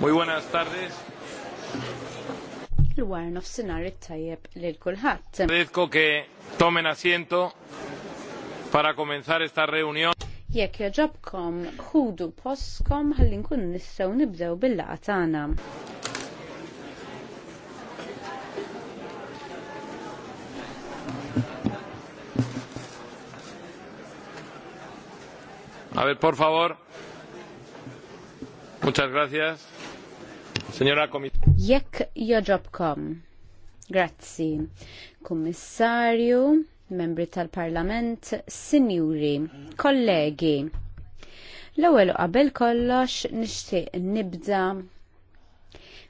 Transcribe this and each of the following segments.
Muy buenas tardes. L-war nofsinar it-tajjeb lil kulħadd. Agradezco que tomen asiento para comenzar esta reunión. Jekk joġobkom ħudu poskom ħalli nkun nistgħu nibdew bil-laqgħa tagħna. A ver, por favor. Muchas gracias. Señora Commissario. Jekk joġobkom. Grazzi. Kummissarju, membri tal-Parlament, sinjuri, kollegi. L-ewwel qabel kollox nixtieq nibda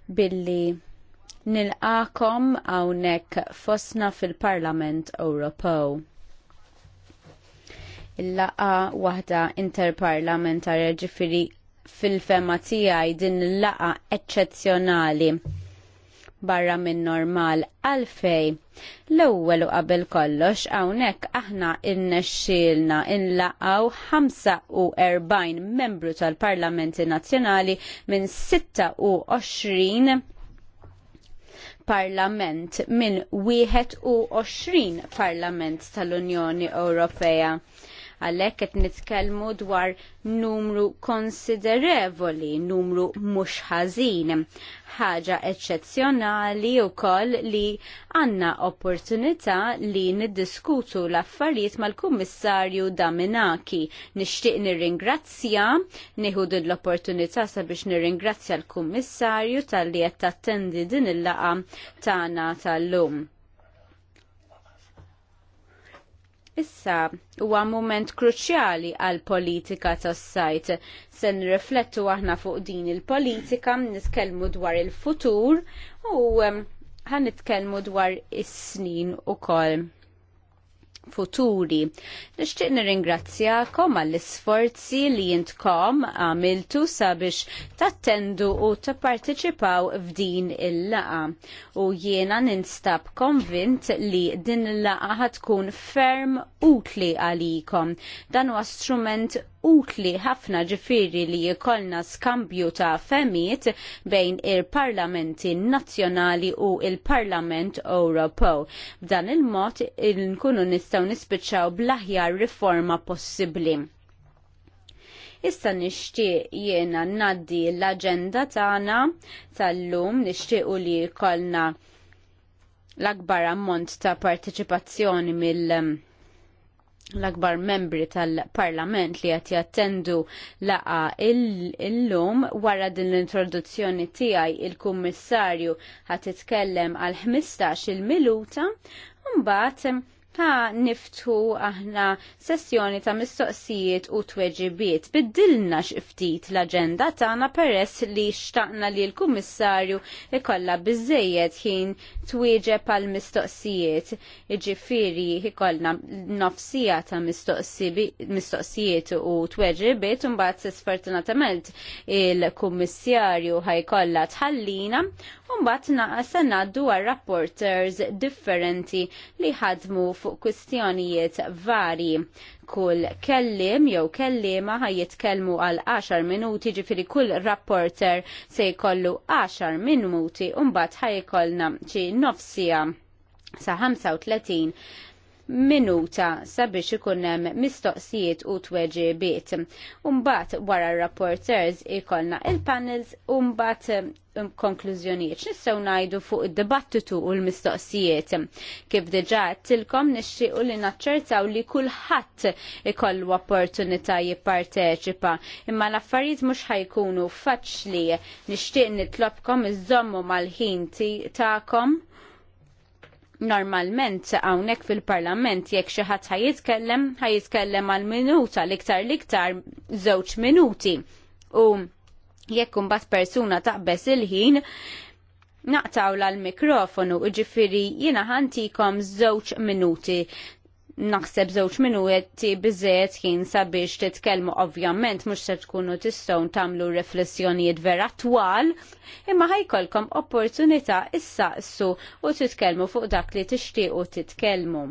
billi nilqakom hawnhekk fosna fil-Parlament Ewropew il-laqa waħda interparlamentarja ġifiri fil-fema tiegħi din il-laqa eċċezzjonali barra minn normal għalfej. L-ewwel u qabel kollox hawnhekk aħna innexxielna inlaqgħu 45 membru tal-Parlamenti Nazzjonali minn 26 parlament minn 21 parlament tal-Unjoni Ewropea għalhekk qed nitkellmu dwar numru konsiderevoli, numru mhux ħażin. Ħaġa eċċezzjonali wkoll li għandna opportunità li niddiskutu l-affarijiet mal-Kummissarju Daminaki. Nixtieq nirringrazzja nieħu din l-opportunità sabiex nirringrazzja l-Kummissarju tal-li qed tattendi din il-laqa tagħna tal-lum. Issa huwa mument kruċjali għal politika tas-sajt. Se nirriflettu aħna fuq din il-politika, nitkellmu dwar il-futur u ħan nitkellmu dwar is-snin ukoll futuri. Nixtieq nirringrazzjakom għall-isforzi li jintkom għamiltu sabiex tattendu u t-parteċipaw f'din il-laqa. U jiena ninstab konvint li din il-laqa ħatkun ferm utli għalikom. Dan huwa strument utli ħafna ġifiri li jikolna skambju ta' femijiet bejn il-parlamenti nazzjonali u il-parlament Ewropew. B'dan il-mod nkunu il nistgħu nispiċċaw bl-aħjar riforma possibbli. Issa nixtieq jiena naddi l-aġenda tagħna tal-lum nixtiequ li jkollna l-akbar ammont ta' partiċipazzjoni mill- l-akbar membri tal-parlament li għat jattendu laqa illum lum wara din l-introduzzjoni tiegħi il-kummissarju għat itkellem għal 15 il-minuta mbagħad ta' niftu aħna sessjoni ta' mistoqsijiet u tweġibiet. Biddilna xiftit l-agenda tagħna peress li xtaqna li l-Kummissarju ikolla biżejjed ħin twieġeb għal mistoqsijiet. Iġifieri ikollna nofsija ta' mistoqsijiet u tweġibiet u mbagħad sfortunatament il-Kummissarju ħajkollha tħallina Umbat na naddu għal rapporters differenti li ħadmu fuq kwistjonijiet vari. Kull kellim jew kellima ħaj jitkellmu għal 10 minuti ġifiri kull rapporter se jkollu 10 minuti umbat ħaj jkollna ċi nofsija sa 35 minuta sabiex ikun hemm mistoqsijiet u tweġibiet. Umbat wara r-rapporters ikolna il-panels u mbagħad um, konklużjonijiet. Nistgħu ngħidu fuq id-dibattitu u l-mistoqsijiet. Kif diġà tilkom nixtiequ li naċċertaw li kulħadd ikollu opportunità jipparteċipa. Imma l-affarijiet mhux ħajkunu faċli nixtieq nitlobkom iżommu mal-ħin tagħkom Normalment hawnhekk fil-Parlament jekk xi ħadd ħajitkellem jitkellem għal minuta l-iktar l-iktar żewġ minuti. U jekk imbagħad persuna taqbes il-ħin naqtawla l-mikrofonu, ġifiri jiena ħantikom żewġ minuti naħseb żewġ minuti biżejjed ħin sabiex titkellmu ovvjament mhux se tkunu tistgħu tagħmlu riflessjonijiet vera twal, imma ħajkolkom opportunità issaqsu u titkellmu fuq dak li tixtiequ titkellmu.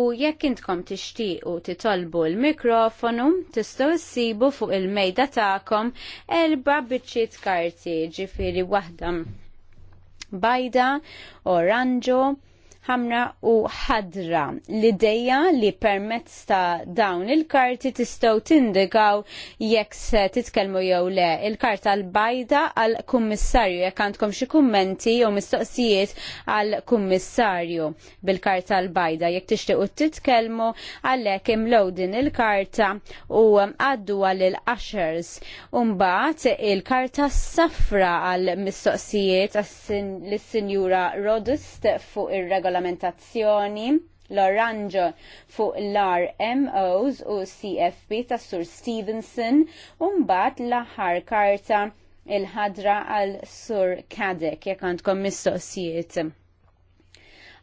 U jekk intkom tixtiequ titolbu l-mikrofonu, tistgħu issibu fuq il-mejda tagħkom erba' biċċiet karti, ġifieri waħda bajda, oranġo, ħamra u ħadra. L-ideja li permezz ta' dawn il-karti tistgħu tindikaw jekk se titkellmu jew le. Il-karta l-bajda għal kummissarju jekk għandkom xi kummenti jew mistoqsijiet għal kummissarju bil-karta l-bajda jekk tixtiequ titkellmu għalhekk imlow din il-karta u għaddu għal il-ashers. mbagħad il-karta safra għal mistoqsijiet għas-sinjura Rodust fuq ir-regola regolamentazzjoni l-oranġo fuq l-RMOs u CFP ta' Sur Stevenson un-bat l-aħħar karta il-ħadra għal Sur Kadek jekk għandkom mistoqsijiet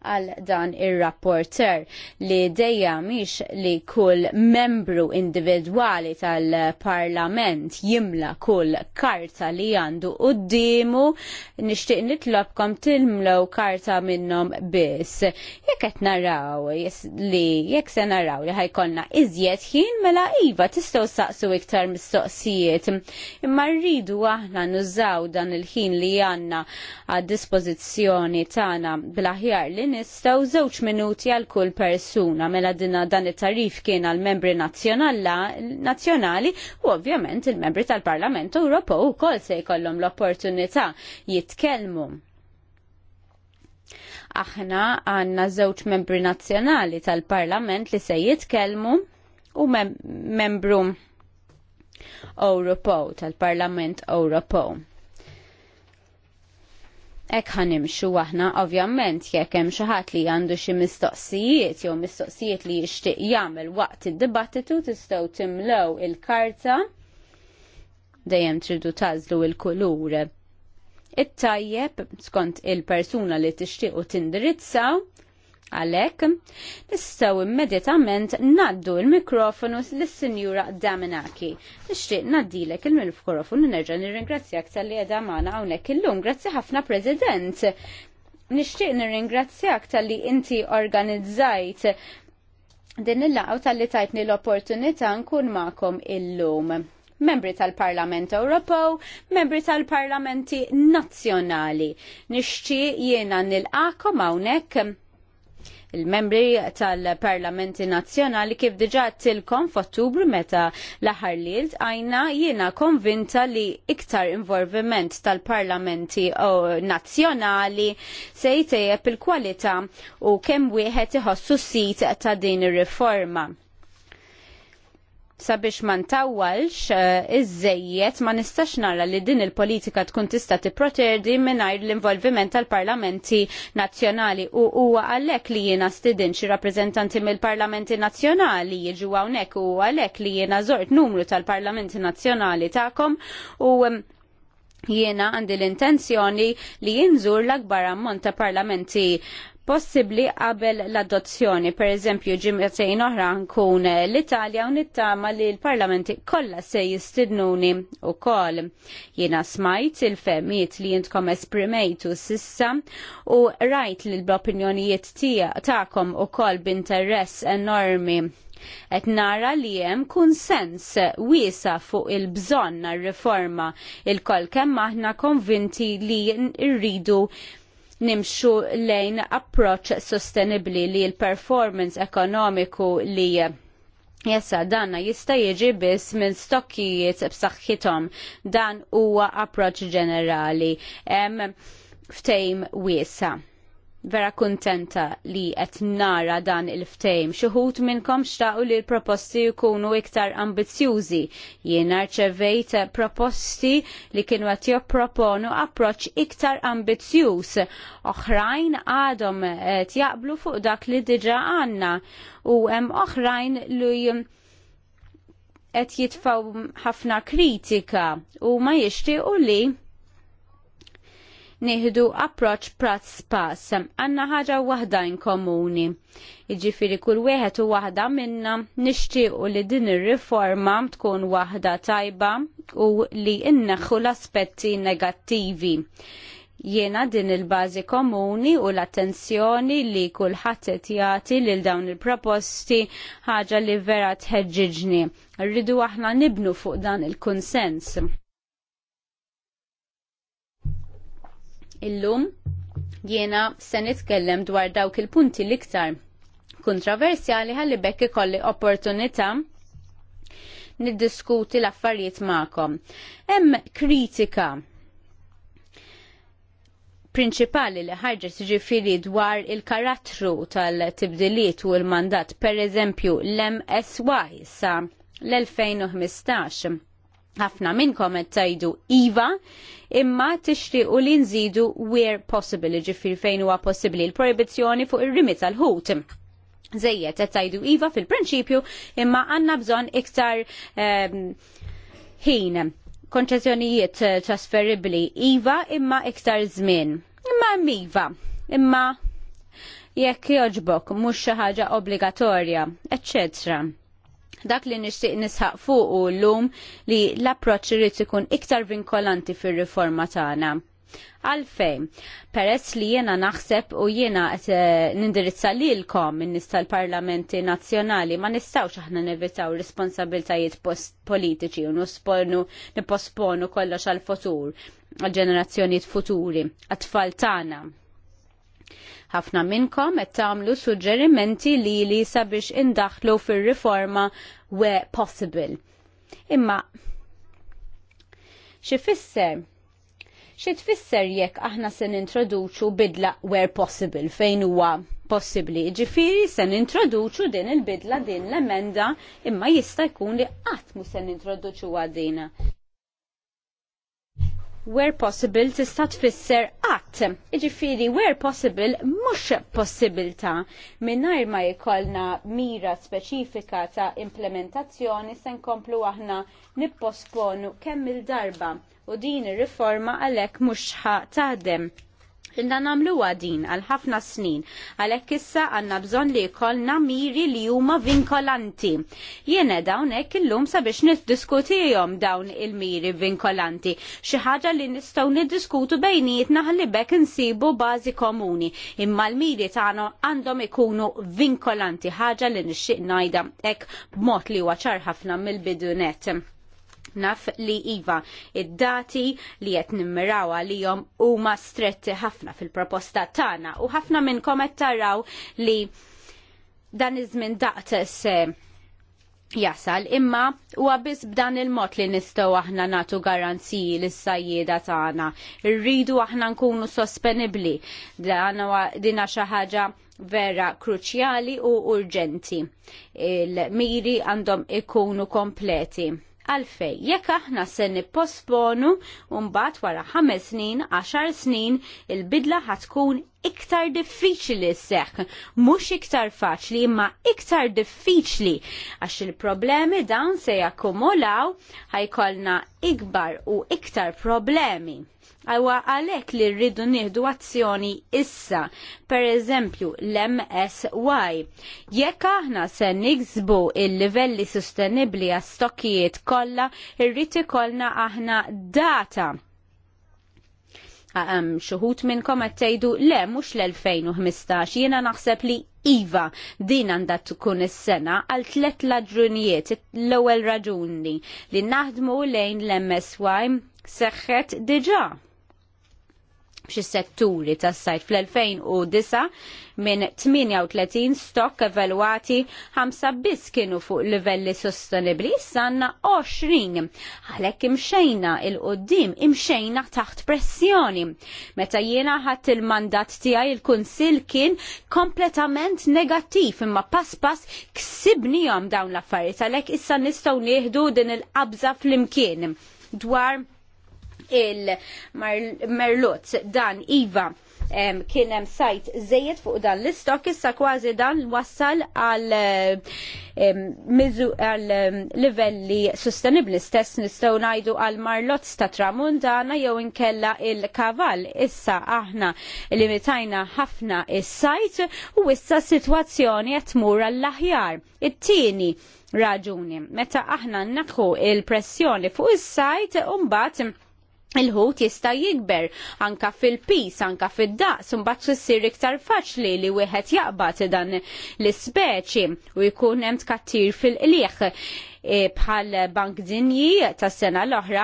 għal dan ir-rapporter li dejja miex li kull membru individwali tal-parlament jimla kull karta li għandu d-dimu nixtieq nitlobkom tilmlew karta minnhom biss. Jekk qed naraw li jekk se naraw li ħajkonna iżjed ħin mela iva tistgħu saqsu iktar mistoqsijiet. Imma rridu aħna nużaw dan il-ħin li għandna għad dispożizzjoni tagħna bl-aħjar li nistaw żewġ minuti għal kull persuna mela dina dan it-tarif kien għal membri nazzjonali u ovvjament il-membri tal-Parlament Ewropew ukoll se jkollhom l-opportunità jitkellmu. Aħna għanna żewġ membri nazzjonali tal-Parlament li se jitkellmu u mem membru Ewropew tal-Parlament Ewropew Ek ħanimxu aħna ovvjament jekk hemm xi ħadd li għandu xi mistoqsijiet jew mistoqsijiet li jixtieq jagħmel waqt id-dibattitu tistgħu timlew il-karta dejjem tridu tażlu il-kulur. It-tajjeb skont il-persuna li tixtiequ tindirizzaw Għalek, nistaw immedjatament naddu il-mikrofonu l-Sinjura Daminaki. Nixtieq naddilek il-mikrofonu nerġa' nirringrazzjak tal-li għedha magħna hawnhekk illum. Grazzi ħafna President. Nixtieq nirringrazzjak tal-li inti organizzajt din il-laqgħu tal-li tajtni l-opportunità nkun il illum membri tal-Parlament Ewropew, membri tal-Parlamenti Nazzjonali. Nixtieq jiena nilqakom hawnhekk il-membri tal-Parlamenti Nazzjonali kif diġa tilkom f'Ottubru meta l-aħħar lilt għajna jiena konvinta li iktar involviment tal-Parlamenti Nazzjonali se jtejjeb il-kwalità u kemm wieħed iħossu sit ta' din ir-riforma sabiex ma ntawwalx eh, iż ma nistax nara li din il-politika tkun tista' tipproterdi mingħajr l-involviment tal-parlamenti nazzjonali u huwa għalhekk li jiena stidin xi rappreżentanti mill-parlamenti nazzjonali jiġu hawnhekk u għalhekk li jiena żort numru tal-parlamenti nazzjonali tagħkom u jiena għandi l-intenzjoni li jinżur l-akbar ammont ta' parlamenti possibbli qabel l-adozzjoni. Per eżempju, ġimgħatejn oħra nkun l-Italja u nittama li l-parlamenti kollha se jistidnuni wkoll. Jiena smajt il-femijiet li jintkom esprimejtu sissa u rajt li l-opinjonijiet tagħkom ukoll b'interess enormi Et nara li hemm kunsens wiesa fuq il-bżonn għal riforma il-kol kemm aħna konvinti li rridu nimxu lejn approċ sostenibli li l-performance ekonomiku li Jessa, danna jista jiġi biss minn stokkijiet b'saħħithom. Dan huwa approċ ġenerali. Ftejm wiesa' vera kuntenta li qed nara dan il-ftejm. Xuħut minnkom xtaqu li l-proposti jkunu iktar ambizjużi. Jiena rċevejt proposti li kienu qed jopproponu approċċ iktar ambizjuż. Oħrajn għadhom qed jaqblu fuq dak li diġà għandna u hemm oħrajn li qed jitfgħu ħafna kritika u ma jixtiequ li nieħdu approċ prats pass. Għanna ħaġa wahda in komuni. Iġifiri kull wieħed u waħda minna nixtiequ li din ir-riforma tkun waħda tajba u li inneħħu l-aspetti negattivi jiena din il-bażi komuni u l-attenzjoni li kulħadd qed jagħti lil dawn il-proposti ħaġa li vera tħeġġiġni. Rridu aħna nibnu fuq dan il-kunsens. Illum jiena se nitkellem dwar dawk il-punti l-iktar kontroversjali ħalli bekk ikolli opportunità niddiskuti l-affarijiet magħkom. Hemm kritika prinċipali li ħarġet ġifiri dwar il-karattru tal-tibdiliet u l-mandat, per eżempju l-MSY sa l-2015 ħafna minnkom qed tajdu iva, imma tixtiequ li nżidu where possible, ġifir fejn huwa possibbli l-proibizzjoni fuq ir rimiz tal-ħut. Zejjed qed tajdu iva fil-prinċipju, imma għandna bżonn iktar ehm, ħin. konċessjonijiet Konċezzjonijiet trasferibbli iva imma iktar żmien. Imma miva, imma jekk joġbok mhux xi ħaġa obbligatorja, eċċetra Dak li nixtieq nisħaq fuq u l-lum li l-approċċ irid ikun iktar vinkolanti fir-riforma tagħna. Għalfejn, peress li jena naħseb u jena eh, nindirizza li l-kom minnis tal-parlamenti nazjonali, ma nistawx aħna nevitaw responsabiltajiet politiċi u nusponu, niposponu kollox għal-futur, għal-ġenerazzjoniet futuri, għat-tfal tagħna Ħafna minnkom qed tagħmlu suġġerimenti li li sabiex indaħlu fir-riforma where possible. Imma xi fisser xi tfisser jekk aħna se nintroduċu bidla where possible fejn huwa possibbli. Ġifiri se nintroduċu din il-bidla din l-emenda imma jista' jkun li qatt mu se nintroduċu għadina where possible tista' tfisser qatt. Jiġifieri where possible mhux possibilità. Mingħajr ma jkollna mira speċifika ta' implementazzjoni se nkomplu aħna nipposponu kemm il-darba u din ir-riforma għalhekk mhux taħdem. Inna namlu għadin għal ħafna snin, għalek issa għanna bżon li kolna miri li huma vinkolanti. Jiena dawn ek illum sabiex nis-diskutijom dawn il-miri vinkolanti. Xi ħaġa li nistgħu niddiskutu bejnietna li bekk insibu bażi komuni. Imma l-miri tagħna għandhom ikunu vinkolanti, ħaġa li nixtieq ngħidha hekk b'mod li huwa ċar ħafna mill-bidunet naf li iva id-dati li qed nimmiraw għalihom huma stretti ħafna fil-proposta tagħna u ħafna minn qed taraw li dan iż-żmien daqtes jasal imma u biss b'dan il-mod li nistgħu aħna nagħtu garanziji lis-sajjieda tagħna. Irridu aħna nkunu sostenibbli. Dan dina xi ħaġa vera kruċjali u urġenti. Il-miri għandhom ikunu kompleti. Għalfej, jekk aħna se nipposponu mbagħad wara ħames snin, għaxar snin, il-bidla ħatkun iktar diffiċli seħ, mhux iktar faċli, imma iktar diffiċli għax il-problemi dawn se jakkumulaw ħajkolna ikbar u iktar problemi. Għawa għalek li rridu nieħdu azzjoni issa, per eżempju l-MSY. Jekk aħna se nigzbu il-livelli sostenibli għas stokkijiet kollha, irrid ikollna aħna data. Għam xuħut minn qed tgħidu le mhux l-2015 jiena naħseb li Iva, din għandha tkun is-sena għal tliet raġunijiet. L-ewwel raġuni li naħdmu lejn l-MSY seħħet diġà bxi setturi tas-sajt fl-2009 minn 38 stock evalwati 5 biss kienu fuq livelli sostenibli sanna 20. Għalhekk imxejna il-qoddim imxejna taħt pressjoni. Meta jiena ħadd il-mandat tiegħi il-Kunsill kien kompletament negattiv imma pass ksibni ksibnihom dawn l-affarijiet għalhekk issa nistgħu nieħdu din il-qabża flimkien dwar il-merlot dan iva kien hemm sajt żejjed fuq dan l-istok issa kważi dan wassal għal għal livelli sostenibbli stess nistgħu ngħidu għal marlot ta' tramundana jew inkella il-kaval issa aħna limitajna ħafna is-sajt u issa sitwazzjoni qed tmur għall-aħjar. It-tieni raġuni meta aħna naħu il-pressjoni fuq is-sajt u mbagħad il-ħut jista' jikber anka fil-pis, anka fid-daqs, mbagħad issir iktar faċli li wieħed jaqbad dan l-ispeċi u jkun hemm tkattir fil-qlieħ. E, bħal Bank Dinji tas sena l-oħra,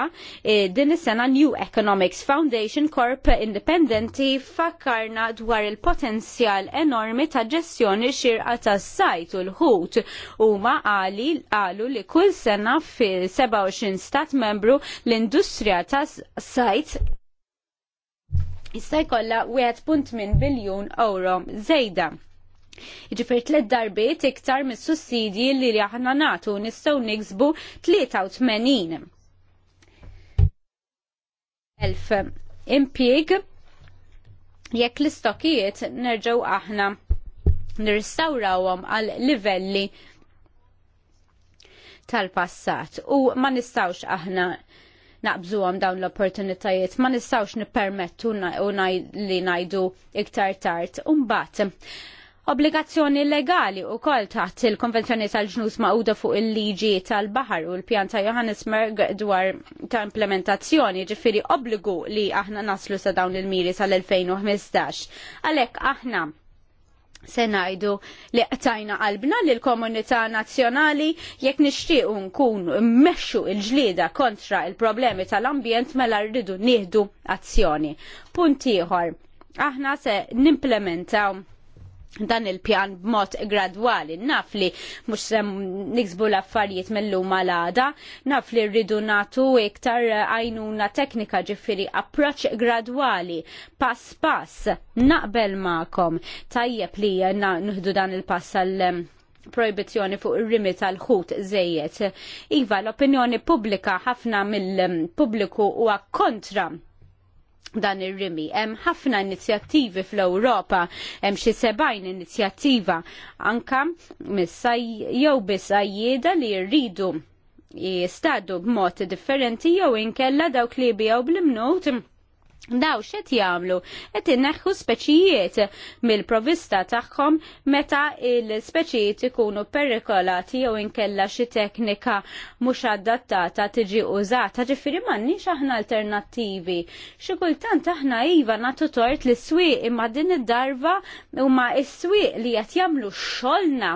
e, din is-sena New Economics Foundation Corp Independenti fakkarna dwar il-potenzjal enormi ta' ġestjoni xirqa tas sajt u l-ħut huma qali qalu li kull sena fil 27 stat membru l-industrija tas sajt jista' jkollha 1.8 biljun euro żejda. Iġifir tlet darbiet iktar mis sussidji li li aħna natu nistaw niksbu 83. Elf impieg jekk l-istokijiet nerġaw aħna nirrestawrawhom għal livelli tal-passat u ma nistawx aħna naqbżuhom dawn l-opportunitajiet, ma nistawx nippermettu li najdu iktar tard. mbagħad obbligazzjoni legali u kol taħt il-konvenzjoni tal-ġnus maquda fuq il-liġi tal-bahar u l-pjan ta' Johannesburg dwar ta' implementazzjoni ġifiri obbligu li aħna naslu sa' dawn il-miri sal-2015. Għalek aħna se najdu li qtajna qalbna li l-komunità nazzjonali jekk nixtiequ nkun mmexxu il-ġlieda kontra il-problemi tal-ambjent mela rridu nieħdu azzjoni. Punt ieħor, aħna se nimplementaw dan il-pjan b'mod gradwali. Naf li mux sem niksbu l-affarijiet mill-lum għal naf li rridu natu iktar għajnuna teknika ġifiri approċ gradwali, pass pass, naqbel ma'kom. Tajjeb li nuhdu dan il-pass għal proibizjoni fuq ir-rimi tal-ħut żejjed. Iva, l-opinjoni pubblika ħafna mill-pubbliku huwa kontra dan ir-rimi. Hemm ħafna inizjattivi fl-Ewropa, hemm xi sebgħin inizjattiva anka jew bisajjieda li rridu jistadu b'mod differenti jew inkella dawk li bijaw bl-imnut Daw xet jamlu, et inneħħu speċijiet mill-provista tagħhom meta il-speċijiet ikunu perikolati jew inkella xi teknika mhux adattata tiġi użata, ġifieri m'għandniex aħna alternattivi. Xi kultant aħna iva nagħtu tort li swieq imma din id-darba huma s-swieq li qed jagħmlu xolna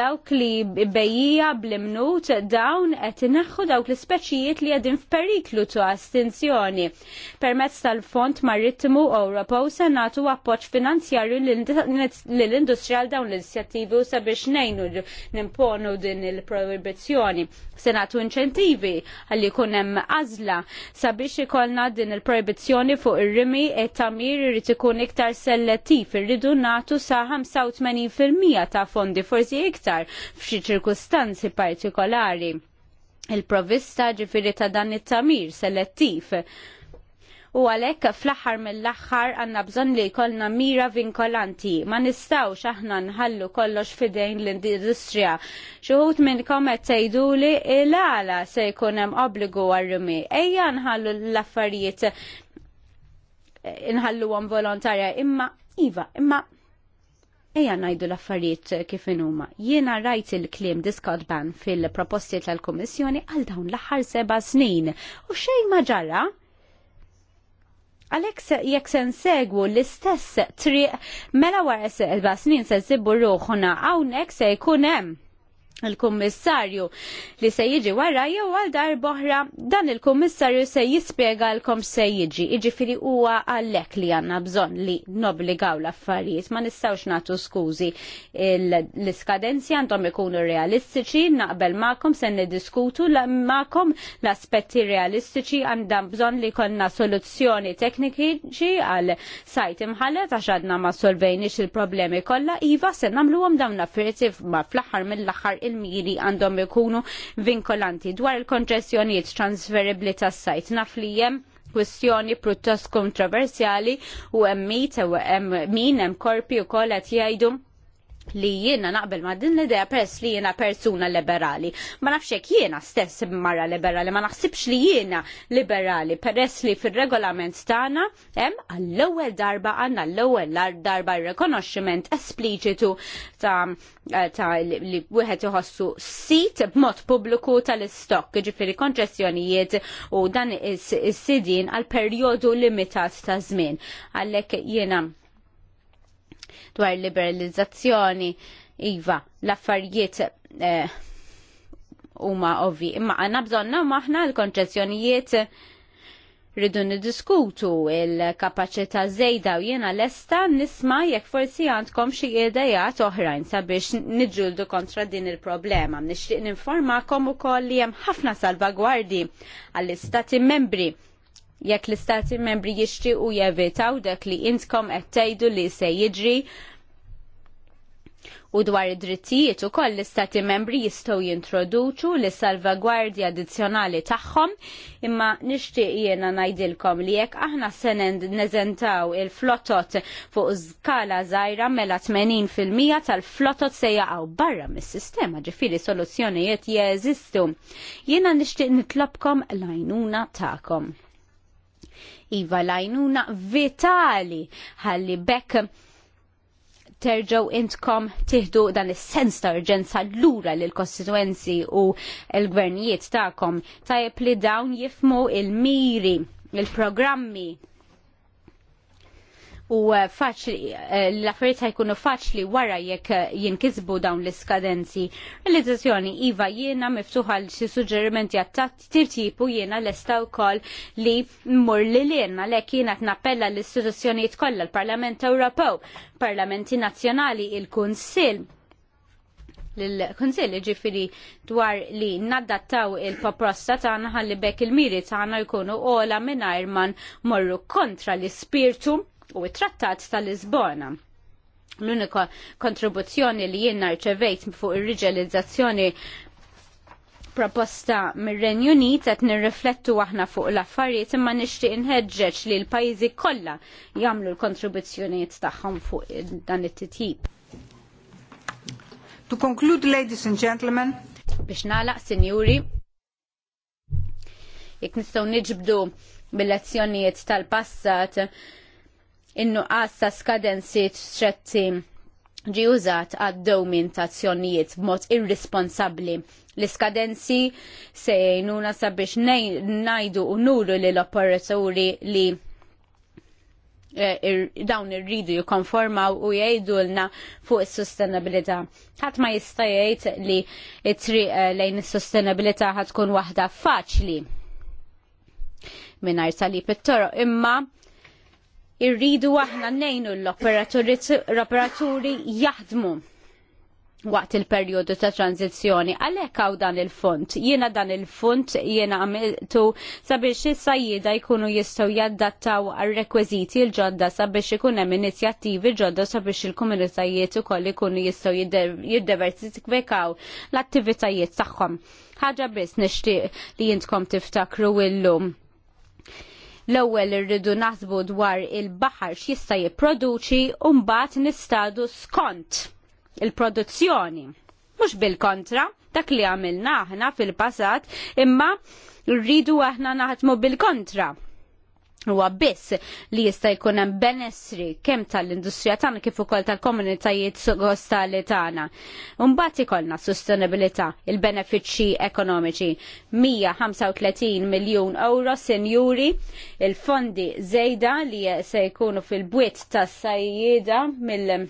dawk li bejija bl-imnut dawn qed ineħħu dawk l-speċijiet li qegħdin f'periklu ta' astinzjoni. permezz ta' tal-Fond Marittimu Ewropew se nagħtu appoġġ finanzjarju lill-industrija għal dawn l-inizjattivi u sabiex ngħinu nimponu din il-proibizzjoni. Se nagħtu inċentivi għalli jkun hemm għażla sabiex ikollna din il-proibizzjoni fuq ir-rimi e tamir irid ikun iktar selettiv irridu nagħtu sa 85% ta' fondi forsi iktar f'xi ċirkustanzi partikolari il-provista ġifiri ta' dan it-tamir selettiv u għalhekk fl-aħħar mill-aħħar għandna bżonn li jkollna mira vinkolanti. Ma nistgħux aħna nħallu kollox fidejn l-industrija. Xi wħud minnkom qed tgħiduli il-għala se jkun hemm obbligu għar Ejja nħallu l-affarijiet inħalluhom volontarja imma iva, imma ejja najdu l-affarijiet kif inhuma. Jiena rajt il-klim Discord ban fil-proposti tal-Kummissjoni għal dawn l-aħħar seba' snin u xejn ma ġara Għalek jek sen segwu l-istess triq mela wara sebba snin se zibbu ruħuna għawnek se jkunem il-kummissarju li se jiġi wara jew għal dar boħra dan il-kummissarju se jispjega l-kom se jiġi. firri huwa għallek li għanna bżon li nobligaw l-affarijiet, ma nistawx natu skużi l-iskadenzi għandhom ikunu realistiċi, naqbel ma'kom se niddiskutu ma'kom l-aspetti realistiċi għandhom bżon li konna soluzzjoni teknikiċi għal sajt imħallet għax għadna ma solvejniex il-problemi kollha iva se namluhom dawn affarijiet ma fl-aħħar mill-aħħar il-miri għandhom ikunu vinkolanti dwar il-konċessjonijiet transferibbli tas-sajt naf li hemm kwistjoni pruttost kontroversjali u hemm min hemm korpi wkoll qed jgħidu li jiena naqbel ma' din l-idea peress li jiena persuna liberali. Ma nafx hekk jiena stess marra liberali, ma naħsibx li jiena liberali peress li fir-regolament tagħna hemm għall-ewwel darba għandna l-ewwel darba rikonoxximent espliċitu ta', ta li wieħed iħossu sit b'mod pubbliku tal-istokk, ġifiri konċessjonijiet u dan is-sidin għal perjodu limitat ta' żmien. Għalhekk jiena dwar liberalizzazzjoni, iva, l-affarijiet eh, huma eh, ovvi. Imma għanna bżonna maħna l-konċezzjonijiet rridu niddiskutu il-kapacità żejda u l-esta nisma jekk forsi għandkom xi idejat oħrajn sabiex niġġuldu kontra din il-problema. Nixtieq ninformakom ukoll li hemm ħafna salvagwardi għall-istati membri jekk l-istati membri jixtiequ jevitaw dak li intkom qed tgħidu li se jiġri u dwar id-drittijiet ukoll l-istati membri jistgħu jintroduċu l salvagwardja addizzjonali tagħhom imma nixtieq jiena ngħidilkom li jekk aħna se neżentaw il-flotot fuq skala żgħira mela 80% tal-flotot se jaqgħu barra mis-sistema ġifieri soluzzjonijiet jeżistu. Jiena nixtieq nitlobkom l-għajnuna tagħkom iva lajnuna vitali ħalli bekk terġaw intkom tiħdu dan is-sens ta' urġenza lura l kostituenzi u l-gvernijiet tagħkom tajjeb li dawn jifmu il-miri, il-programmi, il miri il programmi u eh, faċli, eh, l-affarijiet jkunu faċli wara jekk eh, jinkisbu dawn l-iskadenzi. Realizzazzjoni iva jiena miftuħa l xi suġġerimenti għattat tirtipu jiena lesta wkoll li mmur li lilna lek jiena tnappella l-istituzzjonijiet kollha l-Parlament Ewropew, Parlamenti Nazzjonali, il-Kunsill, l-Konsilli ġifiri dwar li naddattaw il-paprosta tagħna ħalli bekk il-miri tagħna jkunu ola mingħajr ma morru kontra l-ispirtu u it-trattat tal-Lisbona l-unika kontribuzzjoni li jenna rċevejt fuq ir-riġelizzazzjoni proposta mir-Renju Unit qed nirriflettu aħna fuq l-affarijiet imma nixtieq inħeġġeġ li l-pajjiżi kollha jagħmlu l-kontribuzzjonijiet tagħhom fuq dan it-titjib. To conclude, ladies and gentlemen, biex nagħlaq, sinjuri, jekk nistgħu niġbdu bil azzjonijiet tal-passat, in-nuqqas ta' skadenzi stretti ġi użat għad dowmin ta' azzjonijiet b'mod irresponsabbli. L-iskadenzi se jgħinuna sabiex najdu u nuru li l-operaturi eh, li dawn irridu jikonformaw u jgħidulna fuq is-sustenabilità. Ħadd ma jista' jgħid li t-triq eh, lejn is-sustenabilità ħad tkun waħda faċli Minn salib it-toroq imma irridu aħna nejnu l-operaturi jaħdmu waqt il-perjodu ta' tranzizjoni. Għalek għaw dan il-font? Jiena dan il-font jiena għamiltu sabiex il sajjida jkunu jistaw jaddattaw għal-rekwiziti l-ġodda sabiex ikun hemm inizjattivi ġodda sabiex il-komunitajiet ukoll ikunu jistaw jiddiversifikaw l-attivitajiet tagħhom. Ħaġa biss nixtieq li jintkom tiftakru illum L-ewwel irridu naħsbu dwar il-baħar x'jista' jipproduċi u mbagħad nistadu skont il-produzzjoni. Mhux bil-kontra, dak li għamilna aħna fil-passat, imma rridu aħna naħdmu bil-kontra huwa biss li jista' jkun hemm benessri kemm tal-industrija tagħna kif ukoll tal-komunitajiet sostali tagħna. Imbagħad ikollna sostenibilità, il-benefiċċji ekonomiċi. 135 miljun euro senjuri il-fondi żejda li se jkunu fil-bwiet tas-sajjieda mill-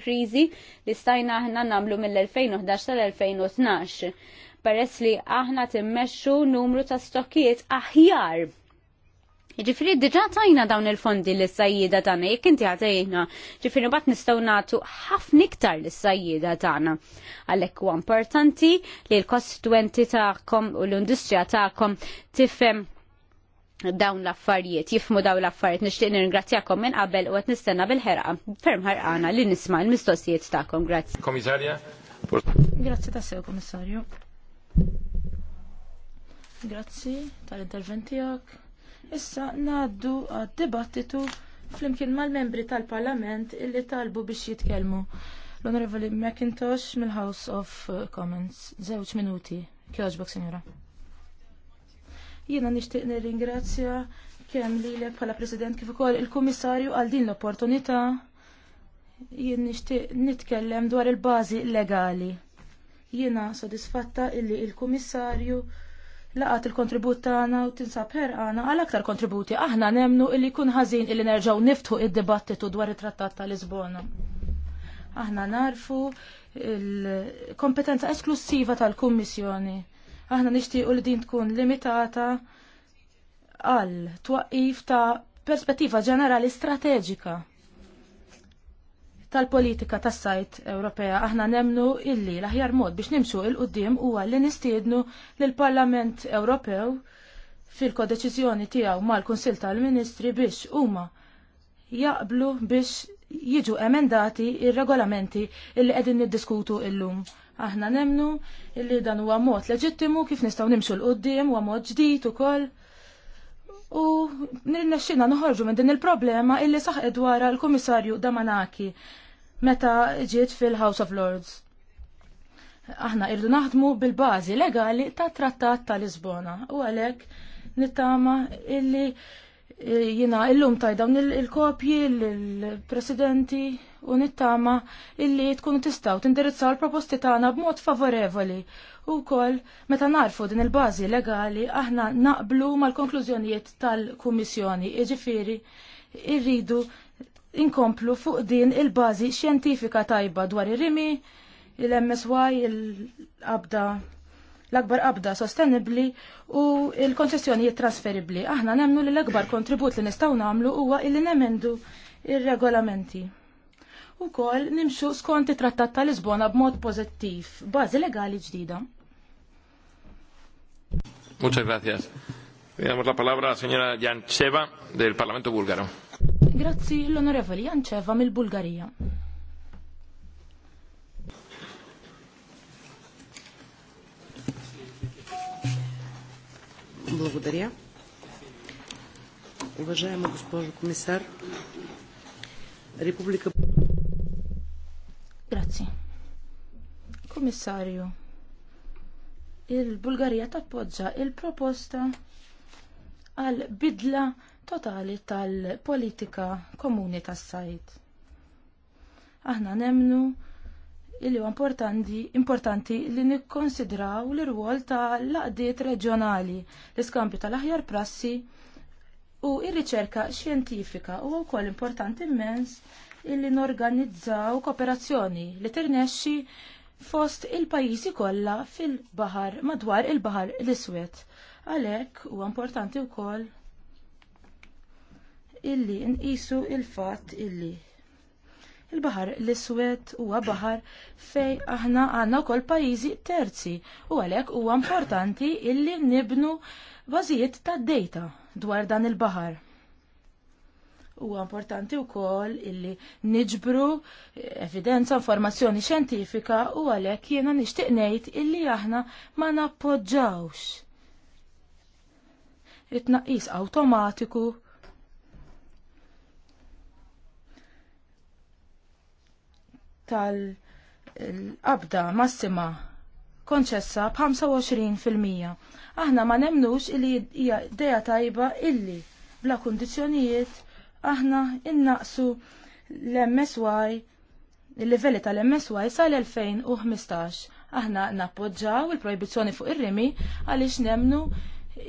krizi li stajna aħna namlu mill-2011 tal-2012 peress li aħna timmexxu numru ta' stokkijiet aħjar Ġifiri, diġa tajna dawn il-fondi l-sajjida tana, jek inti għatajna, ġifiri bat nistaw natu ħafna iktar l-sajjida tana. Għalek u importanti li l-kostituenti ta'kom u l-industrija ta'kom tifem dawn l-affarijiet, jifmu dawn l-affarijiet, nishtiq nirringrazzjakom minn qabel u għet nistenna bil-ħerqa, ferm ħarqana li nisma l-mistoqsijiet ta'kom, grazzi. Komisarja? Grazzi ta' sew, komissarju. Grazzi tal-interventijak Issa ngħaddu għad-dibattitu flimkien mal-membri tal-Parlament illi talbu biex jitkellmu. L-Onorevoli McIntosh mill-House of Commons. Żewġ minuti. Kjoġbok, Sinjora. Jiena nixtieq nirringrazzja kemm lilek bħala President kif ukoll il-Kummissarju għal din l-opportunità jien nixtieq nitkellem dwar il-bażi legali. Jiena sodisfatta illi il-Kummissarju il kummissarju laqat il-kontribut tagħna u tinsab ħerqana għal aktar kontributi aħna nemnu illi jkun ħażin illi nerġgħu niftħu id-dibattitu dwar it-Trattat ta' Lisbona. Aħna narfu il-kompetenza esklusiva tal-Kummissjoni. Aħna nixtiequ li din tkun limitata għal twaqif ta' perspettiva ġenerali strateġika tal-politika tas-sajt Ewropea aħna nemnu illi l-aħjar mod biex nimxu il-qoddim huwa li nistiednu lill parlament Ewropew fil-kodeċiżjoni tiegħu mal-Kunsill tal-Ministri biex huma jaqblu biex jiġu emendati ir-regolamenti illi qegħdin niddiskutu illum. Aħna nemnu illi dan huwa mod leġittimu kif nistgħu nimxu l-qoddim huwa mod ġdid ukoll u nirnexxina noħorġu minn din il-problema illi saħ wara l-Kummissarju Damanaki meta ġiet fil-House of Lords. Aħna irdu naħdmu bil-bażi legali ta' trattat ta' Lisbona u għalhekk nittama illi eh, jina illum dawn il-kopji, l presidenti u nittama illi tkunu tistaw tindirizzaw l-proposti tagħna b'mod favorevoli. U kol, meta narfu din il-bażi legali, aħna naqblu mal-konklużjonijiet tal-Kummissjoni, iġifiri irridu inkomplu fuq din il-bażi xjentifika tajba dwar ir-rimi, il-MSY, il abda l-akbar abda sostenibli u il-konċessjonijiet trasferibli. Aħna nemnu li l-akbar kontribut li nistgħu nagħmlu huwa illi nemendu ir-regolamenti. u kol nimxu skont it-trattat ta' Lisbona b'mod pożittiv, bażi legali ġdida. Muchas gracias. Le damos la palabra a la señora del Parlamento Búlgaro. Grazzi l-Onorevoli Janċeva mill-Bulgarija. Благодаря. Уважаема госпожо комисар, Република... Граци. Комисарио, il-Bulgarija ил пропоста ал бидла totali tal-politika komuni tas-sajt. Aħna nemnu illi huwa importanti, importanti li nikkonsidraw l rwol ta' laqdiet reġjonali, l-iskampju tal-aħjar prassi u r-riċerka xjentifika u wkoll importanti immens illi norganizzaw kooperazzjoni li tirnexxi fost il-pajjiżi kollha fil-baħar madwar il-baħar l-Iswed. Għalhekk huwa importanti wkoll illi nqisu il-fatt illi il-bahar l-Iswed huwa bahar fej aħna għandna wkoll pajjiżi terzi u għalhekk huwa importanti illi nibnu bażijiet tad-dejta dwar dan il-bahar. Huwa importanti wkoll illi niġbru evidenza informazzjoni xjentifika u għalhekk jiena nixtieq ngħid illi aħna ma nappoġġawx it-tnaqqis awtomatiku tal-qabda massima konċessa b'25%. Aħna ma nemnux illi hija idea tajba illi bla kundizzjonijiet aħna innaqsu l-MSY il-livelli tal-MSY sal-2015. Aħna nappoġġaw il-projbizzjoni fuq ir-rimi għaliex nemnu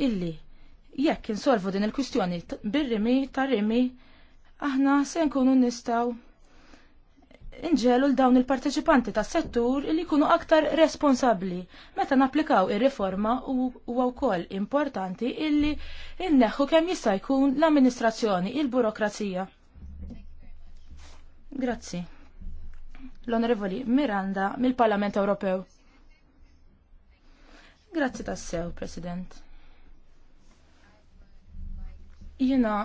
illi jekk insolvu din il-kwistjoni bir-rimi tar-rimi aħna se nkunu nistgħu inġelu l-dawn il-parteċipanti tas settur li jkunu aktar responsabli. Meta naplikaw ir-riforma huwa wkoll importanti illi inneħu kemm jista' jkun l-amministrazzjoni, il-burokrazija. Grazzi. L-Onorevoli Miranda mill-Parlament Ewropew. Grazzi tassew, President. Jena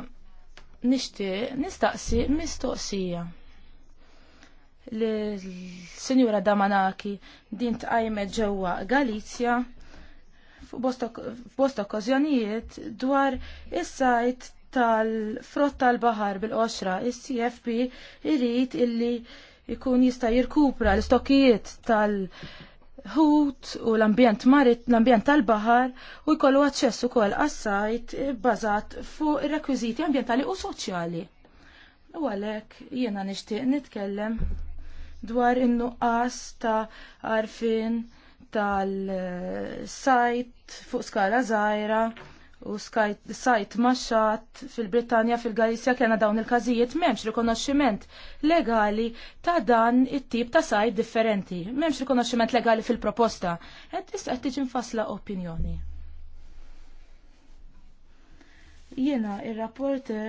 nixtieq nistaqsi mistoqsija l-Sinjura Damanaki din tqajmet ġewwa Galizja f'bost okkożjonijiet dwar is-sajt tal frotta l baħar bil-qoxra, is-CFP irid illi jkun jista' jirkupra l-istokkijiet tal-ħut u l-ambjent marit, l-ambjent tal-baħar u jkollu aċċess ukoll għas-sajt bbażat fuq ir-rekwiżiti ambjentali u soċjali. U għalhekk jiena nixtieq nitkellem dwar in-nuqqas ta' arfin tal-sajt fuq skala żgħira u sajt maċċat fil-Brittanja fil-Galizja kena dawn il-każijiet m'hemmx rikonoxximent legali ta' dan it-tip ta' sajt differenti. M'hemmx rikonoxximent legali fil-proposta. Qed tista' qed tiġi opinjoni. Jiena ir-rapporter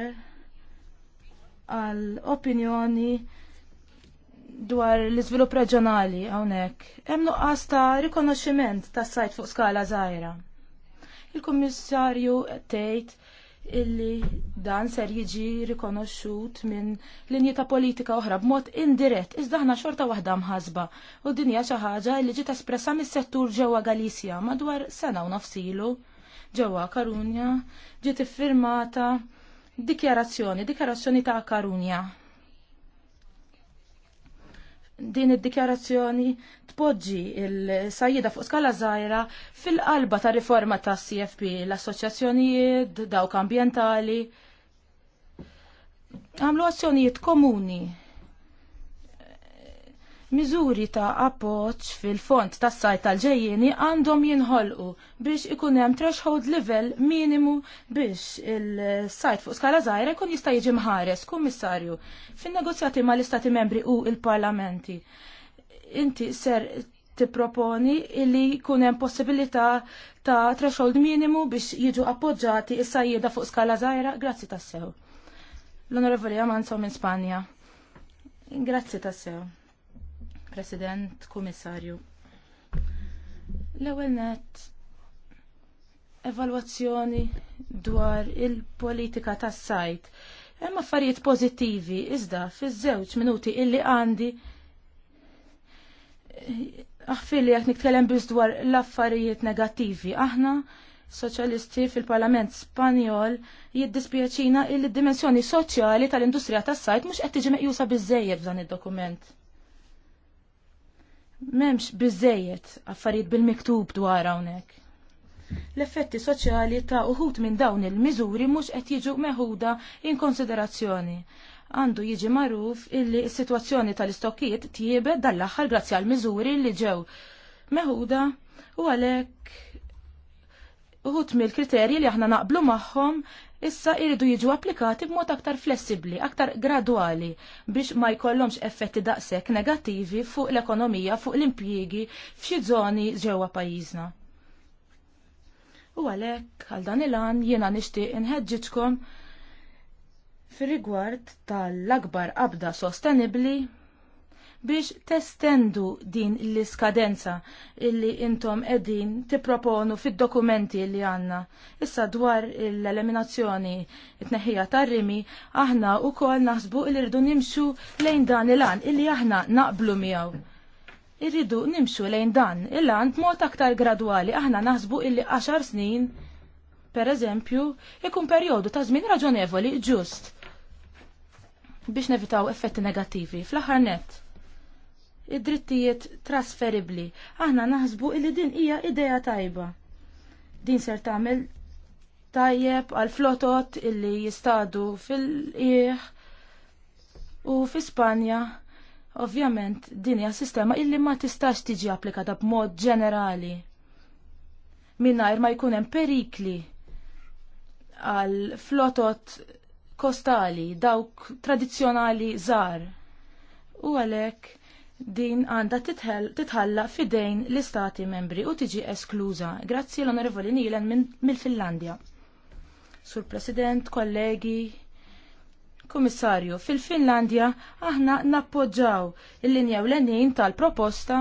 għal opinjoni dwar l-iżvilupp reġjonali hawnhekk. Hemm nuqqas ta' rikonoxximent tas-sajt fuq skala żgħira. Il-Kummissarju tgħid illi dan ser jiġi rikonoxxut minn linji ta' politika oħra b'mod indirett iżda aħna xorta waħda mħasba u din hija xi ħaġa li ġiet espressa mis-settur ġewwa Galizja madwar sena u nofsilu ġewwa Karunja ġiet iffirmata dikjarazzjoni, dikjarazzjoni ta' Karunja din id-dikjarazzjoni tpoġġi il-sajjida fuq skala żgħira fil-qalba ta' riforma ta' CFP, l-assoċjazzjonijiet, dawk ambjentali. Għamlu azzjonijiet komuni Miżuri ta' appoġġ fil-fond tas sajt tal ġejjeni għandhom jinħolqu biex ikun hemm threshold level minimu biex il-sajt fuq skala żgħira jkun jista' jiġi mħares, kummissarju, fin-negozjati mal-Istati Membri u il-Parlamenti. Inti ser tipproponi li jkun hemm possibilità ta' threshold minimu biex jiġu appoġġati is-sajjieda fuq skala żgħira, grazzi tassew. L-Onorevoli Amanso minn Spanja. Grazzi tassew. President, Kummissarju. L-ewwel net evalwazzjoni dwar il-politika tas-sajt. Hemm affarijiet pożittivi iżda fiż-żewġ minuti illi għandi aħfili qed nitkellem biss dwar l-affarijiet negattivi. Aħna soċjalisti fil-Parlament Spanjol jiddispjaċina il-dimensjoni soċjali tal-industrija tas-sajt mhux qed tiġi meqjusa biżejjed f'dan id-dokument. Memx bizzejiet affarijiet bil-miktub dwar hawnhekk. L-effetti soċjali ta' uħut minn dawn il-miżuri mhux qed jiġu meħuda in konsiderazzjoni. Għandu jiġi magħruf illi s-sitwazzjoni tal-istokkijiet tiebed dal-aħħar grazzi għal miżuri li ġew meħuda u għalhekk uħut mill-kriterji li aħna naqblu magħhom issa jridu jiġu applikati b'mod aktar flessibli, aktar gradwali biex ma jkollhomx effetti daqshekk negattivi fuq l-ekonomija, fuq l-impjiegi f'xi żoni ġewwa pajjiżna. U għalhekk għal dan il-għan jiena nixtieq inħeġġiġkom fir-rigward tal-akbar qabda sostenibbli biex testendu din l-iskadenza illi intom edin tipproponu fid-dokumenti li għanna. Issa dwar l-eliminazzjoni t neħija tar-rimi, aħna u kol naħsbu il rridu nimxu lejn dan il-għan illi aħna naqblu miegħu. Irridu nimxu lejn dan il-għan b'mod aktar gradwali, aħna naħsbu illi 10 snin, per eżempju, ikun perjodu ta' żmien raġonevoli ġust biex nevitaw effetti negattivi. Fl-aħħar net, id-drittijiet trasferibbli. Aħna naħsbu li din hija idea tajba. Din ser tagħmel tajjeb għal flotot illi jistadu fil qiegħ u fi Spanja. Ovvjament, din hija sistema illi ma tistax tiġi applikata b'mod ġenerali. Minnajr ma jkun hemm perikli għal flotot kostali, dawk tradizzjonali żgħar. U għalhekk din għandha titħalla fidejn l-istati membri u tiġi eskluża. Grazzi l-Onorevoli Nilen mill-Finlandja. Sur President, kollegi, Komissarju, fil-Finlandja aħna nappoġġaw il-linja u l-enin tal-proposta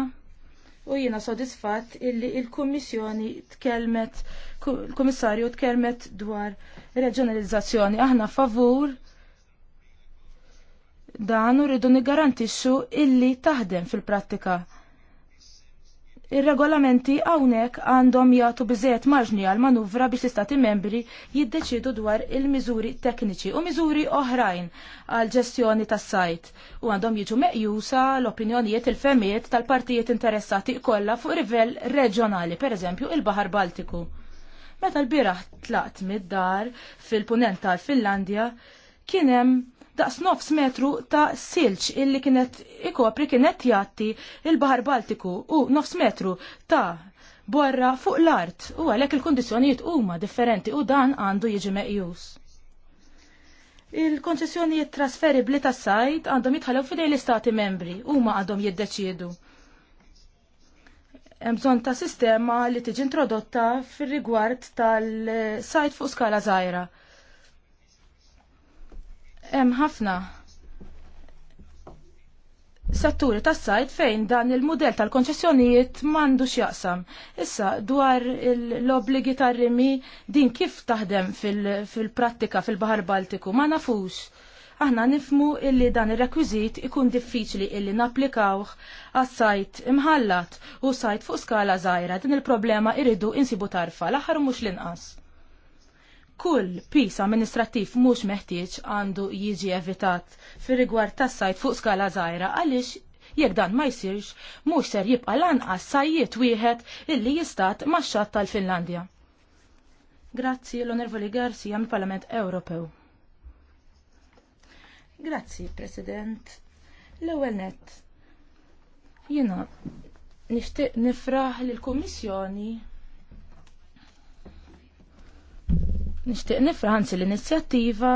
u jiena sodisfatt illi il-Kummissjoni tkellmet, il-Kummissarju tkellmet dwar reġjonalizzazzjoni aħna favur Dan uridu niggarantixxu illi taħdem fil-prattika. Ir-regolamenti hawnhekk għandhom jagħtu biżejjed marġni għal manuvra biex l-istati membri jiddeċidu dwar il-miżuri tekniċi u miżuri oħrajn għal ġestjoni tas-sajt u għandhom jiġu meqjusa l-opinjonijiet il-femijiet tal-partijiet interessati kollha fuq rivell reġjonali, pereżempju il-Baħar Baltiku. Meta l-biraħ tlaqt mid-dar fil-punent tal-Finlandja kien hemm daqs nofs metru ta' silġ illi kienet ikopri kienet jatti il-Bahar Baltiku u nofs metru ta' borra fuq l-art u għalhekk il-kundizzjonijiet huma differenti u dan għandu jiġi meqjus. Il-konċessjonijiet bli tas sajt għandhom jitħallew fidej l-istati membri huma għandhom jiddeċiedu. Hemm bżonn ta' sistema li tiġi introdotta fir-rigward tal-sajt fuq skala żgħira hemm ħafna setturi tas sajt fejn dan il-modell tal-konċessjonijiet mandu x'jaqsam. Issa dwar l-obligi tar-rimi din kif taħdem fil-prattika fil baħar Baltiku ma nafux. Aħna nifmu illi dan ir-rekwiżit ikun diffiċli illi napplikawh għas-sajt imħallat u sajt fuq skala żgħira din il-problema iridu insibu tarfa l-aħħar mhux l-inqas kull pis amministrattiv mhux meħtieġ għandu jiġi evitat fir rigward tas sajt fuq skala żgħira għaliex jekk dan ma jsirx mhux ser jibqa' lanqas sajjiet wieħed illi jistat max-xatt tal-Finlandja. Grazzi l-Onervoli Garcia mill-Parlament Ewropew. Grazzi, President. L-ewwel nett. Jiena nixtieq nifraħ lill-Kummissjoni Nixtieq nifranzi l-inizjattiva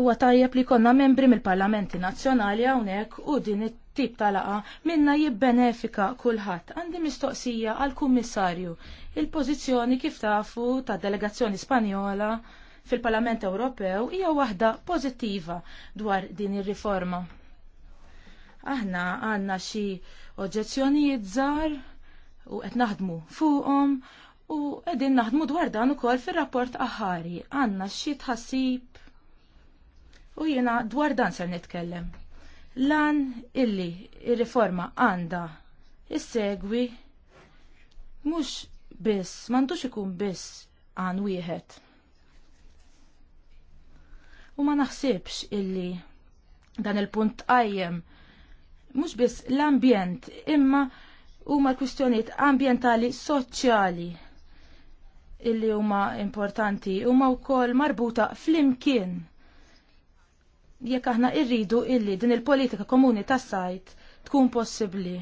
huwa tajjeb li konna membri mill-Parlamenti Nazzjonali hawnhekk u din it-tip tal-laqa minna jibbenefika kulħadd. Għandi mistoqsija għal kummissarju il-pożizzjoni kif tafu ta' delegazzjoni Spanjola fil-Parlament Ewropew hija waħda pożittiva dwar din ir-riforma. Aħna għandna xi oġġezzjonijiet żgħar u qed naħdmu fuqhom U edin naħdmu dwar dan ukoll fir-rapport aħari għandna xi tħassib u jiena dwar dan ser nitkellem. Lan illi ir-riforma għandha is-segwi mhux biss, m'għandux ikun biss għan wieħed. U ma naħsibx illi dan il-punt qajjem mhux biss l-ambjent imma huma l-kwistjonijiet ambjentali soċjali illi huma importanti huma wkoll marbuta flimkien. Jekk aħna rridu illi din il-politika komuni tas-sajt tkun possibbli.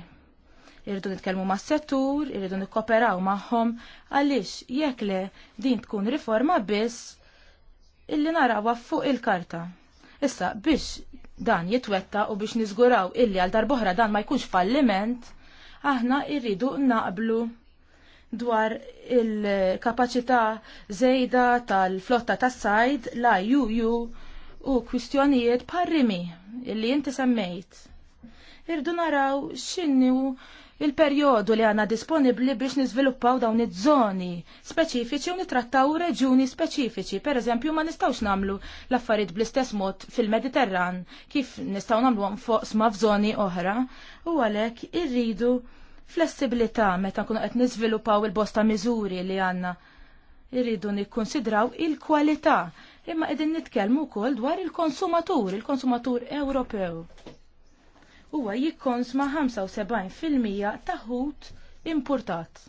Irridu nitkellmu mas-settur, irridu nikkoperaw magħhom għaliex jekk le din tkun riforma biss illi narawha fuq il-karta. Issa biex dan jitwetta u biex niżguraw illi għal darboħra dan ma jkunx falliment, aħna irridu naqblu dwar il-kapacità żejda tal-flotta tas-sajd la juju u kwistjonijiet parrimi illi inti semmejt. Irdu naraw x'inhu il-perjodu li għanna disponibli biex nizviluppaw dawn iż-żoni speċifiċi u nitrattaw reġuni speċifiċi. Per eżempju, ma nistawx namlu l-affarijiet bl-istess mod fil-Mediterran kif nistaw namlu fuq f'żoni oħra u għalhekk irridu flessibilità meta nkunu qed niżviluppaw il-bosta miżuri li għandna. Irridu nikkonsidraw il-kwalità imma qegħdin nitkellmu wkoll dwar il-konsumatur, il-konsumatur Ewropew. Huwa jikkonsma 75% ta' ħut importat.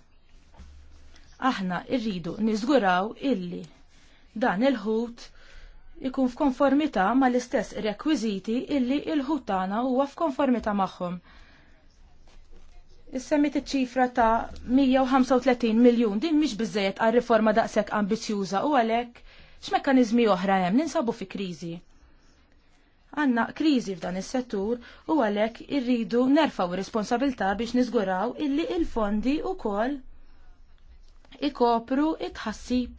Aħna rridu niżguraw illi dan il-ħut ikun f'konformità mal istess rekwiżiti illi il-ħut tagħna huwa f'konformità magħhom. Is-semmit iċ-ċifra ta' 135 miljun din mhix biżejjed għal riforma daqshekk ambizjuża u għalhekk x'mekkaniżmi oħra hemm ninsabu fi kriżi. Għanna kriżi f'dan is-settur u għalhekk irridu nerfaw responsabilità biex niżguraw illi il-fondi wkoll ikopru it-ħassib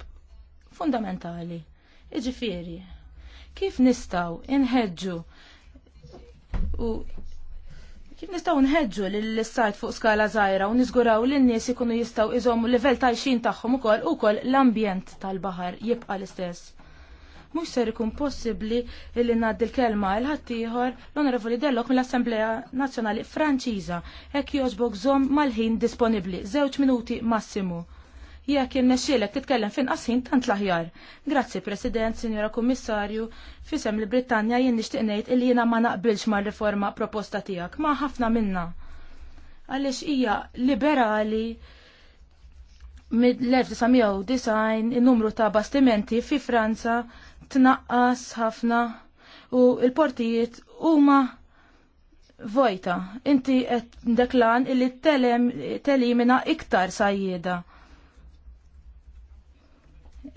fundamentali. Iġifieri, kif nistgħu inħeġġu u Kif nistgħu nħeġġu lill-sajt fuq skala żgħira u niżguraw li n-nies ikunu jistgħu iżommu livell tajxin tagħhom ukoll ukoll l-ambjent tal-baħar jibqa' l-istess. Mhux ser ikun possibbli li ngħaddi l-kelma l ħaddieħor l-Onorevoli Dellok mill-Assembleja Nazzjonali Franċiża hekk jogħġbok żomm mal-ħin disponibbli, żewġ minuti massimu jekk jirnexxielek titkellem finqas ħin tant l-aħjar. Grazzi President, Sinjora Kummissarju, fisem li Britannia jien nixtieq ngħid li jiena ma naqbilx mar-riforma proposta tiegħek ma' ħafna minna. Għaliex hija liberali mid-1990 in-numru ta' bastimenti fi Franza tnaqqas ħafna u l-portijiet huma vojta. Inti qed deklan illi telimina iktar sajjieda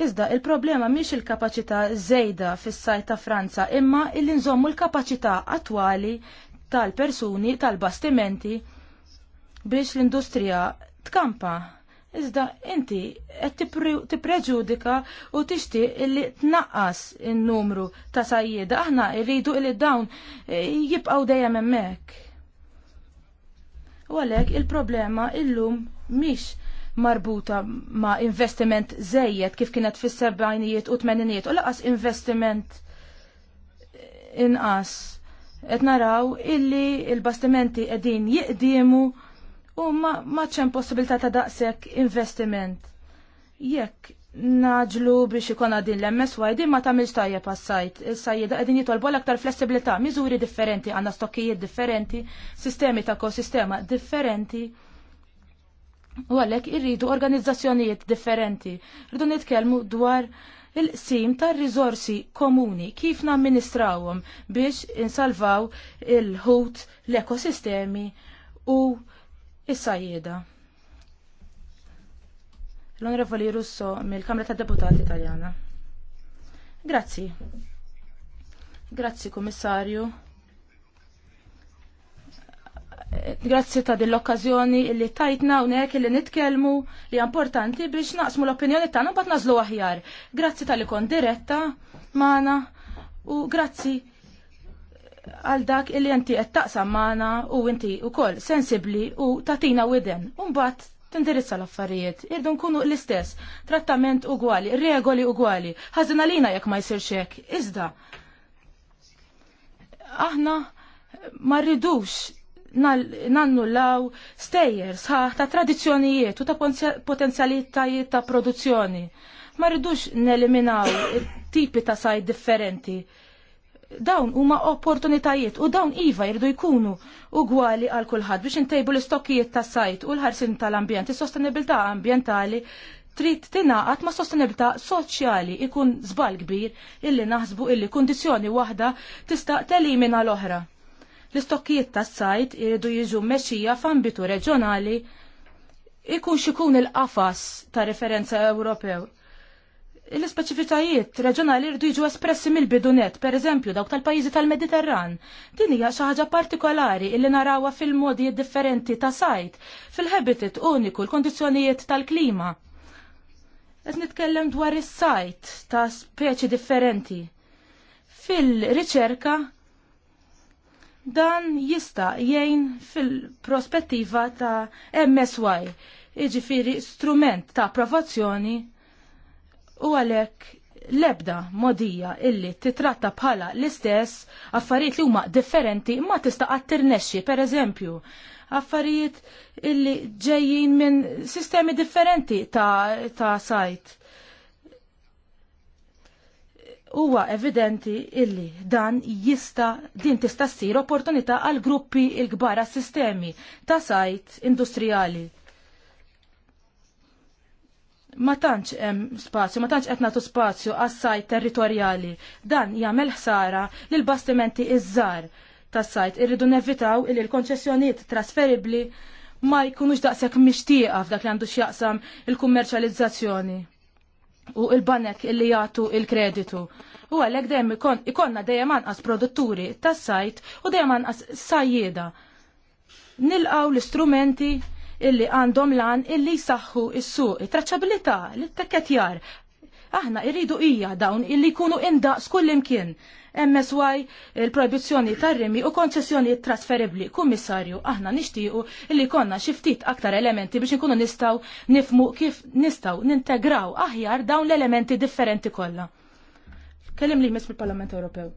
Iżda il-problema mhix il-kapaċità żejda fis-sajt ta' Franza imma il nżommu l-kapaċità attwali tal-persuni tal-bastimenti biex l-industrija tkampa Iżda inti qed tippreġudika u tixtieq illi tnaqqas in-numru ta' sajjieda aħna rridu illi dawn eh, jibqgħu dejjem hemmhekk. U għalhekk il-problema illum mhix marbuta ma' investiment zejjed kif kienet fis-sebgħinijiet u tmeninijiet u laqas investiment inqas. Qed naraw illi il-bastimenti qegħdin jiqdiemu u ma maċċem possibilità ta' daqshekk investiment. Jekk naġlu biex ikona din l-MSY din ma tagħmilx tajjeb għas-sajt. Is-sajjeda qegħdin jitolbu aktar flessibilità, miżuri differenti, għandna stokkijiet differenti, sistemi ta' kosistema differenti. differenti U għalek irridu organizzazzjonijiet differenti. Rridu nitkellmu dwar il sim tar rizorsi komuni, kif namministrawhom biex insalvaw il-ħut, l-ekosistemi u is-sajjeda. L-Onorevoli Russo mill-Kamra tad Deputati Italjana. Grazzi. Grazzi, Kummissarju. Grazzi ta' din l-okkazjoni li tajtna nek li nitkelmu li importanti biex naqsmu l-opinjoni ta' mbagħad nażlu aħjar. Grazzi li kon diretta maħna u grazzi għal dak illi inti qed taqsam maħna u inti wkoll sensibbli u tatina widen. U mbagħad tindirizza l-affarijiet. Irdu nkunu l-istess, trattament ugwali, regoli ugwali. Ħażina lina jekk ma jsirx hekk. Iżda aħna ma rridux nannullaw stejjer sħaħ ta' tradizzjonijiet u ta' potenzjalitajiet ta' produzzjoni. Ma rridux neliminaw tipi ta' sajt differenti. Dawn huma opportunitajiet u dawn iva jirdu jkunu ugwali għal kulħadd biex intejbu l-istokkijiet ta' sajt u l-ħarsin tal-ambjent, is-sostenibilità ambjentali trid tingħaqad ma' sostenibilità soċjali ikun żball kbir illi naħsbu illi kundizzjoni waħda tista' telimina l-oħra. L-istokkijiet tas-sajt iridu jiġu mexxija f'ambitu reġjonali ikun xikun il-qafas ta' referenza Ewropew. l ispeċifiċajiet reġjonali rridu jiġu espressi mill-bidunet, per eżempju dawk tal-pajjiżi tal-Mediterran. Din hija xi ħaġa partikolari illi narawha fil-modi differenti ta' sajt, fil-habitat uniku, l-kondizzjonijiet tal-klima. Qed nitkellem dwar is-sajt ta' speċi differenti. Fil-riċerka Dan jista' jgħin fil-prospettiva ta' MSY, iġifiri strument ta' approvazzjoni u għalhekk l-ebda modija illi titratta bħala l-istess affarijiet li huma differenti ma tista' per pereżempju affarijiet illi ġejjin minn sistemi differenti ta', ta sajt huwa evidenti illi dan jista din tista' ssir opportunità għal gruppi il kbar sistemi ta' sajt industrijali. Ma tantx hemm spazju, ma tantx qed nagħtu spazju għas sajt territorjali. Dan jagħmel ħsara lil bastimenti iż-żar tas-sajt irridu nevitaw illi l-konċessjonijiet trasferibbli ma jkunux daqshekk mixtieqa f'dak li għandu x'jaqsam il-kummerċjalizzazzjoni u il-banek illi jagħtu il-kreditu. U għalhekk dejjem ikonna dejjem anqas produtturi tas-sajt u dejjem anqas sajjeda. Nilqaw l-istrumenti illi għandhom lan illi jsaħħu is-suq, it-traċċabilità, l-tekketjar. Aħna irridu hija dawn illi jkunu indaqs kull imkien MSY, il-proibizzjoni tar-rimi u konċessjoni trasferibli. Kummissarju, aħna nixtiequ li konna xi ftit aktar elementi biex inkunu nistgħu nifmu kif nistgħu nintegraw aħjar dawn l-elementi differenti kollha. Kellim li mis fil-Parlament Ewropew.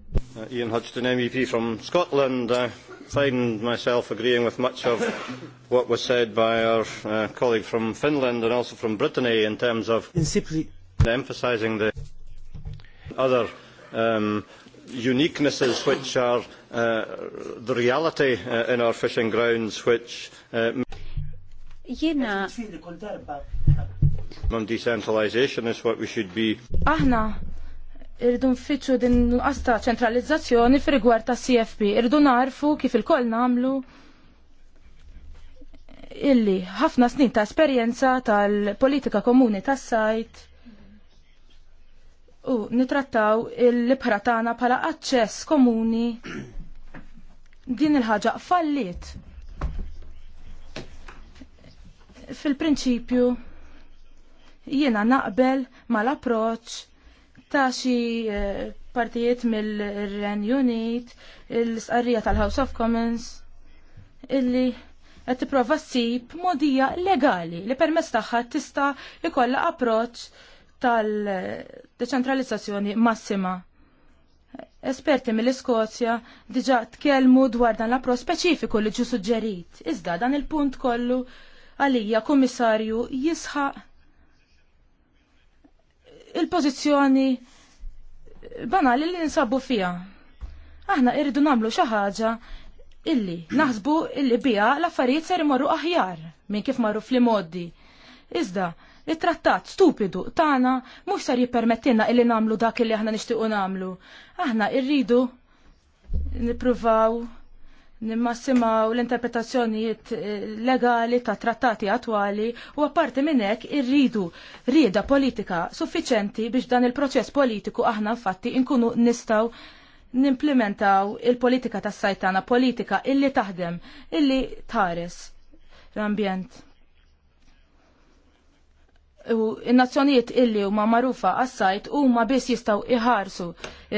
Uh, Ian Hodgson, MEP from Scotland, I find myself agreeing with much of what was said by our uh, colleague from Finland and also from Brittany in terms of emphasizing the other um, uniquenesses which are uh, the reality uh, in our fishing grounds which uh, Jena. decentralization is what we should be. Aħna irdu nfittxu din l-qasta ċentralizzazzjoni fi rigward ta' CFP. irdu narfu kif il-koll namlu illi ħafna snin ta' esperjenza tal-politika komuni tas-sajt u nitrattaw il-libħra tagħna bħala aċċess komuni din il-ħaġa fallit. Fil-prinċipju jiena naqbel mal-approċ ta' xi eh, partijiet mill-Renju Unit, l-sqarrija tal-House of Commons, illi qed tipprova ssib modija legali li permezz tagħha tista' ikolla approċċ tal-deċentralizzazzjoni massima. Esperti mill-Iskozja diġa tkellmu dwar dan l-appro speċifiku li ġu suġġerit. Iżda dan il-punt kollu għalija kummissarju jisħaq il-pożizzjoni banali li nsabu fija. Aħna irridu namlu xi ħaġa illi naħsbu illi biha l-affarijiet ser imorru aħjar minn kif marru fl-modi. Iżda, it-trattat stupidu tagħna mhux ser jippermettilna illi nagħmlu dak illi aħna nixtiequ nagħmlu. Aħna rridu nippruvaw nimmassimaw l-interpretazzjonijiet eh, legali ta' trattati attwali u apparti minn hekk irridu rieda politika suffiċenti biex dan il-proċess politiku aħna fatti inkunu nistaw nimplementaw il-politika tas sajtana politika illi taħdem, illi tħares l-ambjent u n-nazzjonijiet illi ma magħrufa għas u huma biss jistgħu iħarsu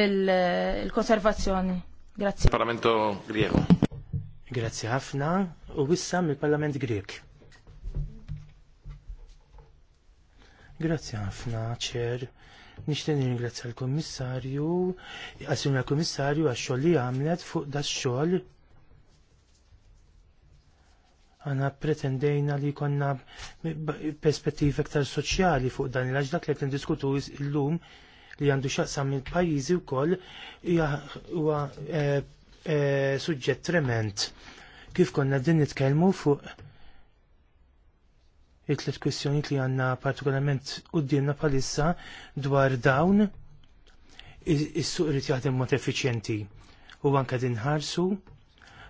il-konservazzjoni. Grazie. Parlamento Griego. Grazzi ħafna u wissam mill-Parlament Griek. Grazzi ħafna, ċer. Nixtieq ringrazzja l-Kummissarju, għasin l-Kummissarju għax-xogħol li għamlet fuq da xogħol Għana pretendejna li konna perspettivi iktar soċjali fuq dan il-għax dak li qed diskutu l-lum li għandu xaqsam il-pajjiżi wkoll huwa e, e, suġġett trement. Kif konna din nitkellmu fuq it tlet kwistjoni li għanna partikolarment d-dinna bħalissa dwar dawn is-suq irid jaħdem mod effiċjenti u anke dinħarsu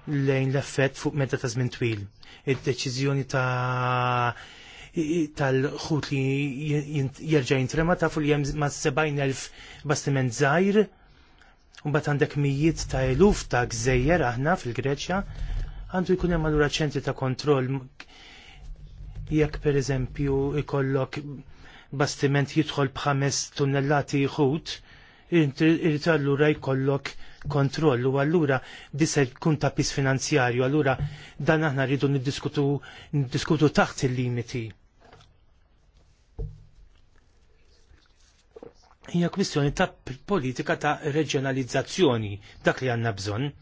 lejn l-effett fuq medda ta' żmien twil. Id-deċiżjoni ta' tal-ħut li jerġa' jintrema ta' fuq hemm ma' 70,000 bastiment żgħir u bat għandek mijiet ta' eluf ta' gżejjer aħna fil-Greċja għandu jkun hemm allura ċentri ta' kontroll jekk pereżempju ikollok bastiment jidħol b'ħames tunnellati ħut irid allura jkollok kontroll u allura disa jkun ta' pis finanzjarju, allura dan aħna rridu niddiskutu niddiskutu taħt il-limiti. Hija kwistjoni ta' politika ta' reġjonalizzazzjoni dak li għandna bżonn,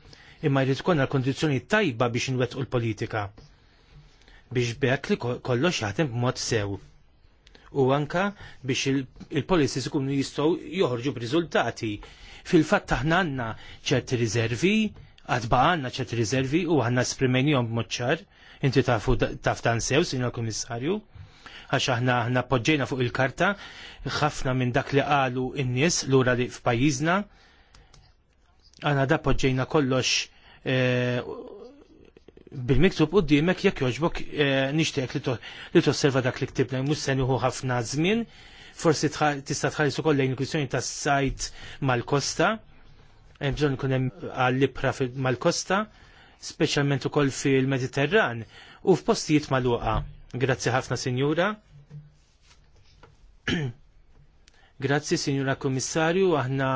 imma jrid tkun kondizzjoni tajba biex nwettqu l-politika biex bekk li kollox jaħdem b'mod sew u anka biex il-policies ikunu jistgħu joħorġu b'riżultati Fil-fatt aħna għandna ċerti riservi, għadba għandna ċerti riservi u għandna sprimenjom b'moċċar, inti tafu taf dan sew, Sinjor Komissarju, għax aħna aħna poġġejna fuq il-karta ħafna minn dak li qalu n-nies lura li f'pajjiżna. Għana da poġġejna kollox e, bil-miktub u d-dimek jek joġbok e, nishtiq li li tosserva dak li ktibna, mus seniħu ħafna zmin, forsi tista' tħarsu kollejn il-kwistjoni tas-sajt mal-kosta, hemm bżonn hemm għall-libra mal-kosta, speċjalment ukoll fil-Mediterran u f'postijiet magħluqa. Grazzi ħafna, Sinjura. Grazzi, Sinjura Komissarju, aħna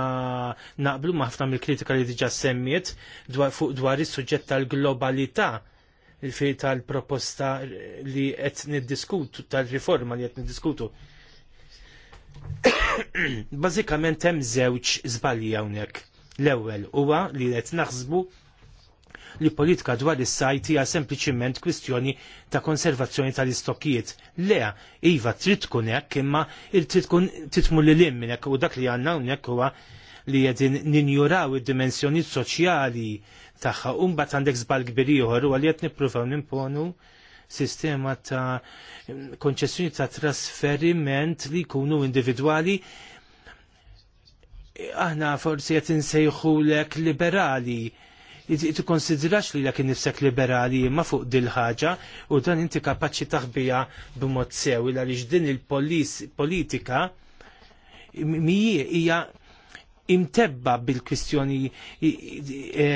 naqblu maħfna mill-kritika li diġa semmiet dwar, fuq dwar is-suġġett tal-globalità il-fej tal-proposta li qed niddiskutu, tal-riforma li qed niddiskutu. Bażikament hemm żewġ żbalji hawnhekk. L-ewwel huwa li qed naħsbu li politika dwar is-sajt hija sempliċiment kwistjoni ta' konservazzjoni tal-istokkijiet. Le, iva trid tkun hekk imma trid tkun titmu lil hemm minn hekk u dak li għandna hawnhekk huwa li qegħdin ninjuraw id dimensjonijiet soċjali tagħha u mbagħad għandek żbal kbir ieħor u għalli qed nippruvaw nimponu sistema ta' konċessjoni ta' trasferiment li jkunu individwali aħna forsi qed insejħulek liberali tikkonsidrax li l nifsek liberali ma fuq dil ħaġa u dan inti kapaċi taħbija b'mod sewi għaliex din il-politika mija hija imtebba bil-kwistjoni e,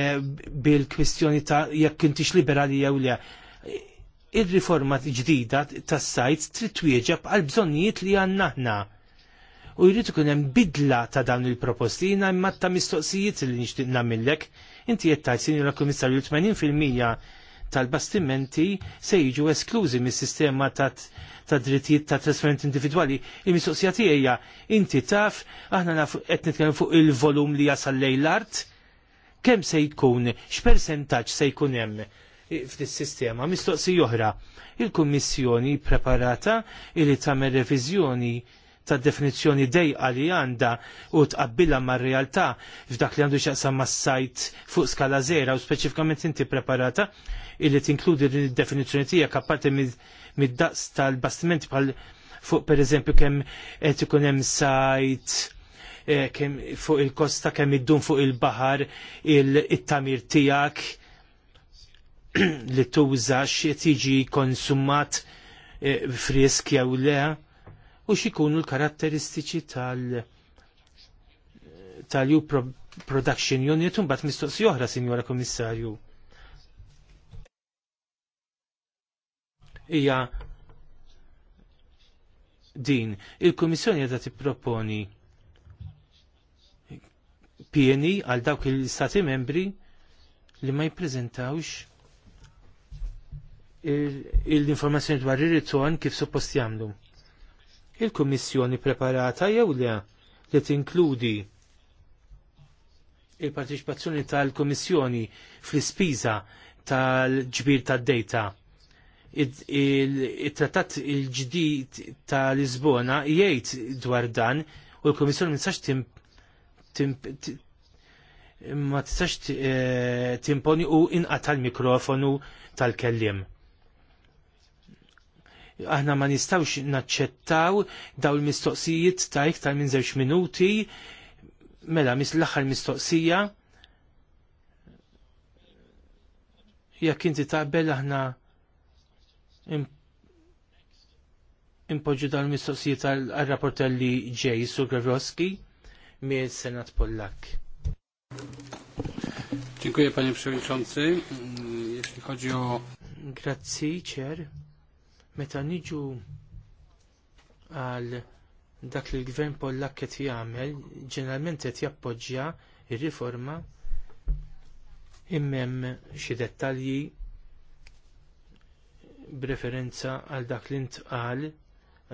bil-kwistjoni ta' jekk intix liberali jew le ir-riforma ġdida tas-sajt trid twieġeb għal bżonnijiet li għandna ħna. U jrid ikun hemm bidla ta' dawn il-proposti imma ta' mistoqsijiet li nixtieq nagħmilek. Inti qed tajt sinjura Kummissarju 80% tal-bastimenti se jiġu esklużi mis-sistema ta' drittijiet ta' trasferiment individwali. Il-mistoqsija tiegħi inti taf aħna naf qed nitkellem fuq il-volum li jasal lejn l-art kemm se jkun, x'persentaġġ se jkun hemm f'dis sistema mistoqsi oħra. Il-Kummissjoni preparata li tagħmel reviżjoni ta' definizzjoni dej li għanda u tqabbilha mar realtà f'dak li għandu xaqsam mas sajt fuq skala zera u speċifikament inti preparata illi tinkludi l-definizzjoni tiegħek apparti mid-daqs tal-bastimenti bħal fuq per eżempju kemm qed ikun hemm sajt eh, fuq il-kosta kemm id-dun fuq il-baħar il-tamir tiegħek li tuża xiet tiġi konsumat e, frisk jew le u xikunu l-karatteristiċi tal- tal-ju production unit un bat mistoqsi oħra, Sinjora Komissarju. Ija din, il-Komissjoni għadha tipproponi pieni għal dawk il-Stati membri li ma jippreżentawx l-informazzjoni dwar ir-ritorn kif suppost jagħmlu. Il-Kummissjoni preparata jew le li tinkludi il-partiċipazzjoni tal-Kummissjoni fl-ispiża tal-ġbir tad-data. Il-trattat il-ġdid tal-Lisbona jgħid dwar dan u l-Kummissjoni ma tistax eh, timponi u inqata' l-mikrofonu tal-kellim aħna ma nistawx naċċettaw daw il-mistoqsijiet ta' iktar minn żewġ minuti mela mis l-aħħar mistoqsija jekk inti taqbel aħna impoġġu dawn il-mistoqsijiet għal rapportelli li ġej sur mill-Senat Pollak. Dziękuję panie przewodniczący. Mm, jeśli chodzi o Grazzi, Cier. Meta niġu għal dak li l-gvern Pollak qed jagħmel, ġeneralment qed jappoġġja ir-riforma immem xi dettalji b'referenza għal dak li ntqal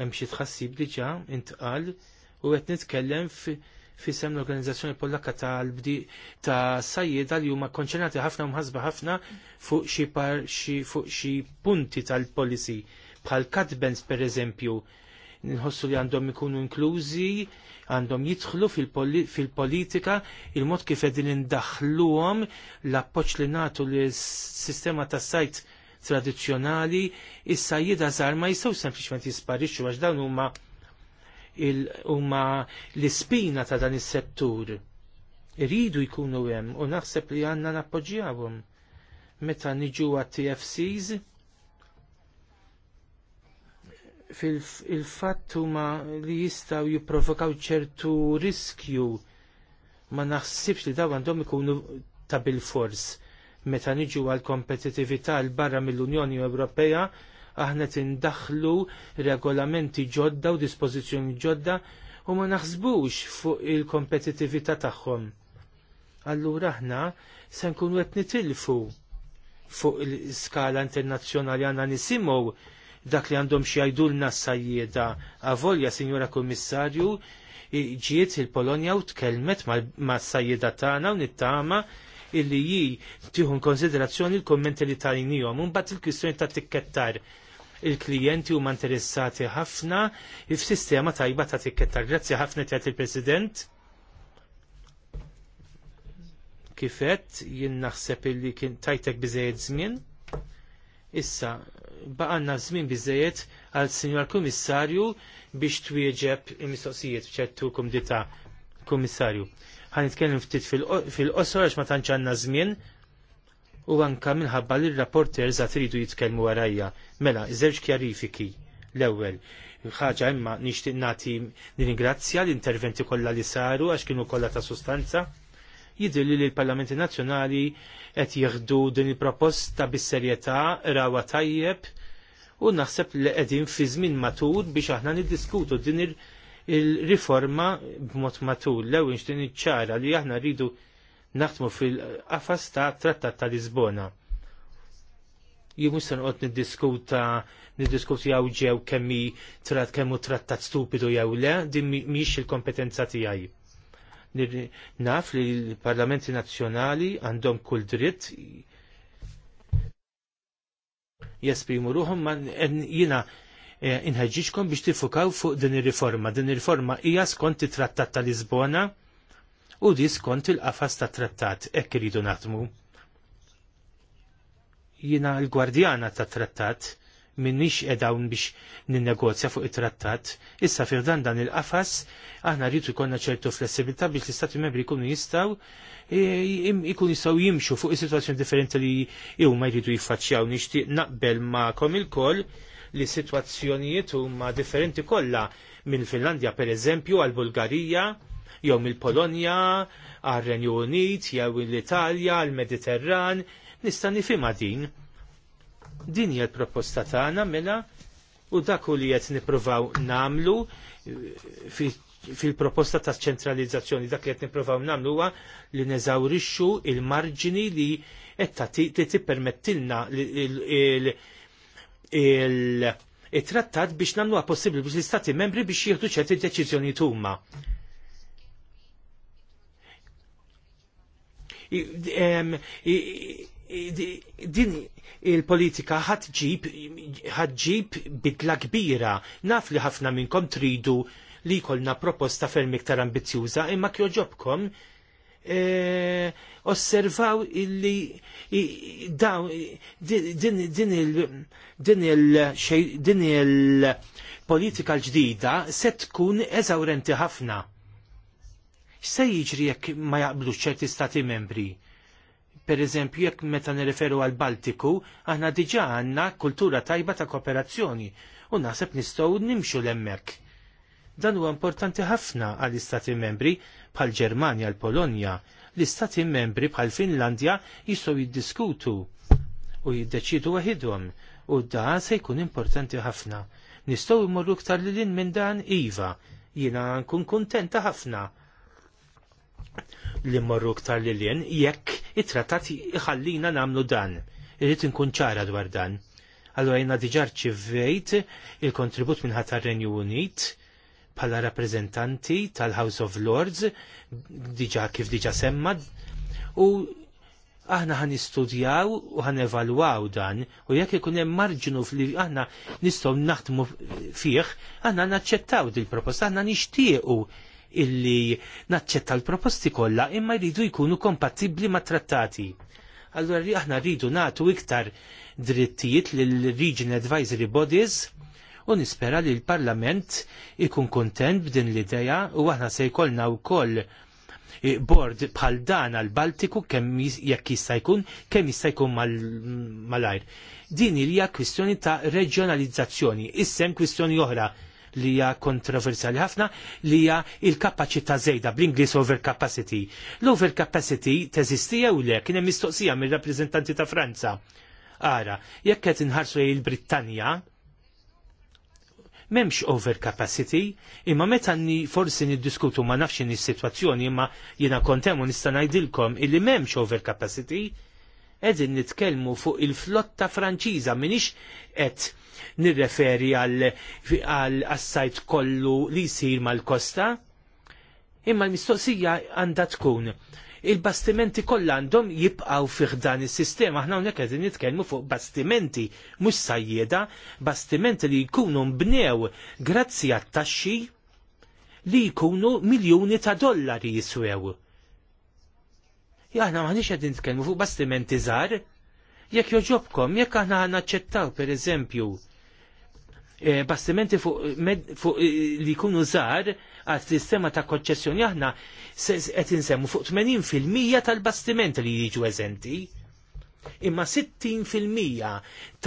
hemm xi tħassib diġà intqal u qed nitkellem fisem l-organizzazzjoni Pollakka tal-bdi ta' sajjeda li huma konċernati ħafna u mħasba ħafna fuq xi punti tal-policy bħal katbens per eżempju, nħossu li għandhom ikunu inklużi, għandhom jidħlu fil-politika il-mod kif qegħdin indaħluhom l-appoġġ li nagħtu lis sistema tas sajt tradizzjonali, issa jida żgħar ma jistgħu sempliċement jisparixxu għax dawn huma huma l-ispina ta' dan is-settur. Iridu jkunu hemm u naħseb li għandna nappoġġjawhom. Meta niġu għat-TFCs, fil-fatt huma li jistgħu jipprovokaw ċertu riskju ma naħsibx li daw għandhom ikunu ta' bil-fors. Meta niġu għal kompetitività l barra mill-Unjoni Ewropea, aħna tindaħlu regolamenti ġodda u dispożizzjoni ġodda u ma naħsbux fuq il-kompetitività tagħhom. Allura aħna se nkunu qed nitilfu fuq il-skala internazzjonali għandna nisimgħu dak li għandhom xi jgħidulna s-sajjieda. Avolja, signora Kommissarju, ġiet il-Polonja u tkellmet ma' s sajjeda tagħna u nittama illi ji tieħu konsiderazzjoni l-kommenti li tajnijhom. Unbat il-kwistjoni ta' tikkettar il-klijenti huma interessati ħafna f'sistema tajba ta' tikkettar. Grazzi ħafna tgħid il-President. Kifet jinn naħseb illi kien tajtek biżejjed żmien. Issa, baqanna żmien biżejjed għal Sinjor Kummissarju biex twieġeb il-mistoqsijiet b'ċertu dita Kummissarju. Għan nitkellem ftit fil-qosor għax ma tantx għandna żmien u anka minħabba li r-rapporter za tridu jitkellmu għarajja. Mela, żewġ kjarifiki l-ewwel. Ħaġa imma nixtieq nagħti nirringrazzja l-interventi kollha li saru għax kienu kollha ta' sustanza Jidilli li l-Parlamenti Nazzjonali qed jieħdu din il-proposta bis-serjetà rawa tajjeb u naħseb li qegħdin fi żmien matul biex aħna niddiskutu din il-riforma b'mod matul. l-ewwel din iċ-ċara li aħna rridu naħdmu fil-qafas ta' Trattat ta' Lisbona. Jien mhux se noqgħod niddiskuta niddiskuti jew ġew kemm trat hu trattat stupidu jew le, din mhix il-kompetenza tiegħi naf li l-parlamenti nazzjonali għandhom kull dritt jesprimu ruħom ma jina eh, inħagġiċkom biex tifukaw fuq din ir-riforma. Din il riforma hija skont it-Trattat ta' Lisbona u di skont il-qafas ta' trattat hekk iridu natmu. Jina l-gwardjana ta' trattat minnix edawn biex ninnegozja fuq it-trattat. Issa firdan dan il-qafas, aħna rritu jkollna ċertu flessibilità biex l-Istati membri jkunu jistaw e, jkunu jistaw jimxu fuq is-sitwazzjoni differenti li huma jridu jiffaċċjaw nixtieq naqbel ma'kom il-koll li sitwazzjonijiet huma differenti kollha minn Finlandja pereżempju għal Bulgarija jew mill-Polonja għal-Renju Unit jew l-Italja għal-Mediterran nista' nifhimha din Din hija l-proposta tagħna mela u dak li qed nippruvaw namlu eh, fil-proposta ta' ċentralizzazzjoni dak li qed nippruvaw namlu huwa li neżawrixxu il-marġini li qed tippermettilna il-trattat biex namluha possibbli biex l-istati membri biex jieħdu ċerti deċiżjoni huma din il-politika ħatġib ħatġib bidla kbira. Naf li ħafna minnkom tridu li kolna proposta ferm iktar ambizjuża imma kjoġobkom e, osservaw illi daw din din il-politika l-ġdida se tkun eżawrenti ħafna. Se jiġri jekk ma jaqblu ċerti stati membri? Per eżempju, jekk meta nirreferu għal Baltiku, aħna diġa għanna kultura tajba ta' kooperazzjoni u naħseb nistgħu nimxu l-emmek. Dan huwa importanti ħafna għall istati membri bħal Ġermanja l polonja l-istati membri bħal Finlandja jistgħu jiddiskutu u jiddeċidu waħidhom u dan se jkun importanti ħafna. Nistgħu jmorru ktar lil minn dan iva, jiena nkun kuntenta ħafna li morru ktar li l-jen, jekk it-trattat iħallina namlu dan. Irrit inkun ċara dwar dan. Allora jena diġar ċivvejt il-kontribut minn ħatar Renju Unit bħala rappresentanti tal-House of Lords diġa kif diġa semma u aħna ħan istudjaw u ħan evalwaw dan u jekk ikun hemm marġinu li aħna nistgħu naħdmu fih, aħna naċċettaw dil proposta aħna nixtiequ illi naċċetta l-proposti kollha imma jridu jkunu kompatibbli ma' trattati. Allura li aħna rridu nagħtu iktar drittijiet lil Region Advisory Bodies u nispera li l-Parlament ikun kontent b'din l-idea u aħna se jkollna wkoll eh, bord bħal dan għal Baltiku kemm jekk jista' jkun kemm jista' jkun mal-ajr. Din hija kwistjoni ta' reġjonalizzazzjoni, issem kwistjoni oħra li hija kontroversjali ħafna li hija il-kapaċità żejda bl-Ingliż overcapacity. L-overcapacity teżisti jew le kien hemm mistoqsija mir-rappreżentanti ta' Franza. Ara, jekk qed inħarsu il-Brittanja, memx overcapacity, imma meta ni forsi niddiskutu ma nafx is-sitwazzjoni imma jiena kontem u nista' ngħidilkom illi memx overcapacity, edin nitkelmu fuq il-flotta franċiża minix et nirreferi għal assajt kollu li jisir mal-kosta. Imma l-mistoqsija għanda tkun il-bastimenti kollha għandhom jibqaw fih dan is-sistema. Aħna hawnhekk qegħdin nitkellmu fuq bastimenti mhux sajjeda, bastimenti li jkunu mbnew grazzi għat-taxxi li jkunu miljuni ta' dollari jiswew Jaħna maħniex qegħdin nitkellmu fuq bastimenti żgħar. Jekk joġobkom, jekk aħna naċċettaw pereżempju eh, bastimenti fuq eh, li jkunu żgħar għal sistema ta' konċessjon aħna qed insemmu fuq 80% tal-bastimenti li jiġu eżenti. Imma 60%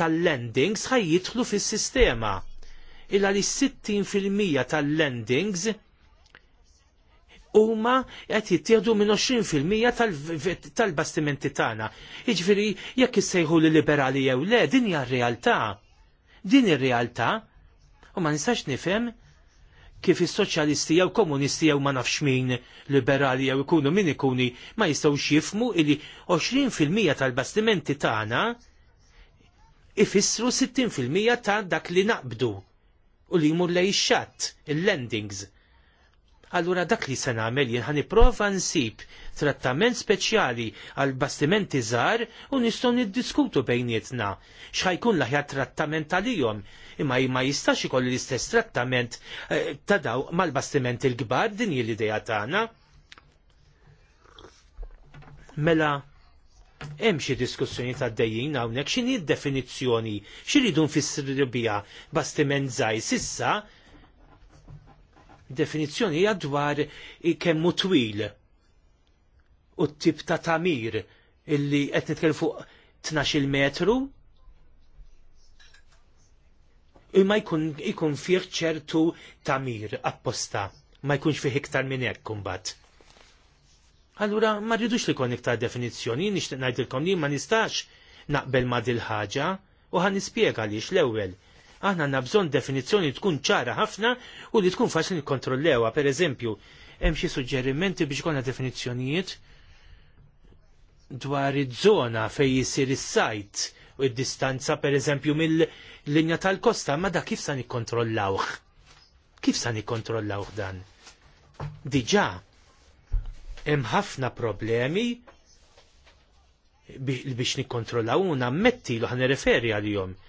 tal-lendings ħaj jitħlu fis-sistema illa li 60% tal-lendings huma qed jittieħdu minn 20% tal-bastimenti tagħna. Jiġifieri jekk issejħu li liberali jew le, din hija r-realtà. Din ir-realtà u ma nistax nifhem kif is-soċjalisti jew komunisti jew ma nafx min liberali jew ikunu min ikuni ma jistgħux jifmu li 20% tal-bastimenti tagħna ifissru 60% ta' dak li naqbdu u li jmur lej xatt il-landings allura dak li se nagħmel jien ħan nipprova nsib trattament speċjali għal bastimenti żgħar u nistgħu niddiskutu bejnietna x'ħajkun l-aħjar trattament għalihom imma ma jistax ikollu l-istess trattament eh, ta' daw mal bastiment il kbar din hi l-idea tagħna. Mela, hemm xi diskussjoni ta' dejjin hawnhekk x'inhi d-definizzjoni x'iridu nfissru biha bastiment żgħir sissa definizzjoni hija dwar kemm hu twil u t-tip ta' tamir illi qed nitkellem fuq 12 metru imma jkun ikun fih ċertu tamir apposta ma jkunx fih iktar minn hekk kumbat. Allura ma rridux li kon iktar definizzjoni, nixtieq ngħidilkom li ma nistax naqbel ma dil ħaġa u ħan nispjega għaliex l-ewwel Aħna għandna bżonn definizzjoni tkun ċara ħafna u li tkun faċli nikkontrollewha. Pereżempju, hemm xi suġġerimenti biex konna definizzjonijiet dwar iż-żona fejn jisir is-sajt u d-distanza pereżempju mill-linja tal-kosta, ma da kif sa nikkontrollawh? Kif sa nikkontrollawh dan? Diġà hemm ħafna problemi biex nikkontrollaw u nammetti l ħan referi għal-jom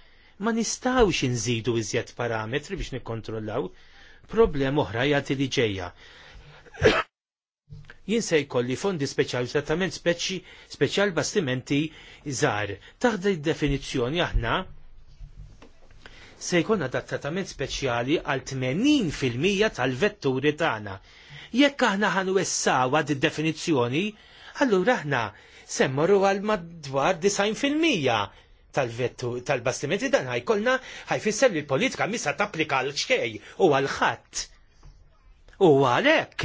ma nistawx inżidu iżjed parametri biex nikkontrollaw problem oħra jagħti li ġejja. Jien se jkolli fondi speċjali trattament speċi speċjal bastimenti żgħar. Taħda d definizzjoni aħna se jkollna dat trattament speċjali għal 80% tal-vetturi tagħna. Jekk aħna ħanu essaw għad id-definizzjoni, allura aħna semmorru għal madwar 90% tal-bastimenti dan ħajkolna ħajfisser li l-politika misa tapplika għal xej u għal ħadd. U għalhekk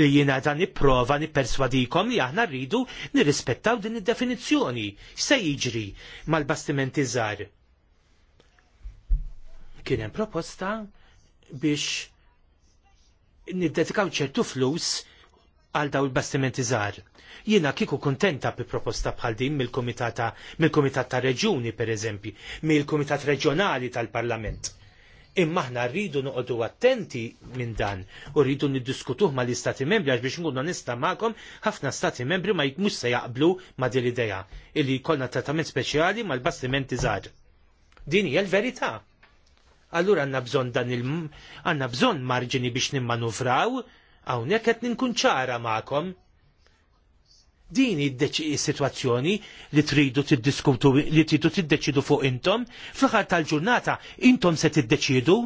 li jiena dan nipprova nipperswadikom li aħna rridu nirrispettaw din id-definizzjoni x'se jiġri mal-bastimenti żgħar. Kien hemm proposta biex niddetikaw ċertu flus għal daw il-bastimenti żgħar. Jiena kieku kuntenta bi proposta bħal din mill-Kumitat mil ta' Reġuni pereżempju, mill-Kumitat Reġjonali tal-Parlament. Imma aħna rridu noqogħdu attenti minn dan u rridu niddiskutuh mal-Istati Membri għax biex nkunu nista' magħhom ħafna Stati Membri ma jkunux se jaqblu ma' din l-idea illi jkollna trattament speċjali mal-bastimenti żgħar. Din hija l-verità. Allura għandna bżonn dan il għandna bżonn marġini biex nimmanuvraw Hawnhekk qed ninkun ċara magħkom. Din id-sitwazzjoni li tridu tiddiskutu li tridu tiddeċidu fuq intom, fl ħar tal-ġurnata intom se tiddeċidu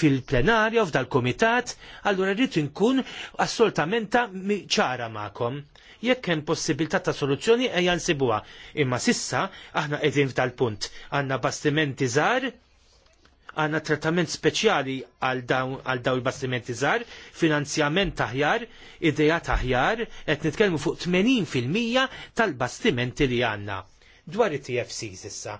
fil-plenarja u f'dal-komitat, allura rridu nkun assolutament ċara magħkom. Jekk hemm possibilità ta' soluzzjoni ejja nsibuha. Imma sissa aħna qegħdin f'dal-punt. Għandna bastimenti żgħar għanna trattament speċjali għal daw il-bastimenti żgħar, finanzjament taħjar, ideja taħjar, qed nitkellmu fuq 80% tal-bastimenti li għandna. Dwar it-TFCs issa.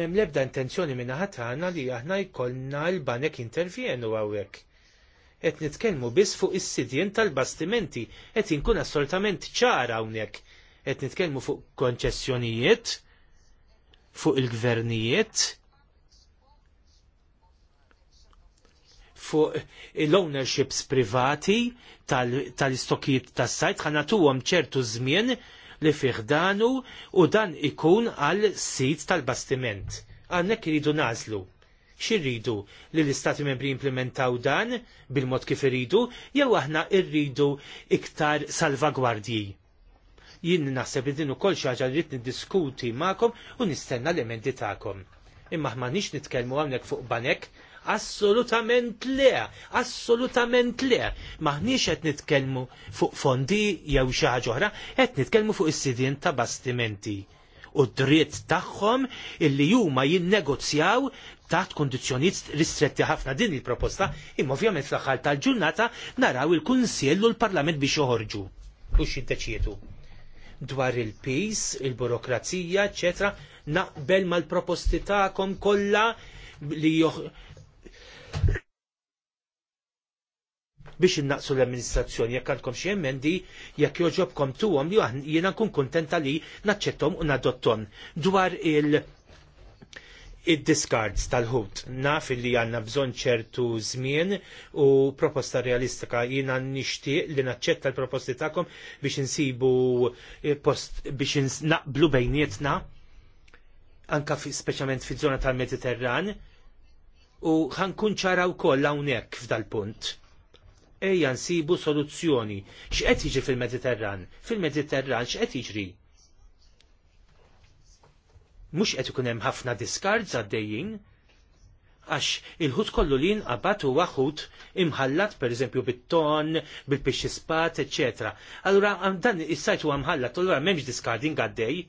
Mem lebda intenzjoni minna ħatħana li aħna jkollna l-banek intervjenu għawek. Et nitkellmu biss fuq is-sidjen tal-bastimenti, et jinkun assolutament ċara hawnhekk. Et nitkellmu fuq konċessjonijiet, fuq il-gvernijiet, fuq l-ownerships privati tal-istokijiet tal tas-sajt ħanatuhom ċertu żmien li fih danu u dan ikun għal sit tal-bastiment. Għannek iridu nażlu. Xirridu li l-istati membri implementaw dan bil-mod kif irridu, jew aħna irridu iktar salvagwardji. Jien naħseb li din ukoll xi ħaġa li niddiskuti magħkom u nistenna l-emendi tagħkom. Imma ħma nix nitkellmu hawnhekk fuq banek Assolutament le, assolutament le. Maħniex qed nitkellmu fuq fondi jew xi ħaġa oħra, qed nitkellmu fuq is-sidien ta' bastimenti u dritt tagħhom illi huma jinnegozjaw taħt kondizzjonijiet ristretti ħafna din il-proposta, imma ovvjament fl-aħħar tal-ġurnata naraw il-Kunsill u l-Parlament biex joħorġu u x'iddeċiedu dwar il-pis, il-burokrazija, eċetera, naqbel mal-proposti tagħkom kollha li biex innaqsu l-amministrazzjoni. Jekk għandkom xi emendi, jekk joġobkom tuhom li jiena nkun kontenta li naċċettom u nadottom dwar il- id-discards tal-ħut. Naf li għanna bżon ċertu żmien u proposta realistika jina nixtieq li naċċetta l-proposti tagħkom biex insibu eh, post biex naqblu bejnietna anka fi, speċjalment fiż żona tal-Mediterran u ħankun ċara wkoll hawnhekk f'dal punt ejja nsibu soluzzjoni. X'qed jiġri fil-Mediterran? Fil-Mediterran x'qed jiġri? Mhux qed ikun hemm ħafna diskards għaddejjin, għax il-ħut kollu li nqabad huwa ħut imħallat pereżempju bit-ton, bil-pixxi spat, eċetera. Allura dan is-sajt huwa mħallat, allura m'hemmx discarding għaddej.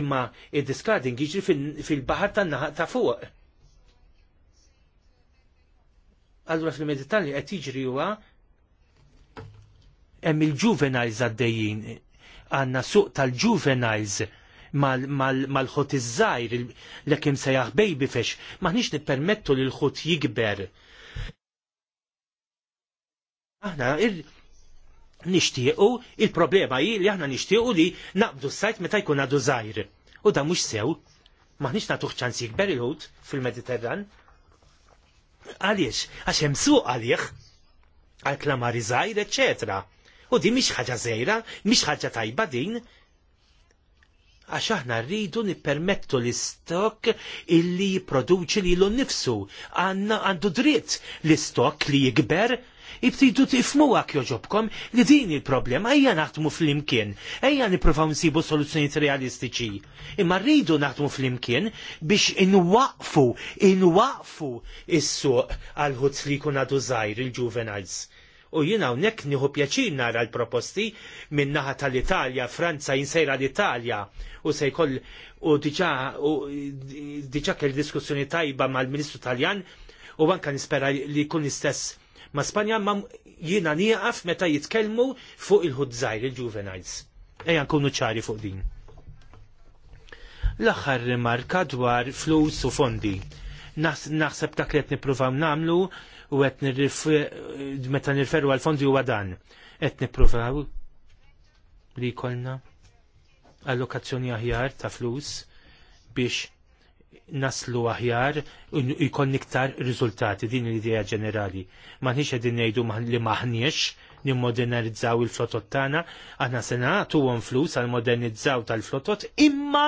Imma id diskarding jiġri fil-baħar tan-naħa ta' fuq Allura fil-Mediterranju qed jiġri huwa hemm il-juveniles għaddejjin għandna suq tal-juveniles mal-ħut iż-żajr l-ekim sejjaħ baby fish, maħniex nippermettu li l-ħut jikber. Aħna nixtiequ, il-problema hi li aħna nixtiequ li naqbdu s-sajt meta jkun għadu żgħir. U da mhux sew, maħniex nagħtuh ċans jikber il-ħut fil-Mediterran. Għaliex, għax hemm suq għalih għal klamari zaħir, ecc. U di mhix ħaġa zejra, mhix ħaġa tajba din. Għax aħna rridu nippermettu l-istok illi jipproduċi lilu nnifsu. Għanna għandu dritt l-istok li jikber ibtidu għak joġobkom li din il-problema ejja naħdmu fl-imkien, ejja nippruvaw nsibu soluzzjonijiet realistiċi. Imma rridu naħdmu fl-imkien biex inwaqfu, inwaqfu il suq għal ħutz li jkun għadu il-juveniles u jina unnek niħu pjaċir nara l-proposti minn naħa tal-Italja, Franza jinsejra l-Italja u se jkoll u diġa u diġa kell diskussjoni tajba mal-Ministru Taljan u kan nispera li kun istess ma' Spanja ma' jina nieqaf meta jitkellmu fuq il-ħudżajr, il juvenajs Ejja nkunu ċari fuq din. L-aħħar rimarka dwar flus u fondi. Naħseb dak li qed nippruvaw nagħmlu u qed meta nirferu għal fondi huwa dan. Qed nippruvaw li jkollna allokazzjoni aħjar ta' flus biex naslu aħjar u jkun iktar riżultati din l-idea ġenerali. Maħniex qegħdin ngħidu li maħniex nimmodernizzaw il-flotot tagħna, aħna se nagħtuhom flus għal modernizzaw tal-flotot imma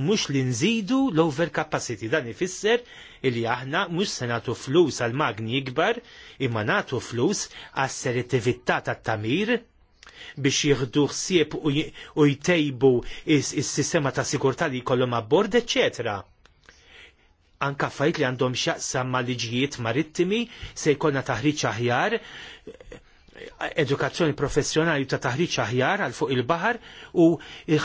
mhux li nżidu l-over capacity. Dan ifisser li aħna mhux se nagħtu flus għal magni ikbar imma nagħtu flus għas serettività tat-tamir biex jieħdu ħsieb u jtejbu is-sistema ta' sigurtà li jkollhom abbord, eċetera. Anka fajt li għandhom xaqsam ma' liġijiet marittimi se jkollna taħriġ aħjar edukazzjoni professjonali ta' taħriġ aħjar għal fuq il-baħar u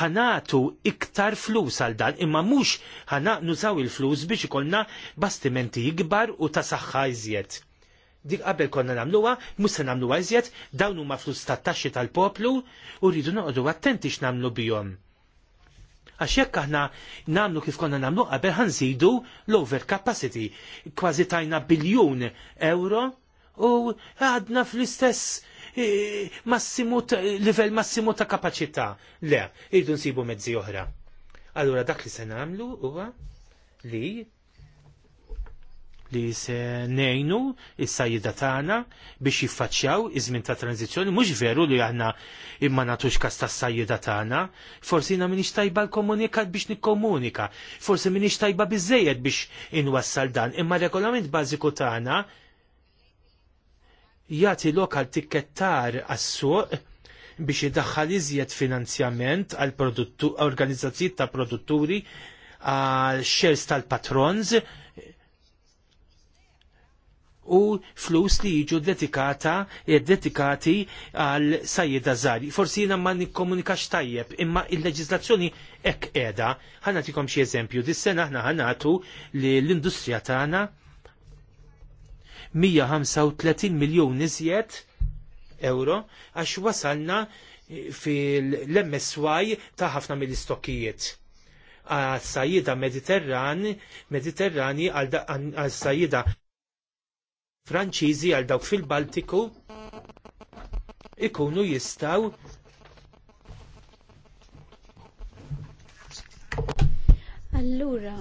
ħanatu iktar flus għal dan imma mhux ħana nużaw il-flus biex ikollna bastimenti ikbar u ta' saħħa iżjed dik qabel konna namluwa, musa namluwa iżjed, dawn huma flus tat-taxxi tal-poplu u rridu noqogħdu attenti x'namlu bihom. Għax jekk aħna namlu kif konna namlu qabel ħanżidu l-over capacity, kważi tajna biljun euro u għadna fl-istess e, massimu livell massimu ta' kapaċità. Le, irridu nsibu mezzi oħra. Allura dak li se namlu huwa li li se nejnu is-sajjida tagħna biex jiffaċċjaw iż-żmien ta' tranzizzjoni mhux veru li aħna imma nagħtux kas tas-sajjida tagħna, forsi jiena m'iniex tajba l-komunikat biex nikkomunika, forsi m'iniex tajba biżejjed biex inwassal dan, imma regolament bażiku tagħna jagħti lokal tikkettar għas-suq biex jiddaħħal iżjed finanzjament għal organizzazzijiet ta' produtturi għal shares tal-patrons u flus li jiġu dedikata, eh, dedikati għal sajjeda Azari. Forsi jina ma nikkomunikax tajjeb, imma il-leġizlazzjoni ek edha. Ħanatikom xie eżempju, dis-sena ħna ħanatu li l-industrija tagħna 135 miljon iżjed euro għax wasalna fil-MSY ta' ħafna mill-istokkijiet għal sajjida mediterran, mediterrani għal sajjida Franċiżi għal dawk fil-Baltiku ikunu jistaw Allura,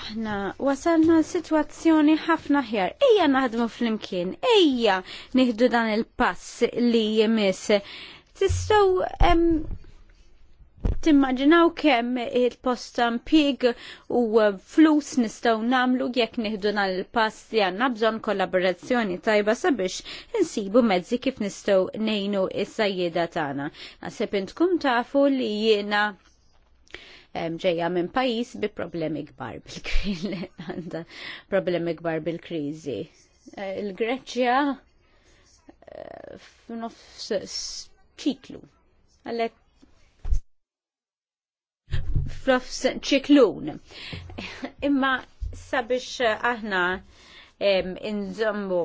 aħna wasalna situazzjoni ħafna ħjar. Ejja naħdmu fl-imkien, ejja nieħdu dan il-pass li jemis. Tistaw Timmaġinaw kemm il-post pig u flus nistgħu nagħmlu jekk nieħdu nal il-pass li għandna bżonn kollaborazzjoni tajba sabiex insibu mezzi kif nistgħu ngħinu is-sajjieda tagħna. Naħseb intkom tafu li jiena ġejja minn pajjiż bi problemi kbar bil krizi problemi kbar bil-kriżi. Eh, Il-Greċja eh, f'nofs ċiklu. Għalek f'nofs ċiklun. Imma sabiex aħna inżommu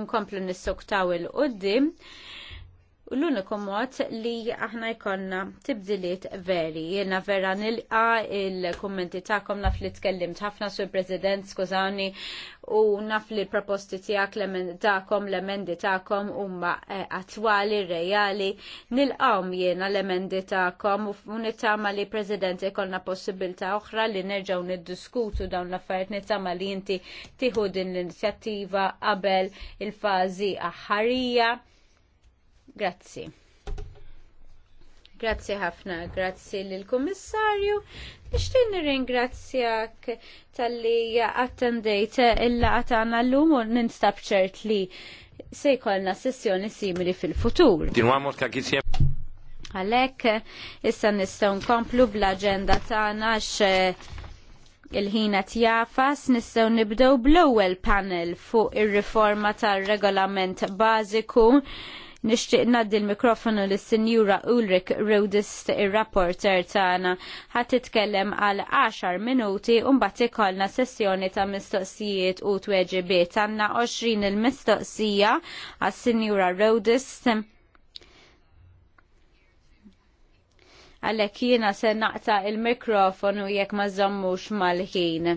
nkomplu nissuktaw il-qoddim, l-uniku mod li aħna jkollna tibdiliet veri. Jena vera nilqa il-kommenti ta'kom naf li tkellimt ħafna sur president skużani u naf li proposti tijak ta'kom, l-emendi ta'kom umma eh, attwali, reali, nilqawm jena l-emendi ta'kom u nittama li president jkollna possibilta oħra li nerġaw niddiskutu dawn l-affarijiet nittama li inti tiħu din l-inizjattiva qabel il-fazi aħħarija Grazzi. Grazzi ħafna, grazzi lill-Kummissarju. Nixtieq nirringrazzjak tal-li attendejt il-laqa tagħna llum u ninstab ċert li se jkollna sessjoni simili fil-futur. Għalhekk issa nistgħu nkomplu bl agenda tagħna għax eh, il ħina tjafas nistaw nistgħu nibdew bl-ewwel panel fuq ir-riforma tar-regolament bażiku Nixtieq ngħaddi l-mikrofonu lis-Sinjura Ulrik Rudis ir-rapporter tagħna ħat titkellem għal 10 minuti u mbagħad ikollna sessjoni ta' mistoqsijiet u tweġibiet. Għandna 20 il-mistoqsija għas-Sinjura Rudis għalek jiena se naqta il-mikrofonu jekk ma zommux mal-ħin.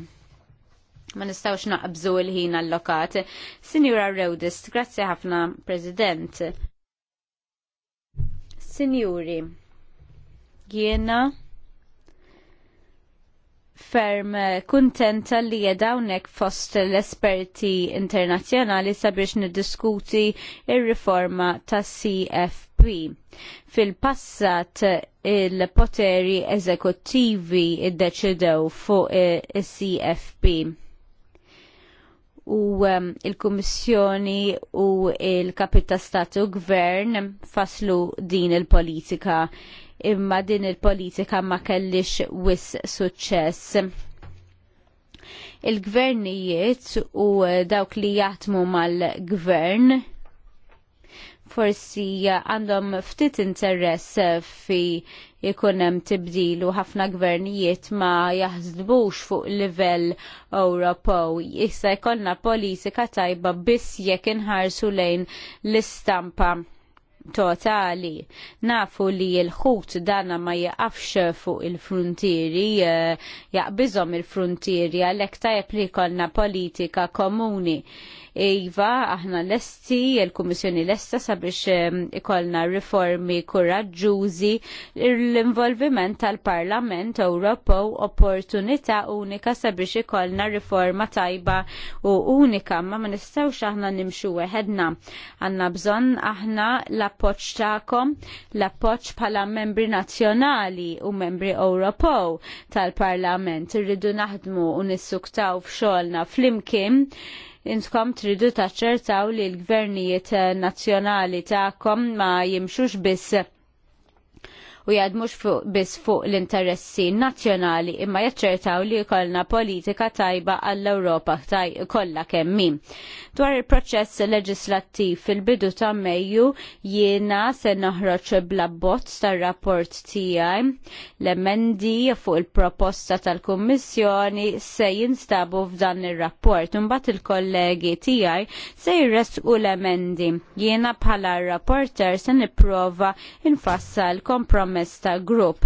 Ma nistawx naqbżu l-ħin allokat. Sinjura Rewdis, grazzi ħafna, President. Sinjuri, jiena ferm kuntenta li jedawnek fost l-esperti internazjonali sabiex niddiskuti il-riforma ta' CFP. Fil-passat il-poteri eżekuttivi id-deċidew fuq il-CFP u um, il-Kummissjoni u il-Kapita Statu Gvern faslu din il-politika imma din il-politika ma kellix wis suċċess. Il-gvernijiet u dawk li jaħdmu mal-gvern forsi għandhom ftit interess fi jikunem hemm tibdil u ħafna gvernijiet ma jaħsbux fuq livell Ewropew. Issa jkollna politika tajba biss jekk inħarsu lejn l-istampa totali. Nafu li l-ħut dana ma jaqafx fuq il-frontieri, eh, jaqbizom il-frontieri, għalek tajb li jkollna politika komuni Iva, aħna l-esti, il-Kummissjoni lesta sabiex ikollna riformi kuraġġużi l-involviment tal-Parlament Ewropew opportunità unika sabiex ikollna riforma tajba u unika ma ma nistgħux aħna nimxu weħedna. Għanna bżonn aħna l-appoġġ tagħkom, l-appoġġ bħala membri nazzjonali u membri Ewropew tal-Parlament irridu naħdmu u nissuktaw f'xogħolna flimkien intkom tridu taċċertaw li l-gvernijiet eh, nazzjonali tagħkom ma jimxux biss u jadmux fuq biss fuq l-interessi nazzjonali imma jaċċertaw li jkollna politika tajba għall-Ewropa taj kolla kemmi. Dwar il-proċess leġislattiv fil-bidu ta' Mejju jiena se noħroċ bla bozz tar-rapport tiegħi l-emendi fuq il-proposta tal-Kummissjoni se jinstabu f'dan ir-rapport imbagħad il-kollegi tiegħi se jirresqu l-emendi. Jiena bħala rapporter se nipprova l kompromess permezz ta' grupp.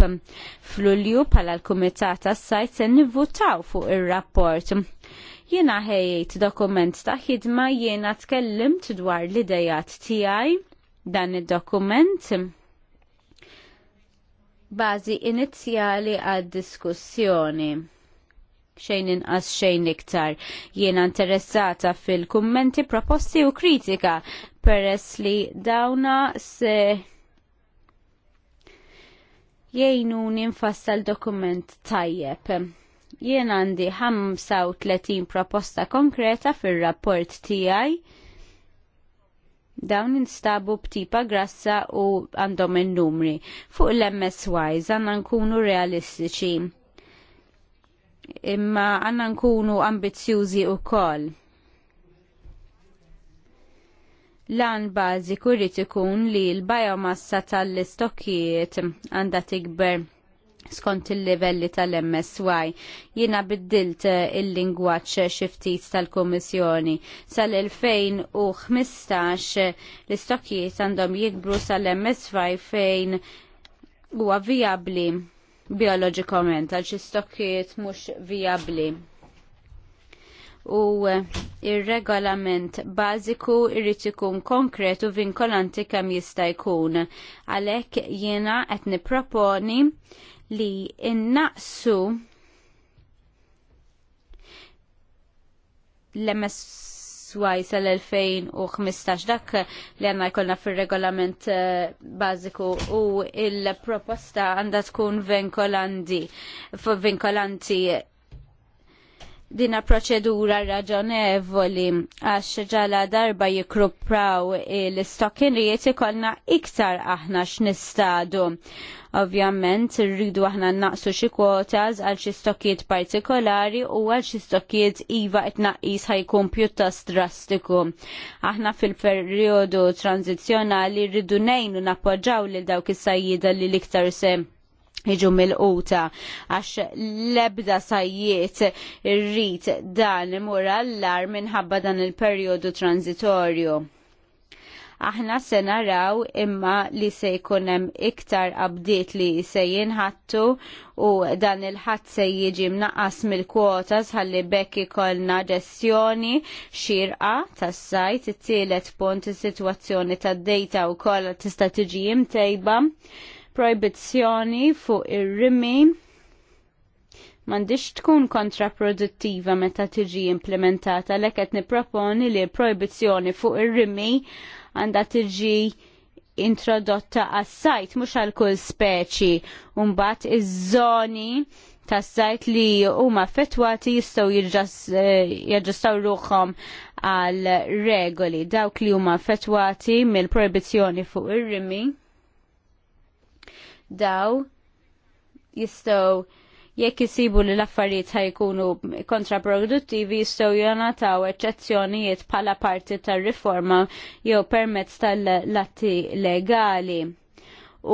F'Lulju bħala l-Kumitat tas-Sajt se nivvutaw fuq ir-rapport. Jiena ħejjt dokument ta' ħidma jiena tkellimt dwar l-idejat tiegħi dan id-dokument bażi inizjali għad-diskussjoni xejn inqas xejn iktar. Jiena interessata fil-kummenti proposti u kritika peress li dawna se jgħinu l dokument tajjeb. Jien għandi 35 proposta konkreta fir-rapport tiegħi dawn instabu b'tipa grassa u għandhom il numri Fuq l-MSY għandna nkunu realistiċi. Imma għandna nkunu u wkoll Lan bażiku rrid ikun li l-biomassa tal-istokkijiet għandha tikber skont il-livelli tal-MSY. Jina biddilt eh, il-lingwaċ xiftit tal-Komissjoni. Sal-2015 l-istokkijiet għandhom jikbru sal-MSY fejn huwa viabli biologikament għal xi stokkijiet mhux viabli u eh, ir-regolament bażiku irrid ikun konkret u vinkolanti kemm jista' jkun. Għalhekk jiena qed nipproponi li innaqsu l-MSY sal-2015 dak li għanna jkollna fil-regolament eh, bażiku u il-proposta għandha tkun vinkolanti dina proċedura raġonevoli għax ġala darba jikrupraw l-istokkinrijiet ikollna iktar aħna x'nistadu. Ovvjament rridu aħna naqsu xi kwotas għal xi stokkiet partikolari u għal xi stokkiet iva qed naqis ħajkun pjuttost drastiku. Aħna fil-perjodu tranzizzjonali rridu nejnu nappoġġaw lil dawk is sajjieda li l-iktar se jiġu mil quta għax l-ebda sajjiet irrit dan imur all-lar minħabba dan il-perjodu transitorju. Aħna se naraw imma li se jkunem iktar abdiet li se jinħattu u dan il-ħadd se jiġi mnaqqas mill-kwota sħalli bekk ikollna ġestjoni xirqa tas-sajt it-tielet punt is-sitwazzjoni tad-dejta wkoll tista' tiġi imtejba proibizzjoni fuq ir-rimi m'għandix tkun kontraproduttiva meta tiġi implementata l qed nipproponi li proibizzjoni fuq ir-rimi għandha tiġi introdotta għas-sajt mhux għal kull speċi u mbagħad iż-żoni tas-sajt li huma fetwati jistgħu jirġistaw eh, ruħom għal regoli dawk li huma fetwati mill-proibizzjoni fuq ir-rimi daw jistgħu jekk isibu li l-affarijiet ħajkunu kontraproduttivi jistgħu jonataw eċċezzjonijiet bħala parti tar-riforma jew permezz tal-latti legali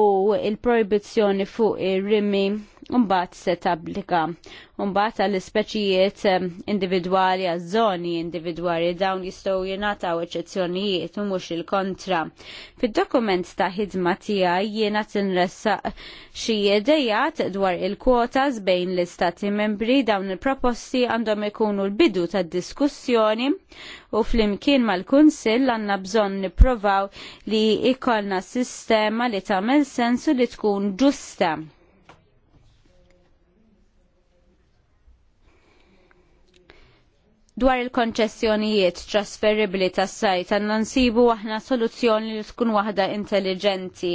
u il-proibizzjoni fuq ir-rimi Umbat se tapplika. Umbat għall ispeċijiet eh, individwali għal żoni individwali dawn jistgħu jingħataw eċezzjonijiet u mhux il-kontra. Fid-dokument ta' ħidma tiegħi jiena tinressaq xi idejat dwar il-kwotas bejn l-istati membri dawn il-proposti għandhom ikunu l-bidu tad-diskussjoni u flimkien mal-Kunsill għandna bżonn nipprovaw li ikolna sistema li tagħmel sensu li tkun ġusta. dwar il-konċessjonijiet trasferibbli tas-sajt għandna nsibu aħna soluzzjoni li tkun waħda intelligenti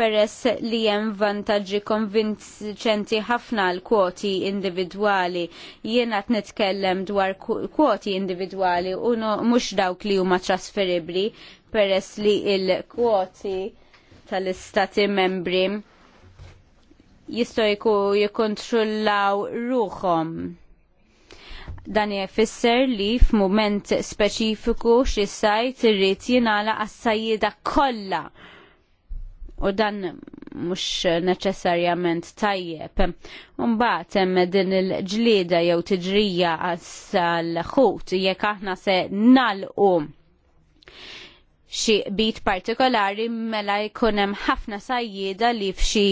peress li hemm vantaġġi konvinċenti ħafna l kwoti individwali. Jiena nitkellem dwar kwoti individwali u mhux dawk li huma trasferibbli peress li il-kwoti tal-istati membri jistgħu jikkontrollaw ruhom Dan jfisser li f'mument speċifiku xi sajt irrid jingħala għas-sajjieda kollha. U dan mhux neċessarjament tajjeb. Mbagħad hemm din il-ġlieda jew tiġrija għas-ħut jekk aħna se nalqu xi bit partikolari mela jkun hemm ħafna sajjieda li f'xi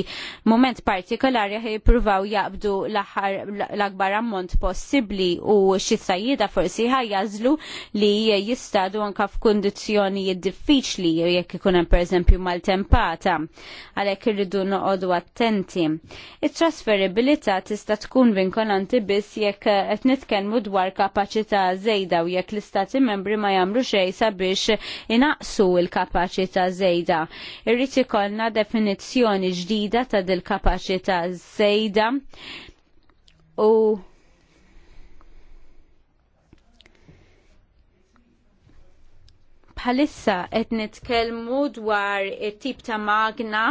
mument partikolari jippruvaw jaqbdu l-akbar ammont possibbli u xi sajjieda forsi ħajjażlu li jistadu anke f'kundizzjonijiet diffiċli jekk ikun hemm pereżempju maltempata għalhekk irridu noqogħdu attenti. It-trasferibilità tista' tkun vinkolanti biss jekk qed nitkellmu dwar kapaċità żejda u jekk l-istati membri ma jagħmlu xejn sabiex inaqsu innaqsu il-kapacità żejda. Irrid ikollna definizzjoni ġdida ta' dil-kapaċità żejda u bħalissa qed nitkellmu dwar it-tip ta' magna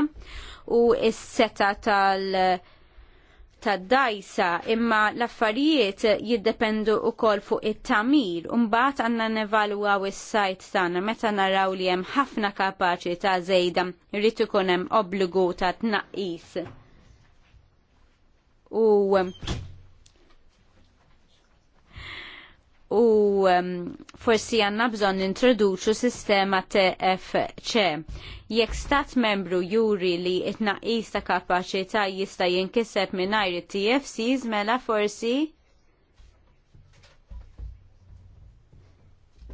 u s-seta tal- ta' dajsa imma l-affarijiet jiddependu u kol fuq it-tamir u mbagħad għandna nevaluaw is-sajt tagħna meta naraw li hemm ħafna kapaċi ta' zejda rrid ikun hemm obbligu ta' tnaqqis. U u um, forsi għanna bżon introduċu sistema TFC. Jekk stat membru juri li itnaqis ta' kapaċità jista' jinkiseb minn it-TFCs mela forsi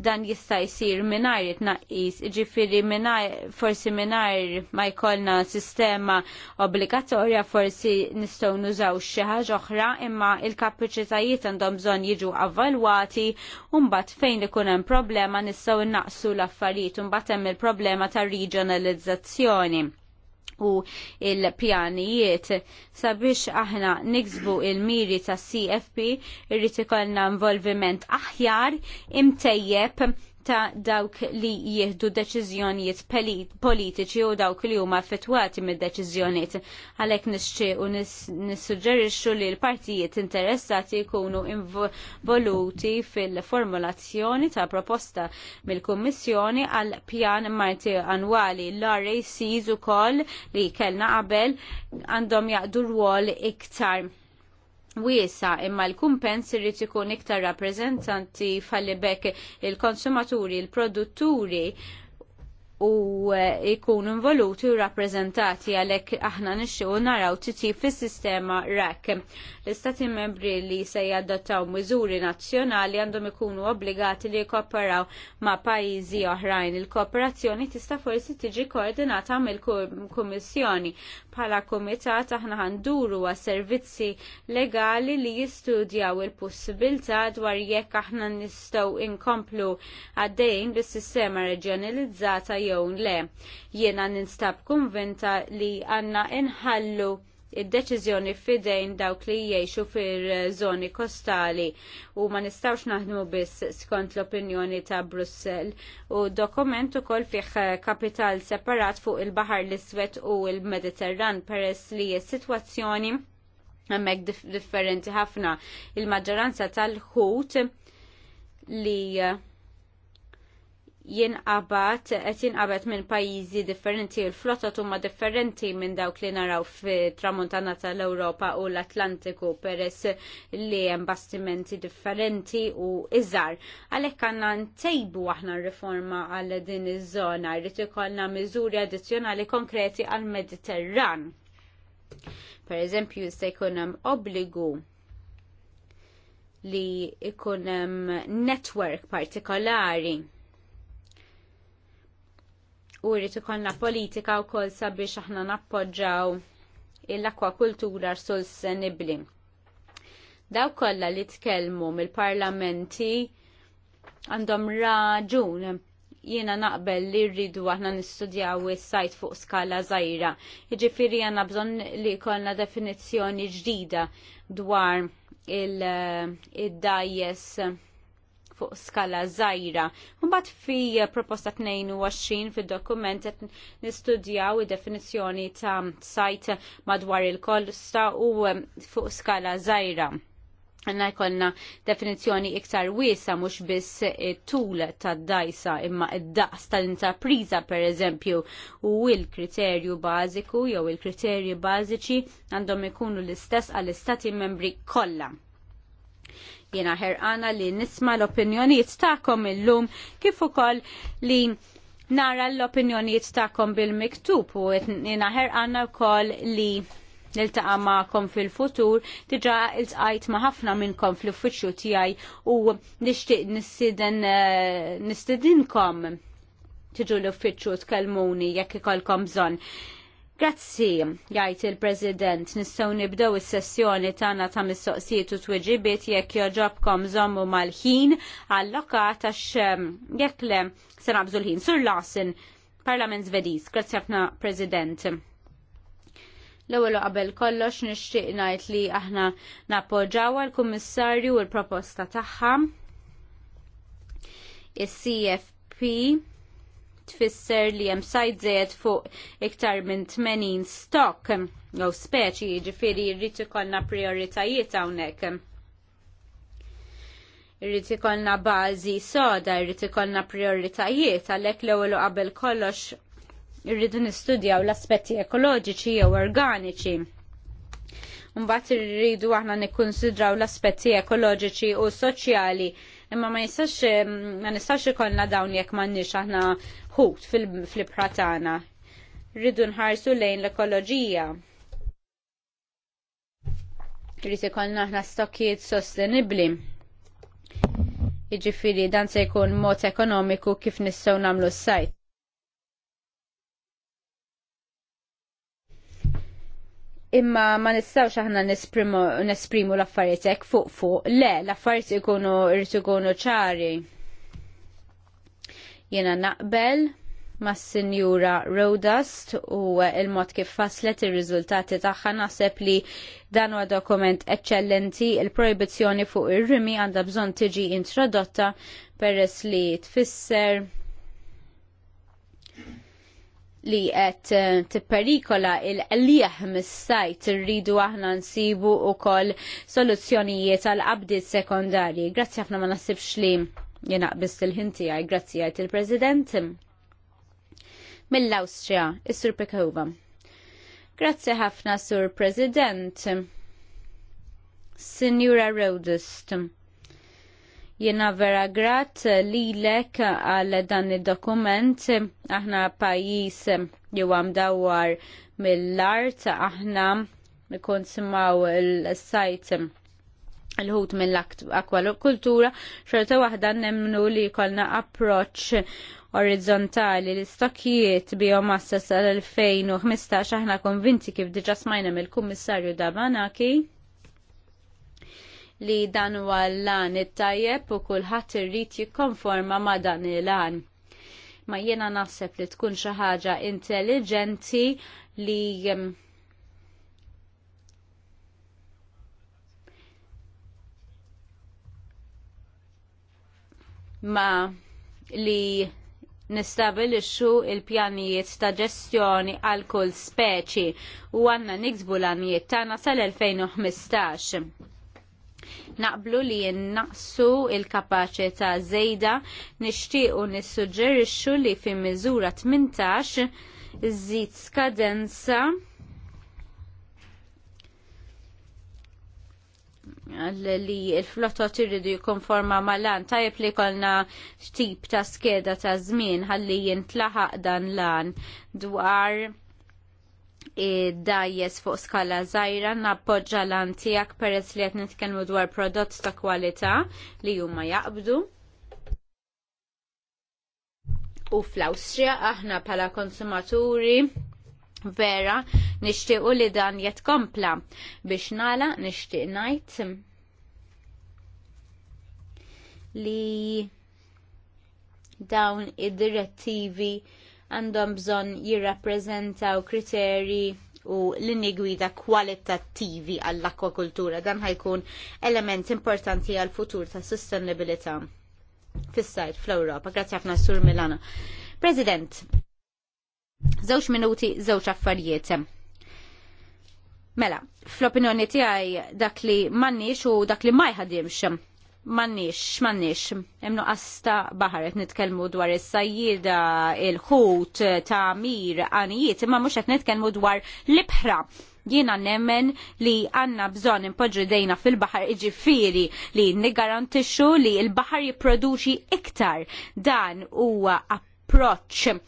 dan jista' jsir mingħajr itnaqqis, jiġifieri forsi mingħajr ma jkollna sistema obbligatorja forsi nistgħu nużaw xi ħaġa oħra, imma il-kapaċitajiet għandhom bżonn jiġu avvalwati u mbagħad fejn ikun hemm problema nistgħu innaqsu l-affarijiet u mbagħad hemm il-problema tar-reġjonalizzazzjoni nsaħħu il-pjanijiet sabiex aħna niksbu il-miri ta' CFP irrit ikollna involviment aħjar imtejjeb ta' dawk li jieħdu deċiżjonijiet politiċi u dawk li huma affettwati mid-deċiżjonijiet. Għalhekk u nissuġġerixxu li l-partijiet interessati jkunu involuti fil-formulazzjoni ta' proposta mill-Kummissjoni għal pjan marti annwali l-RACs koll li kellna qabel għandhom jaqdu rwol iktar wiesa imma l-kumpens irrid ikun iktar rappreżentanti fallibek bekk il-konsumaturi, il-produtturi u jkunu e, involuti u rappresentati għalhekk aħna nixxu naraw titi fis-sistema RAC. L-istati membri li se jadottaw miżuri nazzjonali għandhom ikunu obbligati li jkopparaw ma' pajjiżi oħrajn. Il-kooperazzjoni tista' forsi tiġi koordinata mill-Kummissjoni. Bħala kumitat aħna għanduru għas servizzi legali li jistudjaw il-possibilità dwar jekk aħna nistgħu inkomplu għaddejn bis-sistema reġjonalizzata jew jew le. Jiena ninstab konvinta li għandna inħallu id-deċiżjoni fidejn dawk li jgħixu fir-żoni kostali u ma nistawx naħdmu biss skont l-opinjoni ta' Brussel u dokument ukoll fih kapital separat fuq il-Baħar l-Iswed u il-Mediterran peress li s-sitwazzjoni hemmhekk differenti ħafna il-maġġoranza tal-ħut li jinqabat, qed jinqabet minn pajjiżi differenti l flotta huma differenti minn dawk li naraw fit-tramuntana tal-Ewropa u l-Atlantiku peress li hemm bastimenti differenti u iżgħar. Għalhekk għandna ntejbu aħna r-riforma għal din iż-żona jrid ikollna miżuri addizzjonali konkreti għal-Mediterran. Per eżempju, jista' jkun hemm obbligu li ikun hemm network partikolari u jrid ikollna politika wkoll sabiex aħna nappoġġaw l-akwakultura sostenibbli. Daw kollha li tkellmu mill-parlamenti għandhom raġun jiena naqbel li rridu aħna nistudjaw is-sajt fuq skala żgħira. Jiġifieri għandna bżonn li jkollna definizzjoni ġdida dwar il-dajjes il fuq skala żgħira. Mbagħad fi eh, proposta 22 fid-dokument qed nistudjaw id-definizzjoni ta' sajt madwar il-kosta u eh, fuq skala żgħira. Għanna jkollna definizjoni iktar wiesa mux biss it-tul ta' dajsa imma id-daqs tal-intrapriza per eżempju u il-kriterju bażiku jew il-kriterju bażiċi għandhom ikunu l-istess għall-istati membri kollha. Jena ħerqana li nisma l-opinjonijiet ta'kom illum kif ukoll li nara l-opinjonijiet ta'kom bil-miktub u jena ħerqana wkoll li niltaqa' magħkom fil-futur, diġà tqajt ma' ħafna minnkom fl-uffiċċju tiegħi u nixtieq nissiden nistidinkom tiġu l-uffiċċju tkellmuni jekk ikolkom bżonn. Grazzi, jgħid il-President, nistgħu nibdew is-sessjoni tagħna ta' mistoqsijiet u twiġibiet jekk joġobkom żommu mal-ħin għall-lokat għax jekk le se nabżu l-ħin. Sur Lawson, Parlament Svediż, grazzi ħafna President. L-ewwel qabel kollox nixtieq ngħid li aħna nappoġġawha l-Kummissarju u l-proposta tagħha. Is-CFP tfisser li hemm sajdżed fuq iktar minn 80 stock jew speċi jiġifieri jrid ikollna prioritajiet hawnhekk. Irrid ikollna bażi soda, irrid ikollna prioritajiet għalhekk l-ewwel qabel kollox irridu nistudjaw l-aspetti ekoloġiċi jew organiċi. Mbagħad irridu aħna nikkunsidraw l-aspetti ekoloġiċi u soċjali imma ma jistax ma nistax ikollna dawn jekk m'għandniex aħna ħut fil-pratana. Rridu nħarsu lejn l-ekoloġija. Rrisi ikollna ħna stokkiet sostenibbli. Jiġifieri dan se jkun mod ekonomiku kif nistgħu nagħmlu s-sajt. imma ma nistawx aħna nesprimu l-affarijiet hekk fuq fuq. Le, l-affarijiet ikunu irrid ċari. Jena naqbel ma' sinjura Rodust u il-mod kif faslet ir-riżultati tagħha naħseb li dan huwa dokument eċċellenti il-proibizzjoni fuq ir-rimi għandha bżonn tiġi introdotta peress li tfisser li qed eh, tipperikola il-qlieħ mis-sajt irridu aħna nsibu wkoll soluzzjonijiet għal qabdiet sekondarji. Grazzi ħafna ma nasibx li jena bis il-ħinti għaj, grazzi għajt il-President. Mill-Austria, Is-Sur Pekova. Grazzi ħafna, Sur President. Signora Rodust. Jena vera grat li lek għal dan il-dokument. Aħna pajis jew dawar mill-art, aħna nikon simaw il-sajt l-ħut mill-akwakultura, xorta waħda nemmnu li kolna approċ orizzontali l istokkijiet biomassa sal-2015 aħna konvinti kif diġa smajna mill-Kummissarju Dabanaki li dan huwa l-lan it-tajjeb u kulħadd irrid jikkonforma ma' dan il-lan. Ma jiena naħseb li tkun xi ħaġa intelligenti li ma li nistabilixxu il-pjanijiet ta' ġestjoni għal kull speċi u għanna niksbu l-għanijiet tagħna sal-2015. Naqblu li jinnaqsu il-kapaċità żejda nixtiequ nissuġġerixxu li fi miżura 18 iżid skadenza li il-flottot irridu jikonforma mal-lan tajjeb li kolna xtip ta' skeda ta' żmien ħalli jintlaħaq dan lan dwar dajjes fuq skala żgħira nappoġġa lan tiegħek peress li qed nitkellmu dwar prodott ta' kwalità li huma jaqbdu. U fl-Awstrija aħna bħala konsumaturi vera nixtiequ li dan jitkompla biex nala nixtieq ngħid li dawn id-direttivi għandhom bżonn jirrappreżentaw kriterji u l-inni gwida kwalitattivi għall-akwakultura. Dan ħajkun element importanti għal-futur ta' sustainabilità fis-sajt fl-Ewropa. Grazzi ħafna Sur Milana. President, Żewġ minuti, żewġ affarijiet. Mela, fl-opinjoni tiegħi dak li m'għandniex u dak li ma jħadimx. M'għandniex, m'għandniex. Hemm nuqqas ta' baħar qed nitkellmu dwar is-sajjieda, il-ħut, ta' mir, għanijiet, imma mhux qed nitkellmu dwar l-ibħra jiena nemmen li għanna bżon impoġri dejna fil-bahar iġifiri li nigarantixxu li l-bahar jipproduċi iktar dan huwa approċċ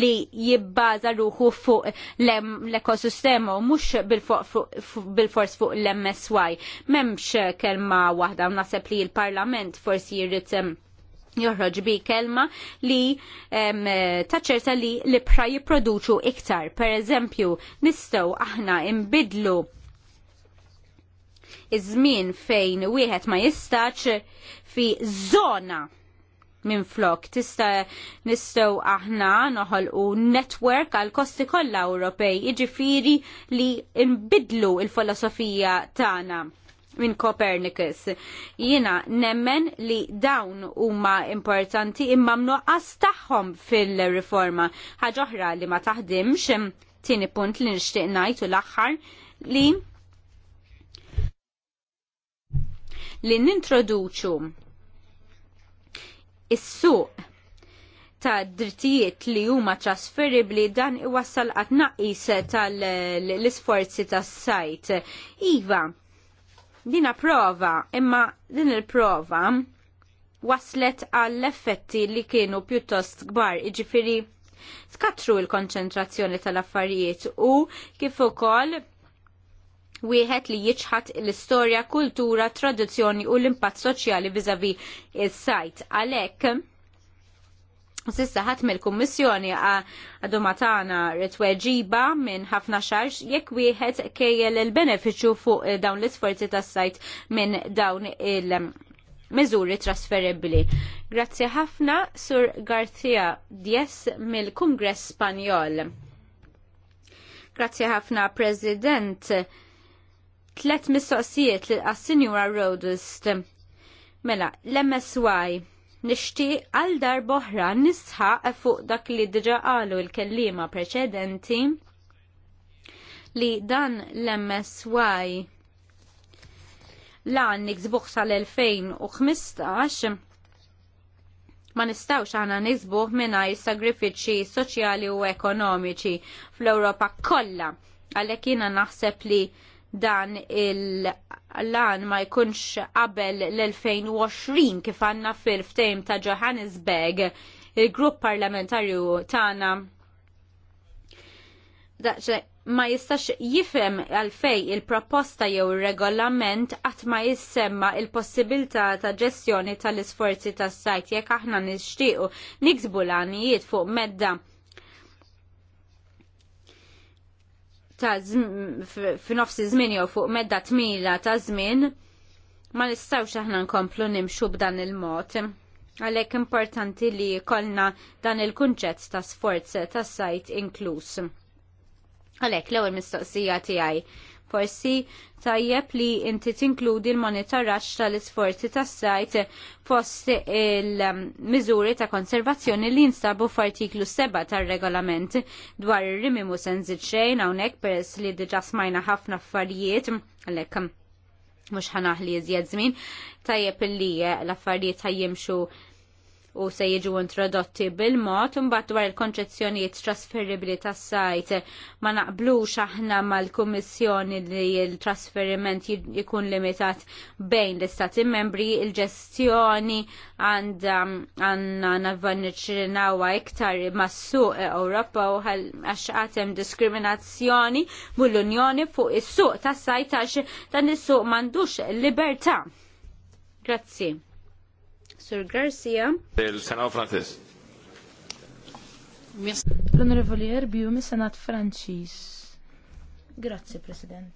li jibbaza ruħu fuq l-ekosistema u mux bil-fors fuq l-MSY. Memx kelma wahda u naseb li il-parlament forsi jirrit joħroġ bi kelma li um, taċċerta li li pra jiproduċu iktar. Per eżempju, nistow aħna imbidlu iż-żmien fejn wieħed ma jistax fi zona minn flok. Tista nistgħu aħna noħolqu netwerk għal kosti kollha Ewropej, jiġifieri li imbidlu il-filosofija tagħna minn Copernicus. Jiena nemmen li dawn huma importanti imma mnuqqas tagħhom fil-riforma. Ħaġa oħra li ma taħdimx, tieni punt li nixtieq ngħid u l-aħħar li li nintroduċu is-suq ta' drittijiet li huma trasferibbli dan iwassal għat naqis tal-isforzi tas-sajt. Iva, dina prova, imma din il-prova waslet għall-effetti li kienu pjuttost kbar, iġifiri skatru l konċentrazzjoni tal-affarijiet u kif ukoll wieħed li jiċħat l-istorja, kultura, tradizzjoni u l-impatt soċjali vizavi il sajt Għalhekk Sissa ħadd mill-Kummissjoni għadumatana matana retweġiba minn ħafna xarx jekk wieħed kejjel il-benefiċċju fuq eh, dawn l-isforzi tas-sajt minn dawn il- miżuri trasferibbli. Grazzi ħafna Sur Garcia Dies mill-Kungress Spanjol. Grazzi ħafna President tlet mistoqsijiet li għas-Sinjura Rodist. Mela, l-MSY nixtieq għal dar boħra nisħaq fuq dak li diġa qalu l-kellima preċedenti li dan l-MSY lan niksbuħ sal-2015 ma nistawx għana nizbuħ minna sagrifiċi soċjali u ekonomiċi fl-Europa kollha għalhekk jiena naħseb li dan il-lan ma jkunx qabel l-2020 kif għanna fil-ftejm ta' Johannesburg il-grupp parlamentarju tagħna ma jistax jifhem għalfej il-proposta jew ir-regolament qatt ma jissemma il-possibilità ta' ġestjoni tal-isforzi tas-sajt jekk aħna nixtiequ niksbu l-għanijiet fuq medda ta' f'nofs iż-żmien jew fuq medda tmila ta' żmien ma nistgħux aħna nkomplu nimxu b'dan il-mod. Għalhekk importanti li kollna dan il-kunċett ta' sforz ta' sajt inkluż. Għalhekk l-ewwel mistoqsija tiegħi Forsi tajjeb li inti tinkludi l-monitoraġġ tal-isforzi tas-sajt fost il-miżuri ta' konservazzjoni li jinstabu f'artiklu 7 tar-regolament dwar ir-rimi se senżit xejn hawnhekk peress li diġà smajna ħafna affarijiet għalhekk mhux ħanaħli iżjed żmien tajjeb illi l-affarijiet ħajjimxu u se jiġu introdotti bil-mod, imbagħad dwar il-konċezzjonijiet trasferibbli tas-sajt ma naqblux aħna mal-Kummissjoni li l-trasferiment jkun limitat bejn l-Istati membri, il-ġestjoni għandna navvanniċinawa iktar mas-suq Ewropa u għax għatem diskriminazzjoni bull-Unjoni fuq is-suq tas-sajt għax dan is-suq m'għandux libertà. Grazzi. Sur Garcia. Il-Senaw Franċis. l Grazzi, President.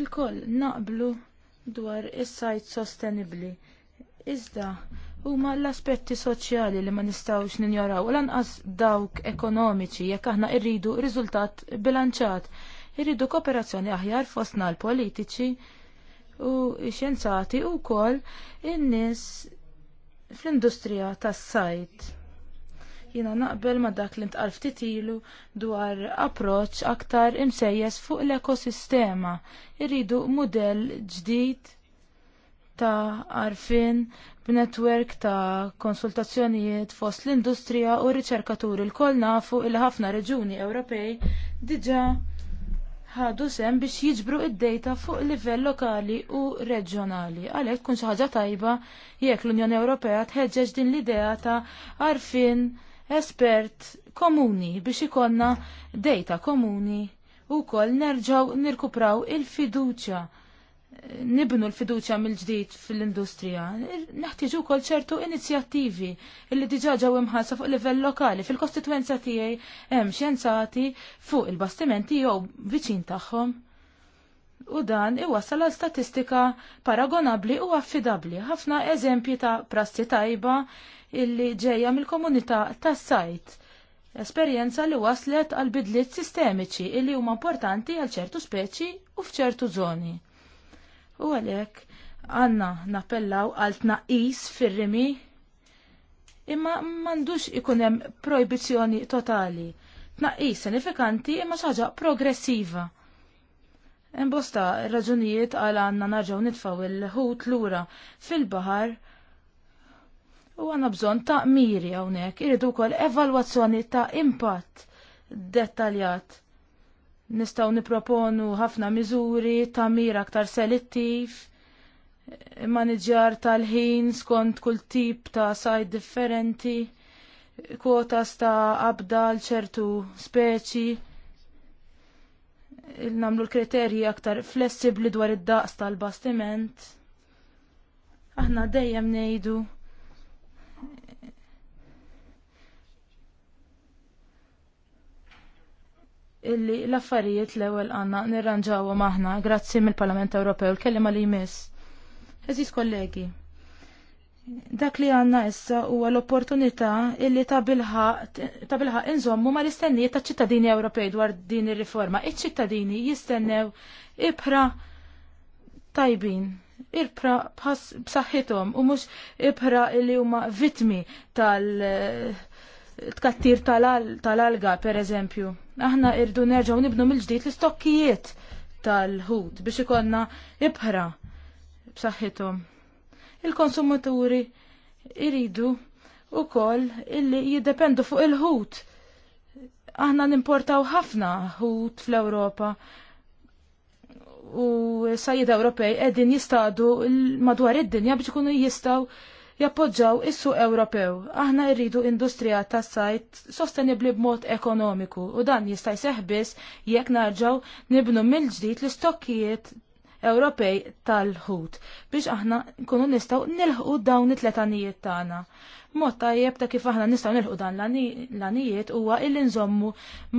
Il-koll naqblu dwar is-sajt sostenibli. Iżda, huma l-aspetti soċjali li ma nistgħux ninjoraw u lanqas dawk ekonomiċi jekk aħna rridu riżultat bilanċat. Irridu kooperazzjoni aħjar fostna l-politiċi u xjenzati u kol in-nies fl-industrija tas-sajt. Jiena naqbel ma dak li ntqal ftit ilu dwar approċċ aktar imsejjes fuq l-ekosistema. Irridu mudell ġdid ta' arfin b'netwerk ta' konsultazzjonijiet fost l-industrija u r riċerkaturi l-kol nafu il ħafna reġuni Ewropej diġa' ħadu sem biex jiġbru id-dejta fuq livell lokali u reġjonali. Għalhekk tkun xi ħaġa tajba jekk l-Unjoni Ewropea tħeġġeġ din l-idea ta' għarfien espert komuni biex ikonna dejta komuni u kol nerġaw nirkupraw il-fiduċja nibnu l-fiduċja mill-ġdid fil-industrija, neħtieġu kol ċertu inizjattivi illi diġa ġew imħassa fuq livell lokali. Fil-kostituenza tiegħi hemm xjenzati fuq il-bastimenti jew viċin tagħhom. U dan iwassal għal statistika paragonabli u affidabli. Ħafna eżempji ta' prassi tajba illi ġejja mill-komunità tas-sajt. Esperjenza li waslet għal bidliet sistemiċi illi huma importanti għal ċertu speċi u f'ċertu żoni. U għalhekk għandna nappellaw għal tnaqis fir-rimi imma m'għandux ikun hemm projbizzjoni totali. Tnaqqis sinifikanti imma xaġa progressiva. Imbosta raġunijiet għal għanna narġaw nitfaw il-ħut lura fil-bahar u għanna bżon ta' miri għawnek, irridu kol evalwazzjoni ta' impatt dettaljat. Nistaw niproponu ħafna miżuri, tamir aktar selettiv, maniġjar tal-ħin skont kull tip ta' sajd differenti, kwotas ta' abda ċertu speċi, namlu l-kriterji aktar flessibli dwar id-daqs tal-bastiment. Aħna dejjem nejdu illi l-affarijiet l-ewwel għandna nirranġawhom aħna grazzi mill-Parlament Ewropew l-kelliema li jmiss. Eżis kollegi, dak li għandna issa huwa l-opportunità illi ta' bilħa inżommu ma l-istennijiet ta' ċittadini Ewropej dwar din ir-riforma. Iċ-ċittadini jistennew ibra tajbin irbra b'saħħithom u mhux ibra li huma vittmi tal tkattir tal-alga pereżempju. Aħna irdu nerġaw nibnu mill-ġdid l-istokkijiet tal ħud biex ikonna ibħra b'saħħithom. Il-konsumaturi iridu ukoll illi jiddependu fuq il-ħut. Aħna nimportaw ħafna ħut fl-Ewropa u sajjida Ewropej qegħdin jistadu madwar id-dinja biex ikunu jistgħu jappoġġaw is su Ewropew. Aħna rridu industrija tas-sajt sostenibbli b'mod ekonomiku u dan jista' jseħħ biss jekk narġgħu nibnu mill-ġdid l-istokkijiet Ewropej tal-ħut biex aħna nkunu nistgħu nilħqu dawn it-tletanijiet tagħna. Mod tajjeb ta' kif aħna nistgħu nilħqu dan l-anijiet huwa illi nżommu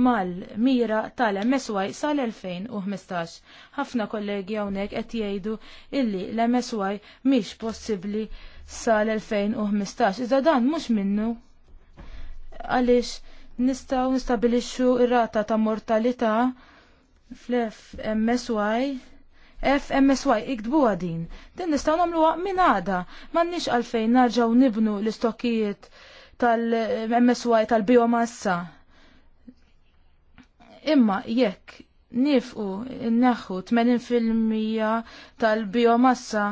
mal-mira tal-MSY sal-2015. Ħafna kollegi hawnhekk qed jgħidu illi l-MSY mhix possibbli sal-2015. Iżda dan mhux minnu għaliex nistgħu nistabilixxu ir-rata ta' mortalità fl-FMSY FMSY ikdbu għadin. Din nistgħu nagħmluha minn għada. M'għandniex għalfejn narġgħu nibnu l-istokkijiet tal-MSY tal-biomassa. Imma jekk nifqu neħu 80% tal-biomassa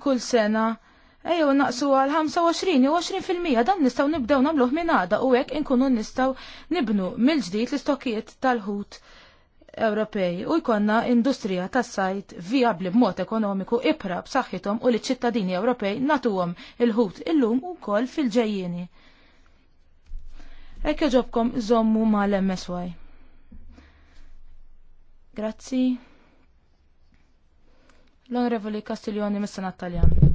kull sena Ejju naqsu għal 25 jew 20% dan nistgħu nibdew nagħmluh minn għada u hekk inkunu nistgħu nibnu mill-ġdid l-istokkijiet tal-ħut Ewropej u jkollna industrija tas-sajt vijabbli b'mod ekonomiku ibra b'saħħithom u liċ-ċittadini Ewropej natuhom il-ħut illum ukoll fil-ġejjieni. Ekk ġobkom żommu mal-MSY. Grazzi. L-Onorevoli Castiglioni mis-Senat Taljan.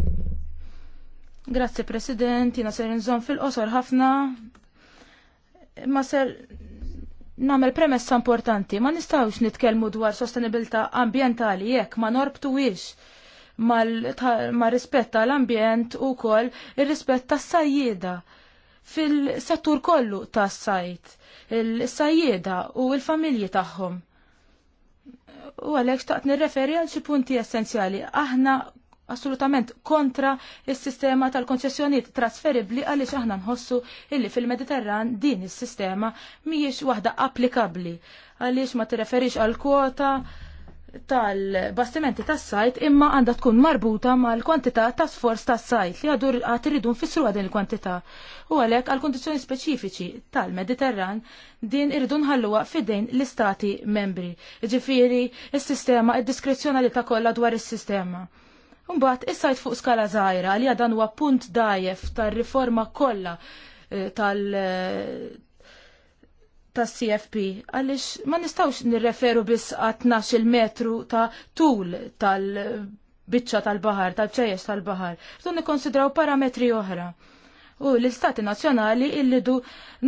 Grazzi President, jina ser nżon fil-qosor ħafna. Ma ser namel premessa importanti, ma nistawx nitkelmu dwar sostenibilità ambientali jekk ma wix ma rispett tal-ambjent u kol il-rispett tas-sajjeda fil-settur kollu tas-sajt, il-sajjeda u il-familji tagħhom. U għalhekk xtaqt nirreferi għal xi punti essenzjali. Aħna assolutament kontra il-sistema tal-konċessjoniet trasferibli għaliex aħna nħossu illi fil-Mediterran din is-sistema mhijiex waħda applikabli għaliex ma tirreferix għal kwota tal-bastimenti tas-sajt imma għandha tkun marbuta mal-kwantità ta' sfors tas-sajt li għadur għad irridu nfissru din il-kwantità. U għalhekk għal kundizzjoni speċifiċi tal-Mediterran din irridu nħalluha fidejn l-istati membri. Ġifieri, is-sistema id-diskrezzjonalità kollha dwar is-sistema. il sistema id diskrezzjonalità kollha dwar il is sistema Mbagħad is-sajt fuq skala żgħira għalija dan huwa punt dajef tar-riforma kollha eh, tal- eh, tas CFP għaliex ma nistawx nirreferu biss għat il metru ta' tul tal-biċċa tal-bahar, tal-ċejjex tal-bahar. Rdu nikkonsidraw parametri oħra u l-istati nazjonali illidu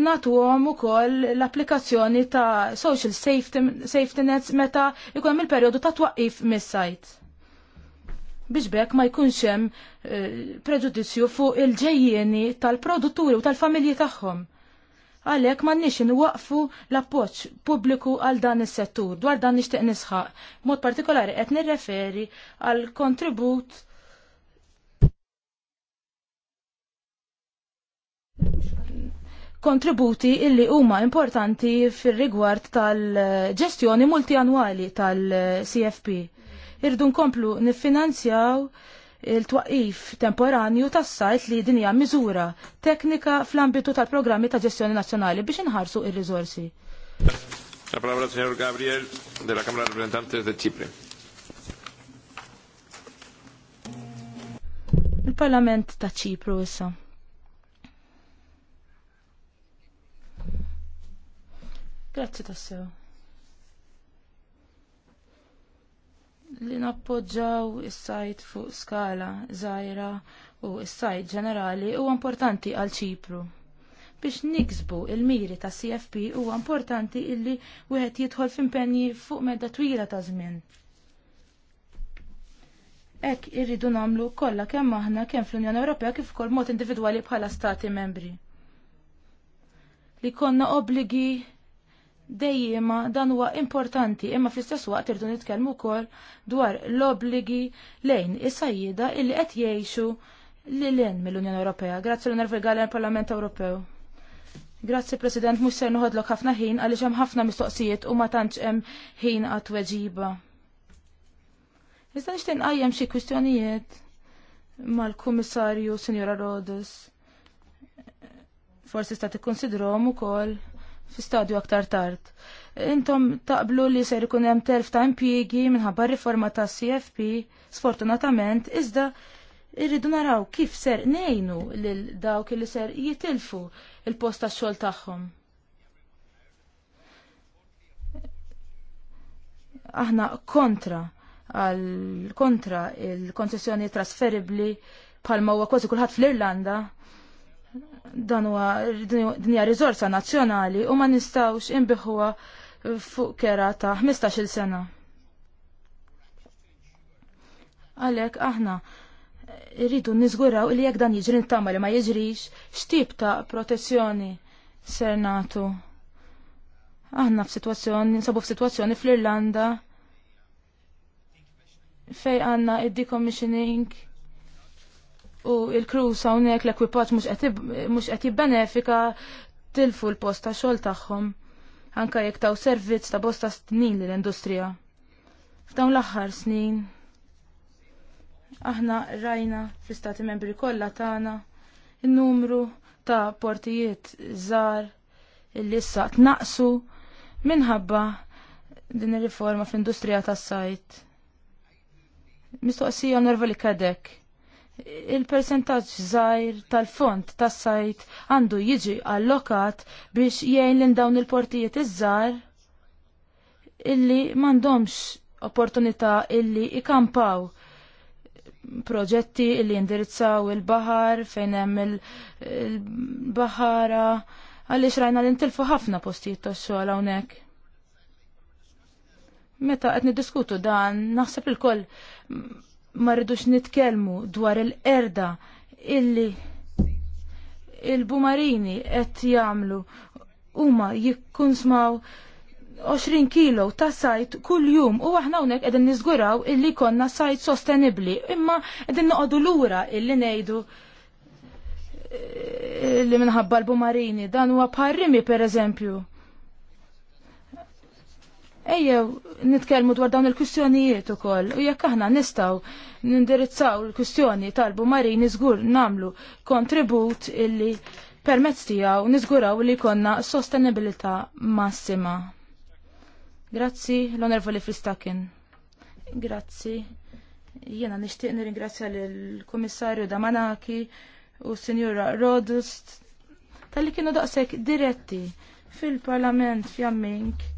natu għom u koll l-applikazzjoni ta' social safety, safety nets meta ikon il-periodu ta' twaqif mis-sajt biex bekk ma jkunx hemm eh, preġudizzju fuq il-ġejjieni tal-produtturi u tal-familji tagħhom. Għalhekk m'għandniex inwaqfu l-appoġġ pubbliku għal dan is-settur dwar dan nixtieq nisħaq. Mod partikolari qed nirreferi għal kontribut kontributi illi huma importanti fir-rigward tal-ġestjoni multianwali tal-CFP irdu nkomplu niffinanzjaw il-twaqif temporanju tas-sajt li din hija miżura teknika fl-ambitu tal-programmi ta' ġestjoni nazzjonali biex inħarsu ir-riżorsi. La al signor Gabriel della Camera dei Rappresentanti del de Il-Parlament ta' Ċipru issa. Grazzi tassew. li nappoġġaw is-sajt fuq skala żgħira u s-sajt ġenerali huwa importanti għal ċipru. Biex niksbu il-miri ta' CFP huwa importanti illi wieħed jidħol f'impenji fuq medda twila ta' żmien. Hekk irridu nagħmlu kollha kemm aħna kemm fl-Unjoni Ewropea kif ukoll mod individwali bħala stati membri. Li konna obligi dejjema dan huwa importanti imma fl-istess waqt irdu nitkellmu wkoll dwar l-obligi lejn is-sajjieda illi qed jgħixu lil hemm mill-Unjoni Ewropea. Grazzi l-Nervi l Parlament Ewropew. Grazzi President, mhux ser noħodlok ħafna ħin għaliex hemm ħafna mistoqsijiet u ma tantx hemm ħin għat weġiba. Iżda nixtieq nqajjem xi kwistjonijiet mal-Kummissarju Sinjora Rodus. Forsi sta tikkonsidrawhom ukoll fi stadju aktar tard. Intom taqblu li ser ikun hemm telf ta' impjiegi minħabba riforma ta' CFP, sfortunatament, iżda irridu naraw kif ser nejnu lil dawk li ser jitilfu il-post ta' xogħol tagħhom. Aħna kontra għal kontra il-konċessjoni trasferibbli bħalma huwa kważi kulħadd fl-Irlanda dan huwa dinja riżorsa nazzjonali u ma nistgħux inbiħuha fuq kera ta' 15-il sena. Għalhekk aħna rridu niżguraw li jekk dan jiġri ntama li ma jiġrix x'tip ta' protezzjoni ser nagħtu. Aħna f'sitwazzjoni, nsabu f'sitwazzjoni fl-Irlanda fej għanna id-decommissioning u il-kruz hawnhekk l-ekwipaġġ mhux qed jibbenefika tilfu l-post ta' xogħol tagħhom anka jekk taw servizz ta' bosta snin lill industrija F'dawn l-aħħar snin aħna rajna fl-istati membri kollha tagħna in-numru ta' portijiet żgħar illi issa tnaqsu minħabba din ir-riforma fl-industrija tas-sajt. Mistoqsija onorvali kadek il-percentaġġ żgħir tal-fond tas-sajt għandu jiġi allokat biex jgħin lil dawn il-portijiet iż-żgħar illi m'għandhomx opportunità illi ikampaw proġetti illi indirizzaw il-baħar fejn hemm il-baħara għaliex rajna li ntilfu ħafna postijiet tax-xogħol hawnhekk. Meta qed niddiskutu dan naħseb il-koll ma rridux nitkellmu dwar il-erda illi il-bumarini qed jagħmlu huma jikkun smaw 20 kilo ta' sajt kull jum u aħna hawnhekk qegħdin niżguraw illi konna sajt sostenibbli imma qegħdin noqogħdu lura illi ngħidu eh, li minħabba l-bumarini dan huwa parrimi pereżempju. Ejjew nitkellmu dwar dawn il-kwistjonijiet ukoll u jekk aħna nistgħu nindirizzaw il-kwistjoni talbu marini żgur namlu kontribut illi permezz tiegħu niżguraw li konna sostenibilità massima. Grazzi l-Onorevoli Fristakin. Grazzi. Jiena nixtieq nirringrazzja lill-Kummissarju Damanaki u Sinjura Rodust tal-li kienu daqshekk diretti fil-Parlament fjammink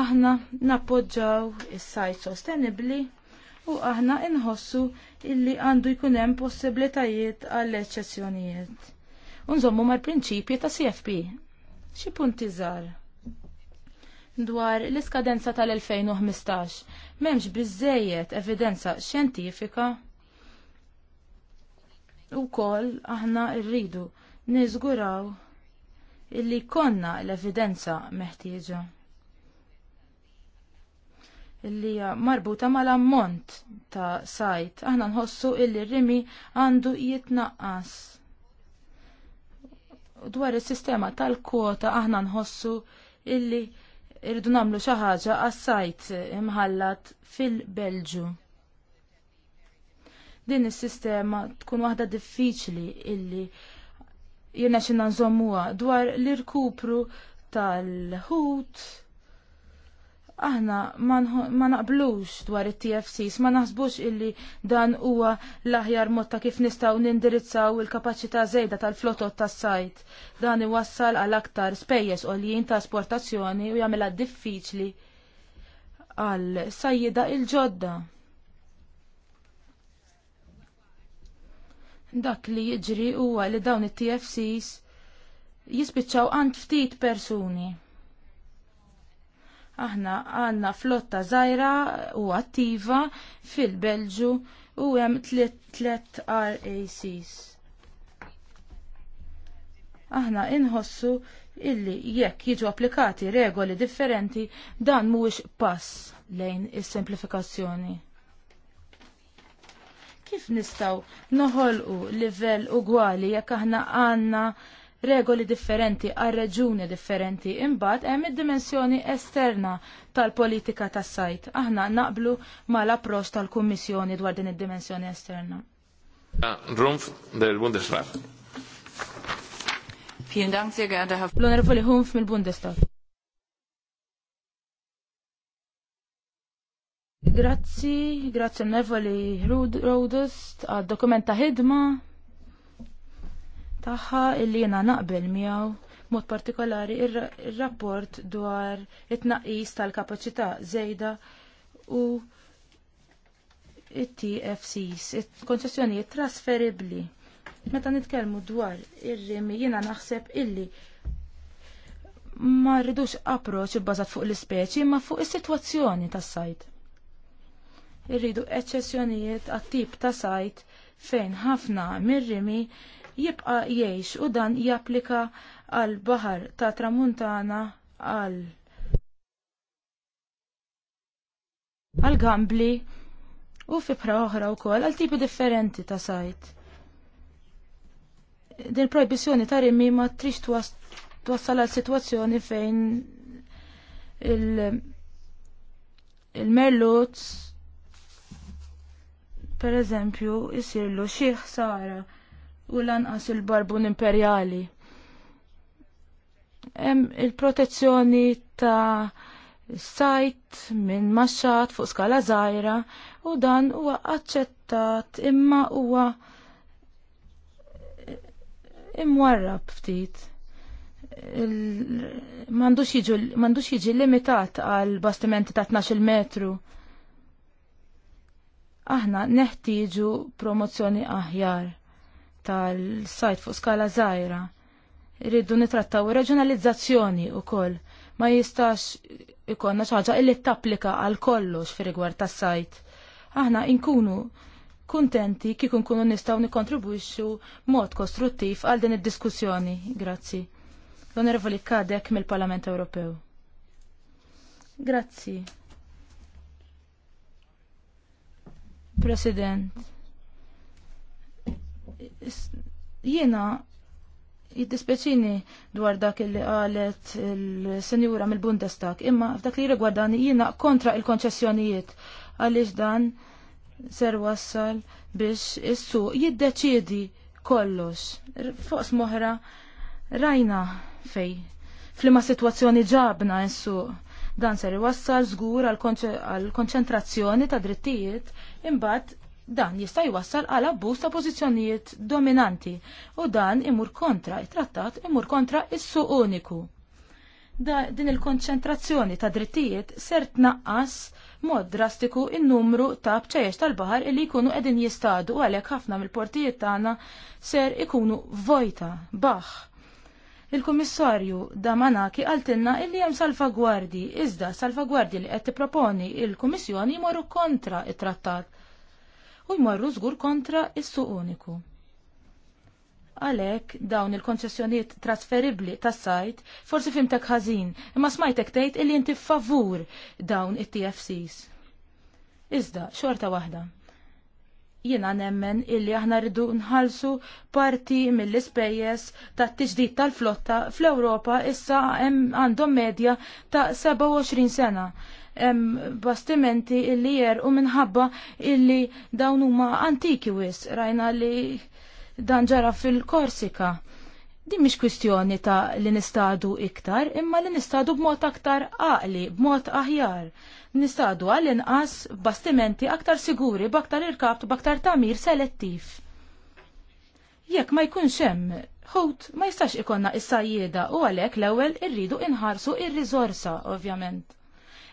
aħna nappoġġaw is-sajt sostenibbli u aħna inħossu illi għandu jkun hemm possibilitajiet għall eċċezzjonijiet Unżommu mal-prinċipji ta' CFP. Xi punti żgħar? Dwar l-iskadenza tal-2015 m'hemmx biżejjed evidenza xjentifika u kol aħna rridu niżguraw illi konna l-evidenza meħtieġa li hija marbuta mal-ammont ta' sajt. Aħna nħossu illi rimi għandu jitnaqqas. Dwar is-sistema tal-kwota aħna nħossu illi irridu nagħmlu xi ħaġa għas-sajt imħallat fil-Belġu. Din is-sistema tkun waħda diffiċli illi jirna xinna nżommuha dwar l-irkupru tal-ħut aħna ma naqblux dwar it-TFCs, ma naħsbux illi dan huwa l-aħjar mod ta' kif nistgħu nindirizzaw il-kapaċità żejda tal-flotot tas-sajt. Dan iwassal għal aktar spejjeż għoljien ta' esportazzjoni u jagħmilha diffiċli għal sajjida il-ġodda. Dak li jiġri huwa li dawn it-TFCs jispiċċaw għand ftit persuni. Aħna għanna flotta zaħira u attiva fil-Belġu u hemm tliet RACs. Aħna inħossu illi jekk jiġu applikati regoli differenti dan mhuwiex pass lejn is-semplifikazzjoni. Kif nistgħu noħolqu livell ugwali jekk aħna għandna regoli differenti għal reġuni differenti imbagħad hemm id-dimensjoni esterna tal-politika tas-sajt. Aħna naqblu mal-approċċ tal-Kummissjoni dwar din id-dimensjoni esterna. Rumpf del Bundesrat. Vielen Dank, sehr geehrter Herr L-Onorevoli Humpf mill-Bundestag. Grazzi, grazie onorevoli Rodust għad dokumenta ħidma taħħa illi jiena naqbel miegħu mod partikolari ir-rapport dwar it-tnaqqis tal-kapaċità żejda u it-TFCs, it-konċessjonijiet trasferibbli. Meta nitkellmu dwar ir-rimi jiena naħseb illi ma rridux approċ bbażat fuq l-ispeċi ma fuq is-sitwazzjoni tas-sajt. Irridu eċċessjonijiet għat-tip ta' sajt fejn ħafna mir-rimi jibqa jgħix u dan japplika għal baħar ta' tramuntana għal għal gambli u fibra oħra wkoll għal tipi differenti ta' sajt. Din il-projbissjoni ta' rimmi ma trix twassal għal situazzjoni fejn il- il pereżempju, per eżempju jisirlu xieħ sara u lanqas il-barbun imperjali. Hemm il-protezzjoni ta' sajt minn maxxat fuq skala żgħira u dan huwa aċċettat imma huwa imwarrab ftit mandux jiġi limitat għal bastimenti ta' 12 metru. Aħna neħtieġu promozzjoni aħjar tal-sajt fuq skala żgħira. Rridu nitrattaw ir-reġjonalizzazzjoni wkoll ma jistax ikonna ħaġa illi tapplika għal kollox fi rigward tas-sajt. Aħna inkunu kuntenti kieku nkunu nistgħu nikkontribwixxu mod kostruttiv għal din id-diskussjoni. Grazzi. L-Onorevoli Kadek mill-Parlament Ewropew. Grazzi. President. Jiena jittispeċini dwar dak li qalet il-senjura mill-Bundestag, imma f'dak li rigwardani jiena kontra il-konċessjonijiet għaliex dan ser wassal biex issu jiddeċidi kollox. Fos moħra rajna fej. Flima situazzjoni ġabna issu dan ser iwassal żgur għal konċentrazzjoni ta' drittijiet imbagħad Dan jista' jwassal għal abbuż ta' pożizzjonijiet dominanti u dan imur kontra it-trattat imur kontra is-suq uniku. Da, din il-konċentrazzjoni ta' drittijiet ser tnaqqas mod drastiku in-numru ta' bċejjex tal-baħar li jkunu qegħdin jistadu għalhekk ħafna mill-portijiet tagħna ser ikunu vojta, baħ. Il-Kummissarju Damanaki għaltinna illi hemm salvagwardi, iżda salvagwardi li qed tipproponi il-Kummissjoni jmorru kontra it-trattat u jmorru żgur kontra is-suq uniku. Għalek dawn il-konċessjoniet trasferibli tas sajt forsi fimtek ħażin, imma smajtek tgħid illi inti favur dawn it-TFCs. Iżda, xorta waħda. Jiena nemmen illi aħna rridu nħalsu parti mill-ispejjeż tat-tiġdid tal-flotta fl-Ewropa issa għandhom medja ta' 27 sena bastimenti illi jer u minħabba illi dawn huma antiki wis rajna li dan ġara fil-Korsika. Di mish kwistjoni ta' li nistadu iktar, imma li nistadu b'mod aktar għaqli, b'mod aħjar. Nistadu għal inqas bastimenti aktar siguri, b'aktar irkabtu, b'aktar tamir selettiv. Jekk ma jkunx hemm ħut ma jistax ikonna is-sajjieda u għalhekk l-ewwel irridu inħarsu ir rizorsa ovvjament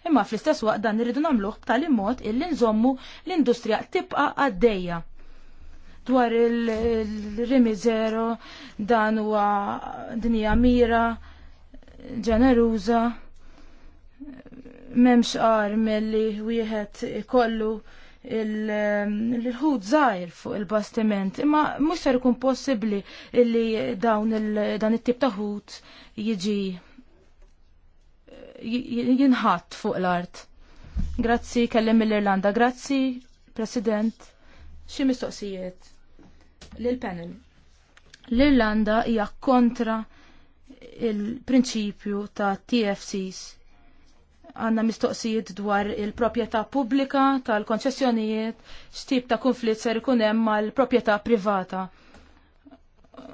imma fl-istess waqt dan irridu nagħmluh b'tali mod illi nżommu l-industrija tibqa' għaddejja dwar il-rimi zero dan huwa dinja mira ġeneruża memx qar milli wieħed ikollu il-ħud żgħir fuq il-bastiment, imma mhux ser ikun possibbli illi dawn dan it-tip ta' ħut jiġi jinħat fuq l-art. Grazzi, kellem mill-Irlanda. Grazzi, President. Xi mistoqsijiet? Lil-panel. L-Irlanda hija kontra il-prinċipju ta' TFCs. Għanna mistoqsijiet dwar il propieta pubblika tal-konċessjonijiet, x'tip ta' konflitt ser ikun hemm mal propieta privata.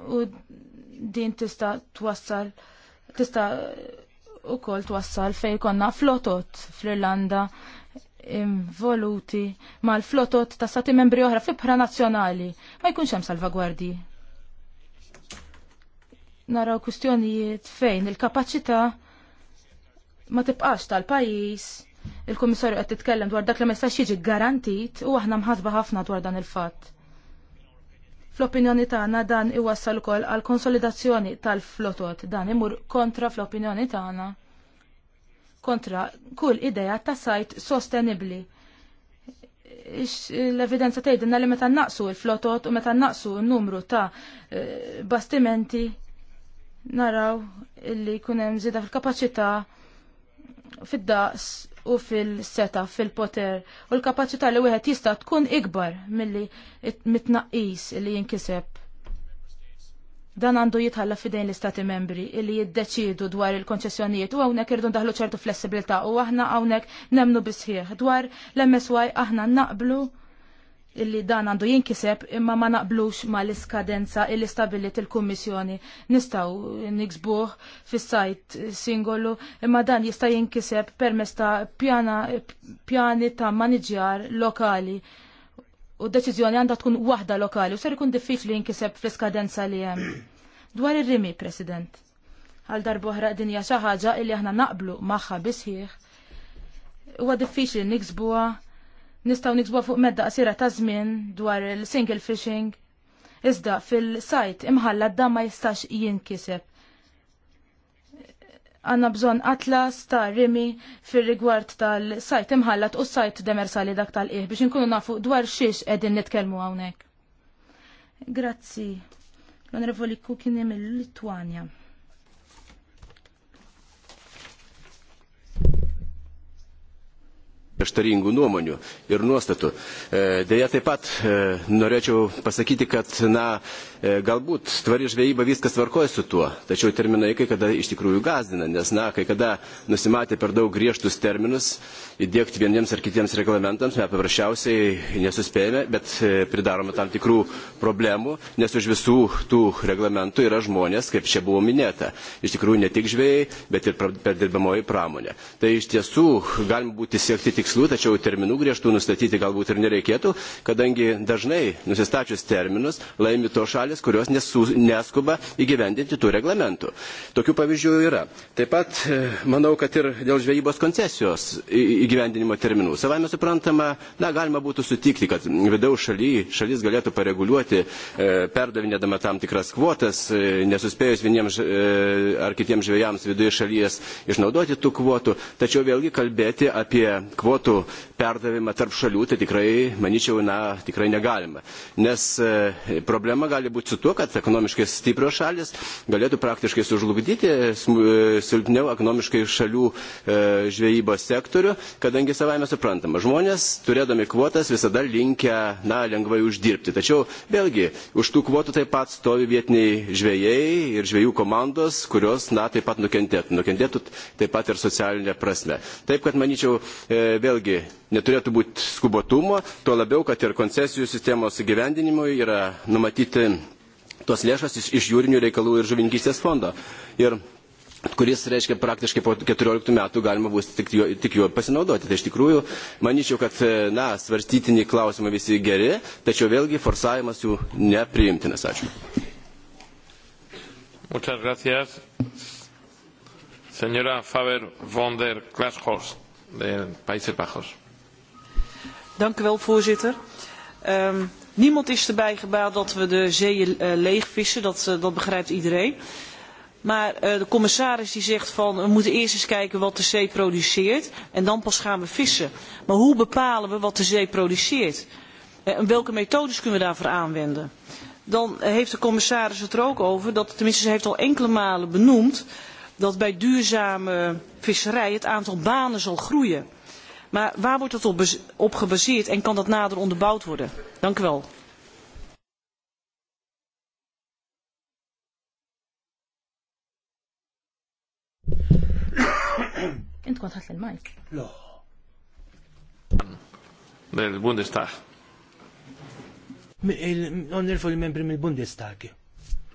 U din tista' twassal tista' u kol twassal fej konna flotot fl-Irlanda involuti mal-flotot ta' stati membri oħra fi bħra nazzjonali. Ma jkunx hemm salvagwardji. Naraw kustjonijiet fejn il-kapaċità ma tibqax tal-pajis, il-Kummissarju qed titkellem dwar dak li ma jistax jiġi garantit u aħna mħasba ħafna dwar dan il-fatt. Fl-opinjoni tagħna dan iwassal ukoll għal konsolidazzjoni tal-flotot dan imur kontra fl-opinjoni tagħna kontra kull idea ta' sajt sostenibli. L-evidenza tgħidilna li meta naqsu l-flotot u meta naqsu n-numru ta' eh, bastimenti naraw illi jkun hemm żieda fil-kapaċità fid-daqs u fil-seta, fil-poter, u l-kapacità li wieħed jista' tkun ikbar milli mitnaqqis li jinkiseb. Dan għandu jitħalla fidejn l-istati membri illi jiddeċidu dwar il-konċessjonijiet u hawnhekk irdu ndaħlu ċertu flessibilità u aħna hawnhekk nemnu bisħieħ dwar l-MSY aħna naqblu illi dan għandu jinkiseb imma ma naqblux ma l-iskadenza illi stabilit il-Kummissjoni. Nistaw niksbuħ fis-sajt singolu imma dan jista' jinkiseb permess ta' pjana, pjani ta' maniġjar lokali u deċiżjoni għandha tkun waħda lokali u ser ikun diffiċli jinkiseb fl-iskadenza li hemm. Dwar ir-rimi, President. Għal darbohra dinja xi ħaġa illi aħna naqblu magħha bisħieħ huwa diffiċli niksbuha nistaw niksbu fuq medda qasira ta' żmien dwar il-single fishing. Iżda fil-sajt imħalla dan ma jistax jinkiseb. Għanna bżon atlas ta' rimi fil-rigward tal-sajt imħallat u sajt demersali dak tal-ih biex nkunu nafu dwar xiex edin nitkelmu għawnek. Grazzi. l onrevoli Kukini mill-Litwanja. prieštaringų nuomonių ir nuostatų. E, deja, taip pat e, norėčiau pasakyti, kad na, E, galbūt tvari žvejyba viskas tvarkoja su tuo, tačiau terminai kai kada iš tikrųjų gazdina, nes na, kai kada nusimatė per daug griežtus terminus įdėkti vieniems ar kitiems reglamentams, mes paprasčiausiai nesuspėjame, bet e, pridarome tam tikrų problemų, nes už visų tų reglamentų yra žmonės, kaip čia buvo minėta, iš tikrųjų ne tik žvejai, bet ir perdirbamoji pramonė. Tai iš tiesų galima būti siekti tikslų, tačiau terminų griežtų nustatyti galbūt ir nereikėtų, kadangi dažnai nusistačius terminus laimi to šalį, šalis, kurios neskuba įgyvendinti tų reglamentų. Tokių pavyzdžių yra. Taip pat e, manau, kad ir dėl žvejybos koncesijos įgyvendinimo terminų. Savame suprantama, na, galima būtų sutikti, kad vidaus šaly, šalis galėtų pareguliuoti, e, perdavinėdama tam tikras kvotas, e, nesuspėjus vieniems ar kitiems žvejams viduje šalies išnaudoti tų kvotų. Tačiau vėlgi kalbėti apie kvotų perdavimą tarp šalių, tai tikrai, manyčiau, na, tikrai negalima. Nes e, problema gali būti su tuo, kad ekonomiškai stiprios šalis galėtų praktiškai sužlugdyti e, silpniau ekonomiškai šalių žvejybos e, sektorių, kadangi savaime suprantama, žmonės, turėdami kvotas, visada linkę, na, lengvai uždirbti. Tačiau, vėlgi, už tų kvotų taip pat stovi vietiniai žvejai ir žvejų komandos, kurios, na, taip pat nukentėtų. Nukentėtų taip pat ir socialinė prasme. Taip, kad manyčiau, vėlgi, neturėtų būti skubotumo, tuo labiau, kad ir koncesijų sistemos įgyvendinimui yra numatyti tos lėšas iš, iš jūrinių reikalų ir žuvininkystės fondo. Ir kuris reiškia praktiškai po 14 metų galima bus tik juo, tik juo pasinaudoti. Tai iš tikrųjų, manyčiau, kad na, svarstytini klausimai visi geri, tačiau vėlgi forsavimas jų nepriimtinas. Ačiū. Muchas gracias. Señora Faber von der Glashorst de Países Bajos. Dank u wel, voorzitter. Um, niemand is erbij gebaat dat we de zeeën uh, leegvissen, dat, uh, dat begrijpt iedereen. Maar uh, de commissaris die zegt van we moeten eerst eens kijken wat de zee produceert en dan pas gaan we vissen. Maar hoe bepalen we wat de zee produceert? Uh, en welke methodes kunnen we daarvoor aanwenden? Dan heeft de commissaris het er ook over, dat, tenminste ze heeft al enkele malen benoemd, dat bij duurzame visserij het aantal banen zal groeien. Maar waar wordt dat op, op gebaseerd en kan dat nader onderbouwd worden? Dank u wel. Ik kan het il-mic. Lo. Bundestag.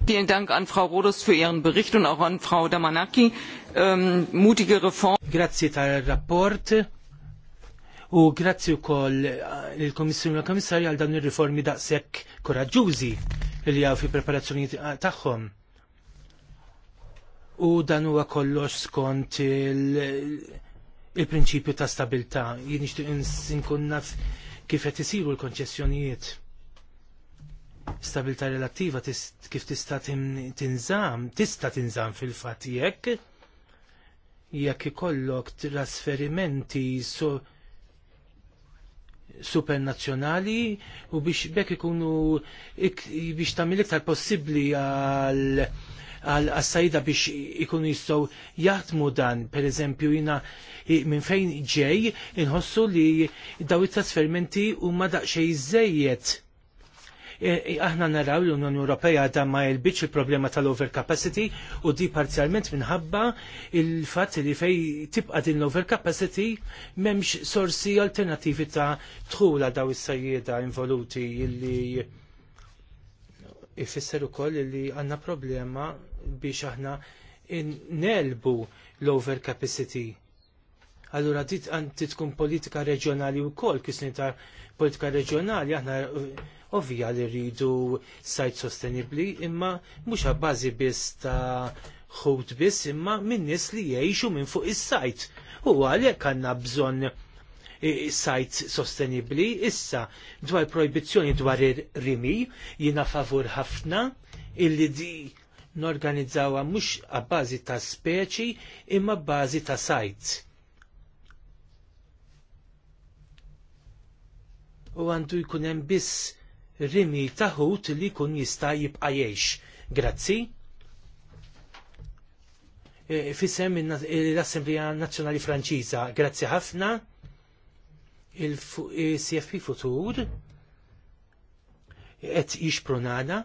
Vielen Dank an Frau Rodos für Ihren Bericht und auch an Frau Damanaki. Ähm, mutige Reform. Grazie rapport U grazzi wkoll eh, il-Komissjoni u l-Komissarju għal dawn ir-riformi daqshekk koraġġużi li għaw fi preparazzjoni eh, tagħhom. U dan huwa kollox skont il-prinċipju ta' stabilta. Jien nixtieq inkun naf kif qed isiru l-konċessjonijiet Stabilta relattiva kif tista' tinżam, tista' tinżam fil-fatt jekk jekk ikollok trasferimenti so supernazzjonali u biex bekk ikunu biex tamil iktar possibbli għal għal biex ikunu jistgħu jaħdmu dan, per eżempju jina minn fejn ġej inħossu li daw it-trasferimenti huma daqsxejn żejjed E, e, aħna naraw l-Unjoni Ewropea għadha ma il-biċ il-problema tal-overcapacity u di parzialment minħabba il-fatt li fej tibqa din l-overcapacity memx sorsi alternativi ta' tħula daw is-sajjeda involuti illi ifisser ukoll li għanna problema biex aħna nelbu l-overcapacity Allura dit għanti tkun politika reġjonali u kol, kisni ta' politika reġjonali, aħna ovvja li rridu sajt sostenibbli imma mhux għabbażi biss ta' ħut biss imma minn nies li jgħixu minn fuq is-sajt. U għalhekk għandna bżonn sajt sostenibbli issa dwar projbizzjoni dwar ir-rimi jiena favur ħafna illi di norganizzawa mhux għabbażi ta' speċi imma bbażi ta' sajt. U għandu jkun hemm biss rimi taħut li kun jista' jibqa' jgħix. Grazzi. E, Fisem l assemblija Nazzjonali Franċiża, grazzi ħafna. Il-CFP e, Futur qed jixprunana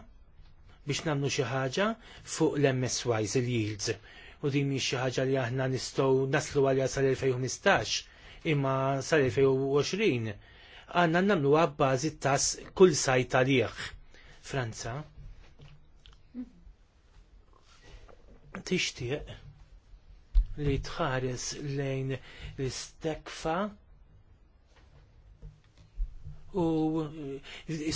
biex nagħmlu xi ħaġa fuq l-MSYs il-yields. U din mhix xi ħaġa li aħna nistgħu naslu għalja sal-2015 imma sal-2020 għanna namluwa b'bażi tas kull sajt għalih. Franza. Tixtieq li tħares lejn l-istekfa u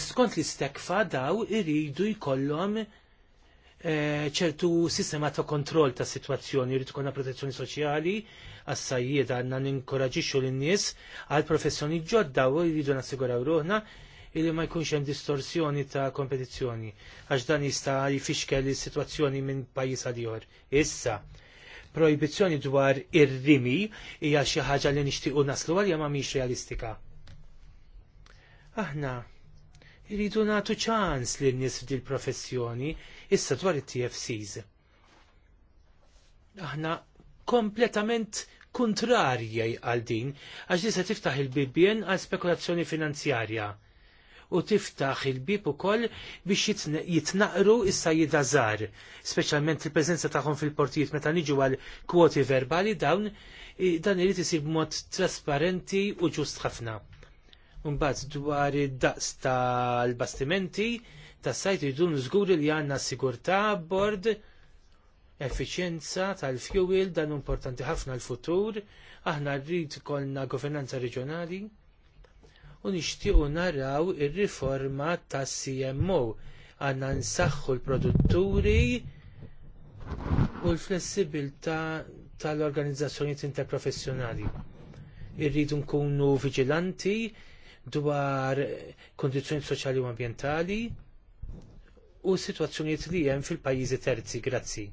skont l-istekfa daw iridu jkollhom eh, ċertu sistema ta' kontroll ta' situazzjoni, jrid tkun protezzjoni soċjali, għas-sajjieda għandna ninkoraġixxu lin-nies għal professjoni ġodda u jridu nassiguraw ruħna illi ma jkunx hemm distorsjoni ta' kompetizzjoni għax dan jista' jfixkel is-sitwazzjoni minn pajjiż għal Issa, projbizzjoni dwar ir-rimi hija xi ħaġa li nixtiequ naslu għalja ma mhix realistika. Aħna jridu nagħtu ċans lin nies il professjoni issa dwar it-TFCs. Aħna kompletament kontrarja għal din, għax disa tiftaħ il-bibien għal spekulazzjoni finanzjarja u tiftaħ il-bib ukoll biex jitnaqru issa jidażar, speċjalment il-preżenza tagħhom fil-portijiet meta niġu għal kwoti verbali dawn dan irid isib mod trasparenti u ġust ħafna. Mbagħad dwar id-daqs tal-bastimenti tas-sajt jridu nżguri li għandna sigurtà bord effiċjenza tal-fuel dan importanti ħafna l-futur, aħna rrid kolna governanza reġjonali u nixtiequ naraw ir-riforma tas CMO għandna nsaħħu l-produtturi u l-flessibilità tal-organizzazzjonijiet interprofessjonali. Irridu nkunu viġilanti dwar kundizzjonijiet soċjali u ambjentali u sitwazzjonijiet li hemm fil-pajjiżi terzi. Grazzi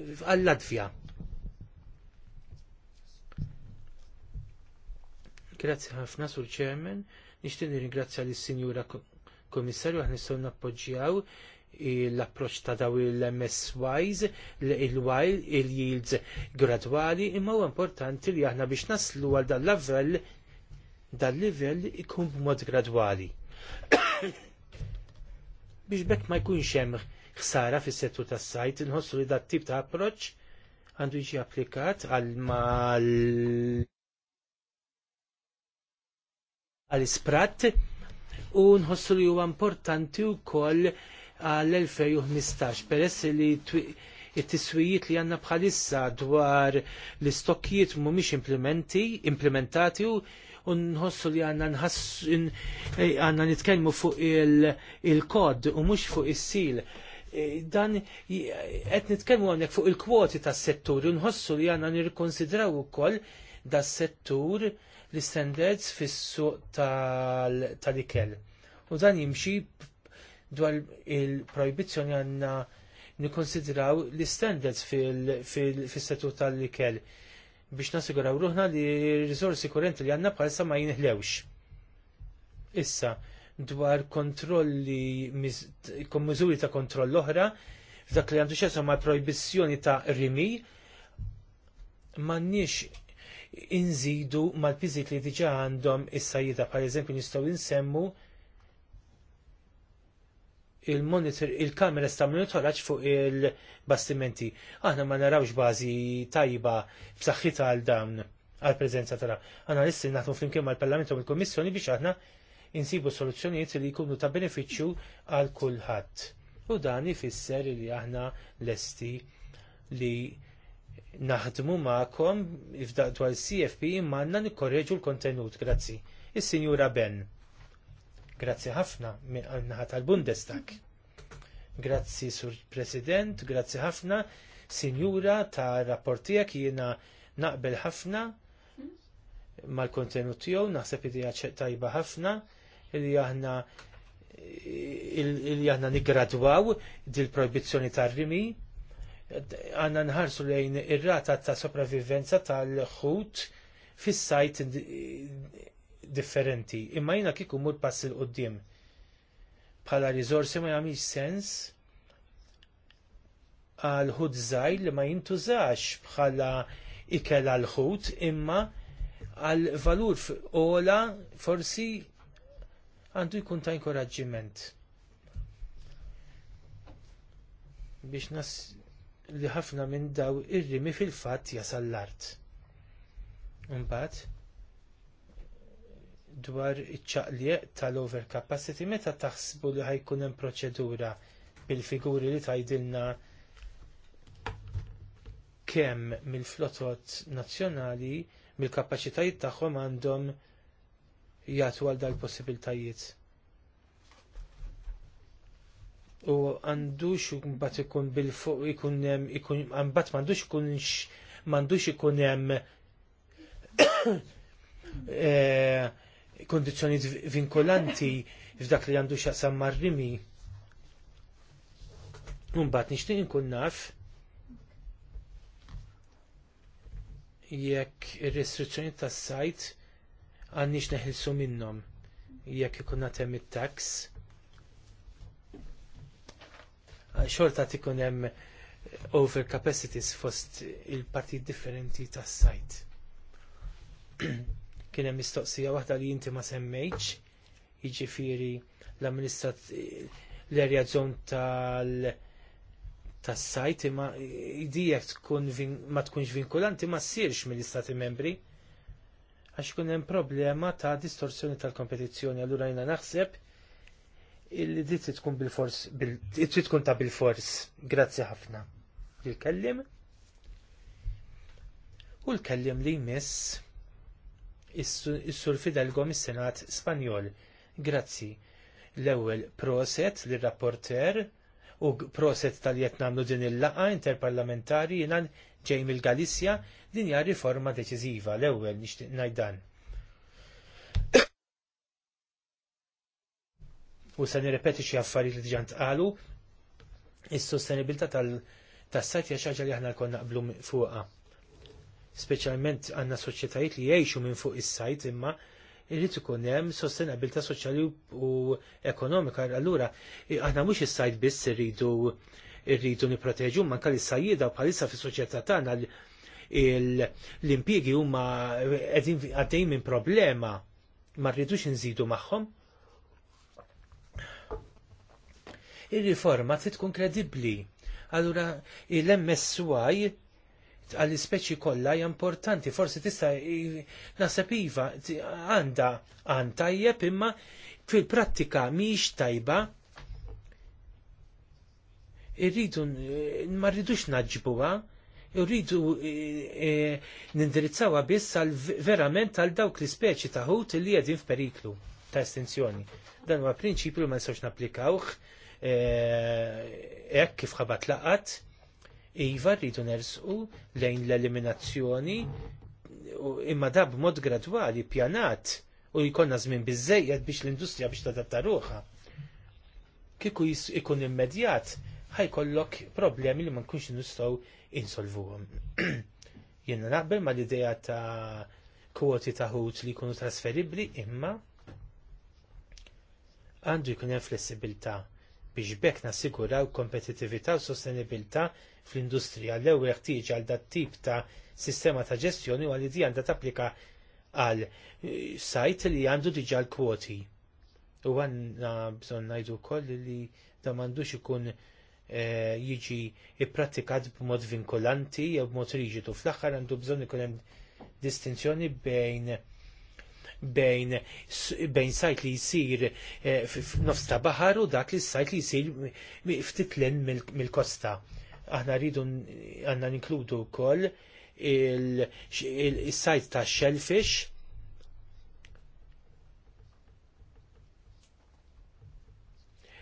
għall-Latvja. Grazzi ħafna sur ċermen, nixtieni ringrazzja lis sinjura Komissarju għan nistgħu nappoġġjaw l-approċ ta' daw il-MSYs, il-while, il-yields gradwali, imma u importanti li aħna biex naslu għal dal level dal level ikun b'mod gradwali. biex bekk ma jkunx hemm ħsara fis-settur tas-sajt inħossu li dat tip ta' approċċ għandu jiġi applikat għal mal għal isprat u nħossu li huwa importanti wkoll għal-2015 peress li it-tiswijiet li għanna bħalissa dwar l-istokkijiet mhumiex implementi, implementati u nħossu li għanna nħassu eh, għanna nitkellmu fuq il-kod u mhux fuq is-sil Eh, dan qed nitkellmu hawnhekk fuq il-kwoti tas-settur u nħossu li għandna nirkonsidraw ukoll das-settur l-standards fis-suq tal-ikel. U dan jimxi dwar il projbizzjoni għandna nikkonsidraw l-standards fis settur tal-ikel biex nasiguraw ruħna li r-risorsi kurrenti li għandna bħalissa ma jinħlewx. Issa, dwar kontrolli, miżuri ta' kontroll oħra, f'dak li għandu xesu ma' projbissjoni ta' rimi, m'għandniex inżidu mal-fiżik li diġa għandhom is-sajjida eżempju nistgħu nsemmu il-monitor, il kamera sta' monitoraċ fuq il-bastimenti. Aħna ma narawx bażi tajba b'saħħitha għal dawn għal preżenza tara. Aħna nissin naħdmu flimkien mal-Parlament u mill-Kommissjoni biex aħna insibu soluzzjonijiet li jkunu ta' benefiċċju għal kulħadd. U dan ifisser li aħna lesti li naħdmu magħkom dwar CFP manna nikkorreġu l-kontenut. Grazzi. Is-Sinjura Ben. Grazzi ħafna naħa tal-Bundestag. Grazzi Sur President, grazzi ħafna, Sinjura ta' rapportijak jiena naqbel ħafna hmm? mal-kontenut tiegħu naħseb idea tajba ħafna li aħna li aħna nigradwaw dil proibizzjoni tar-rimi għanna nħarsu lejn ir-rata ta' sopravivenza tal-ħut fis-sajt differenti. Imma jina kiku mur pass il qoddim Bħala rizorsi ma jagħmilx sens għal ħut żgħir li ma jintużax bħala ikel għal ħut imma għal valur ola forsi għandu jkun ta' inkoraġġiment. Biex nas li ħafna minn daw ir-rimi fil-fatt jasal l-art. Imbagħad dwar iċ tal-overcapacity meta taħsbu li ħajkun hemm proċedura bil-figuri li tgħidilna kemm mill-flotot nazzjonali mill-kapaċitajiet tagħhom għandhom jagħtu għal dal-possibiltajiet. U għandux mbagħad ikun bil-fuq ikun hemm ikun mbagħad m'għandux ikun m'għandux ikun hemm eh, kondizzjonijiet vinkolanti f'dak li għandu x'aqsam marrimi. Mbagħad nixtieq inkun naf jekk ir-restrizzjoni tas-sajt għannix neħilsu minnom jekk ikun hemm it-tax. Xorta tikun hemm overcapacities fost il partijiet differenti tas-sajt. Kien hemm mistoqsija waħda li inti ma semmejtx, jiġifieri l-amministrat l-erja żon tal- tas-sajt imma idijek tkun ma tkunx vinkulanti ma ssirx mill-istati membri għax kun hemm problema ta' distorsjoni tal-kompetizzjoni. Allura jina naħseb illi di tkun bil-fors, trid tkun ta' bil-fors. Grazzi ħafna. Il-kellim. U l-kellim li jmiss is-sur Fidelgo mis-Senat Spanjol. Grazzi. L-ewwel proset li rapporter u proset tal jetnamnu din il-laqa interparlamentari jina ġej mill galizja din hija riforma deċiżiva l-ewwel nixtieq ngħid dan. U se nirrepeti xi affarijiet li diġà qalu, is-sostenibilità tas-sajt hija xi ħaġa li aħna konna naqblu fuqha. Speċjalment għandna soċjetajiet li jgħixu minn fuq is-sajt imma irrid ikun hemm sostenibilità soċjali u ekonomika. Allura aħna mhux is-sajt biss irridu irridu niproteġu ma anke s sajjida bħalissa fis-soċjetà tagħna l-impjiegi huma għaddej minn problema ma rridux inżidu magħhom. Ir-riforma trid tkun kredibbli. Allura l-MSY għall-ispeċi kollha hija importanti, forsi tista' naħseb iva għandha għan tajjeb imma fil-prattika mhix tajba irridu ma rridux naġbuha, irridu e, e, nindirizzawa biss għal verament għal dawk li speċi ta' ħut li qegħdin f'periklu ta' estinzjoni. Dan huwa prinċipju li ma nistgħux napplikawh e, hekk kif ħabat laqat. Iva rridu nersqu lejn l-eliminazzjoni imma dab b'mod gradwali pjanat u jkollna żmien biżejjed biex l-industrija biex tadatta ruħha. Kieku jkun immedjat, ħajkollok problemi li ma nkunx nistgħu insolvuhom. Jiena naqbel ma l-idea ta' kwoti ta' ħut li jkunu trasferibbli imma għandu jkun hemm flessibilità biex bekk nassiguraw kompetitività u sostenibilità fl-industrija l ewwel ħtieġ għal dat tip ta' sistema ta' ġestjoni u għal di għandha tapplika għal eh, sajt li għandu diġà l-kwoti. U għanna bżonn ngħidu wkoll li da ikun Eh, jiġi ipprattikat b'mod vinkolanti jew b'mod riġidu. Fl-aħħar għandu bżonn ikun hemm distinzjoni bejn bejn bejn sajt li jsir eh, f'nofs ta' baħar u dak li sajt li jsir ftit l mill-kosta. Aħna rridu għandna ninkludu wkoll il-sajt ta' shellfish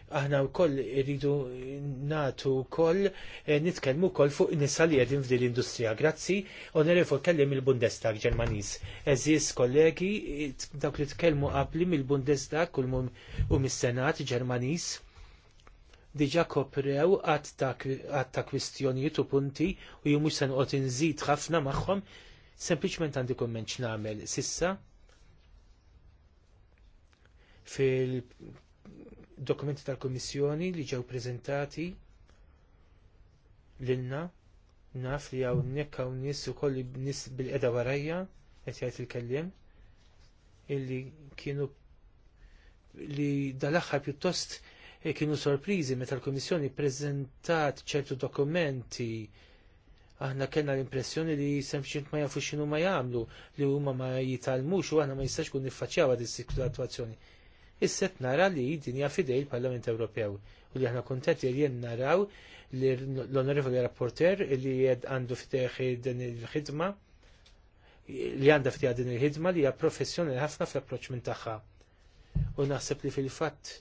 aħna wkoll irridu natu wkoll eh, nitkellmu wkoll fuq nisa li qegħdin f'din l-industrija. Grazzi, onerefu kellim il-Bundestag Ġermaniż. Eżis kollegi, dawk li tkellmu qabli mill-Bundestag u mis-Senat Ġermaniż diġa koprew għad ta' kwistjonijiet u punti u jumux sen qot inżid ħafna magħhom, sempliċement għandi kummenċ namel sissa fil dokumenti tal-Komissjoni li ġew prezentati lilna naf li għaw nekka u nis u kolli nis bil-qeda warajja qed jgħid il-kelliem illi kienu li dal-aħħar pjuttost eh, kienu sorpriżi meta l-Komissjoni ppreżentat ċertu dokumenti aħna kellna l-impressjoni li sempliċement ma jafux x'inhuma ma jagħmlu li huma ma jitalmux u aħna ma jistax kun niffaċċjaw għad is-situazzjoni isset nara li din hija fidej il-Parlament Ewropew u li aħna kuntenti li jien naraw li l-onorevoli rapporter li jed għandu fteħ din il-ħidma li għandha fteħ din il-ħidma li hija professjoni ħafna fl approċ minn tagħha. U naħseb li fil-fatt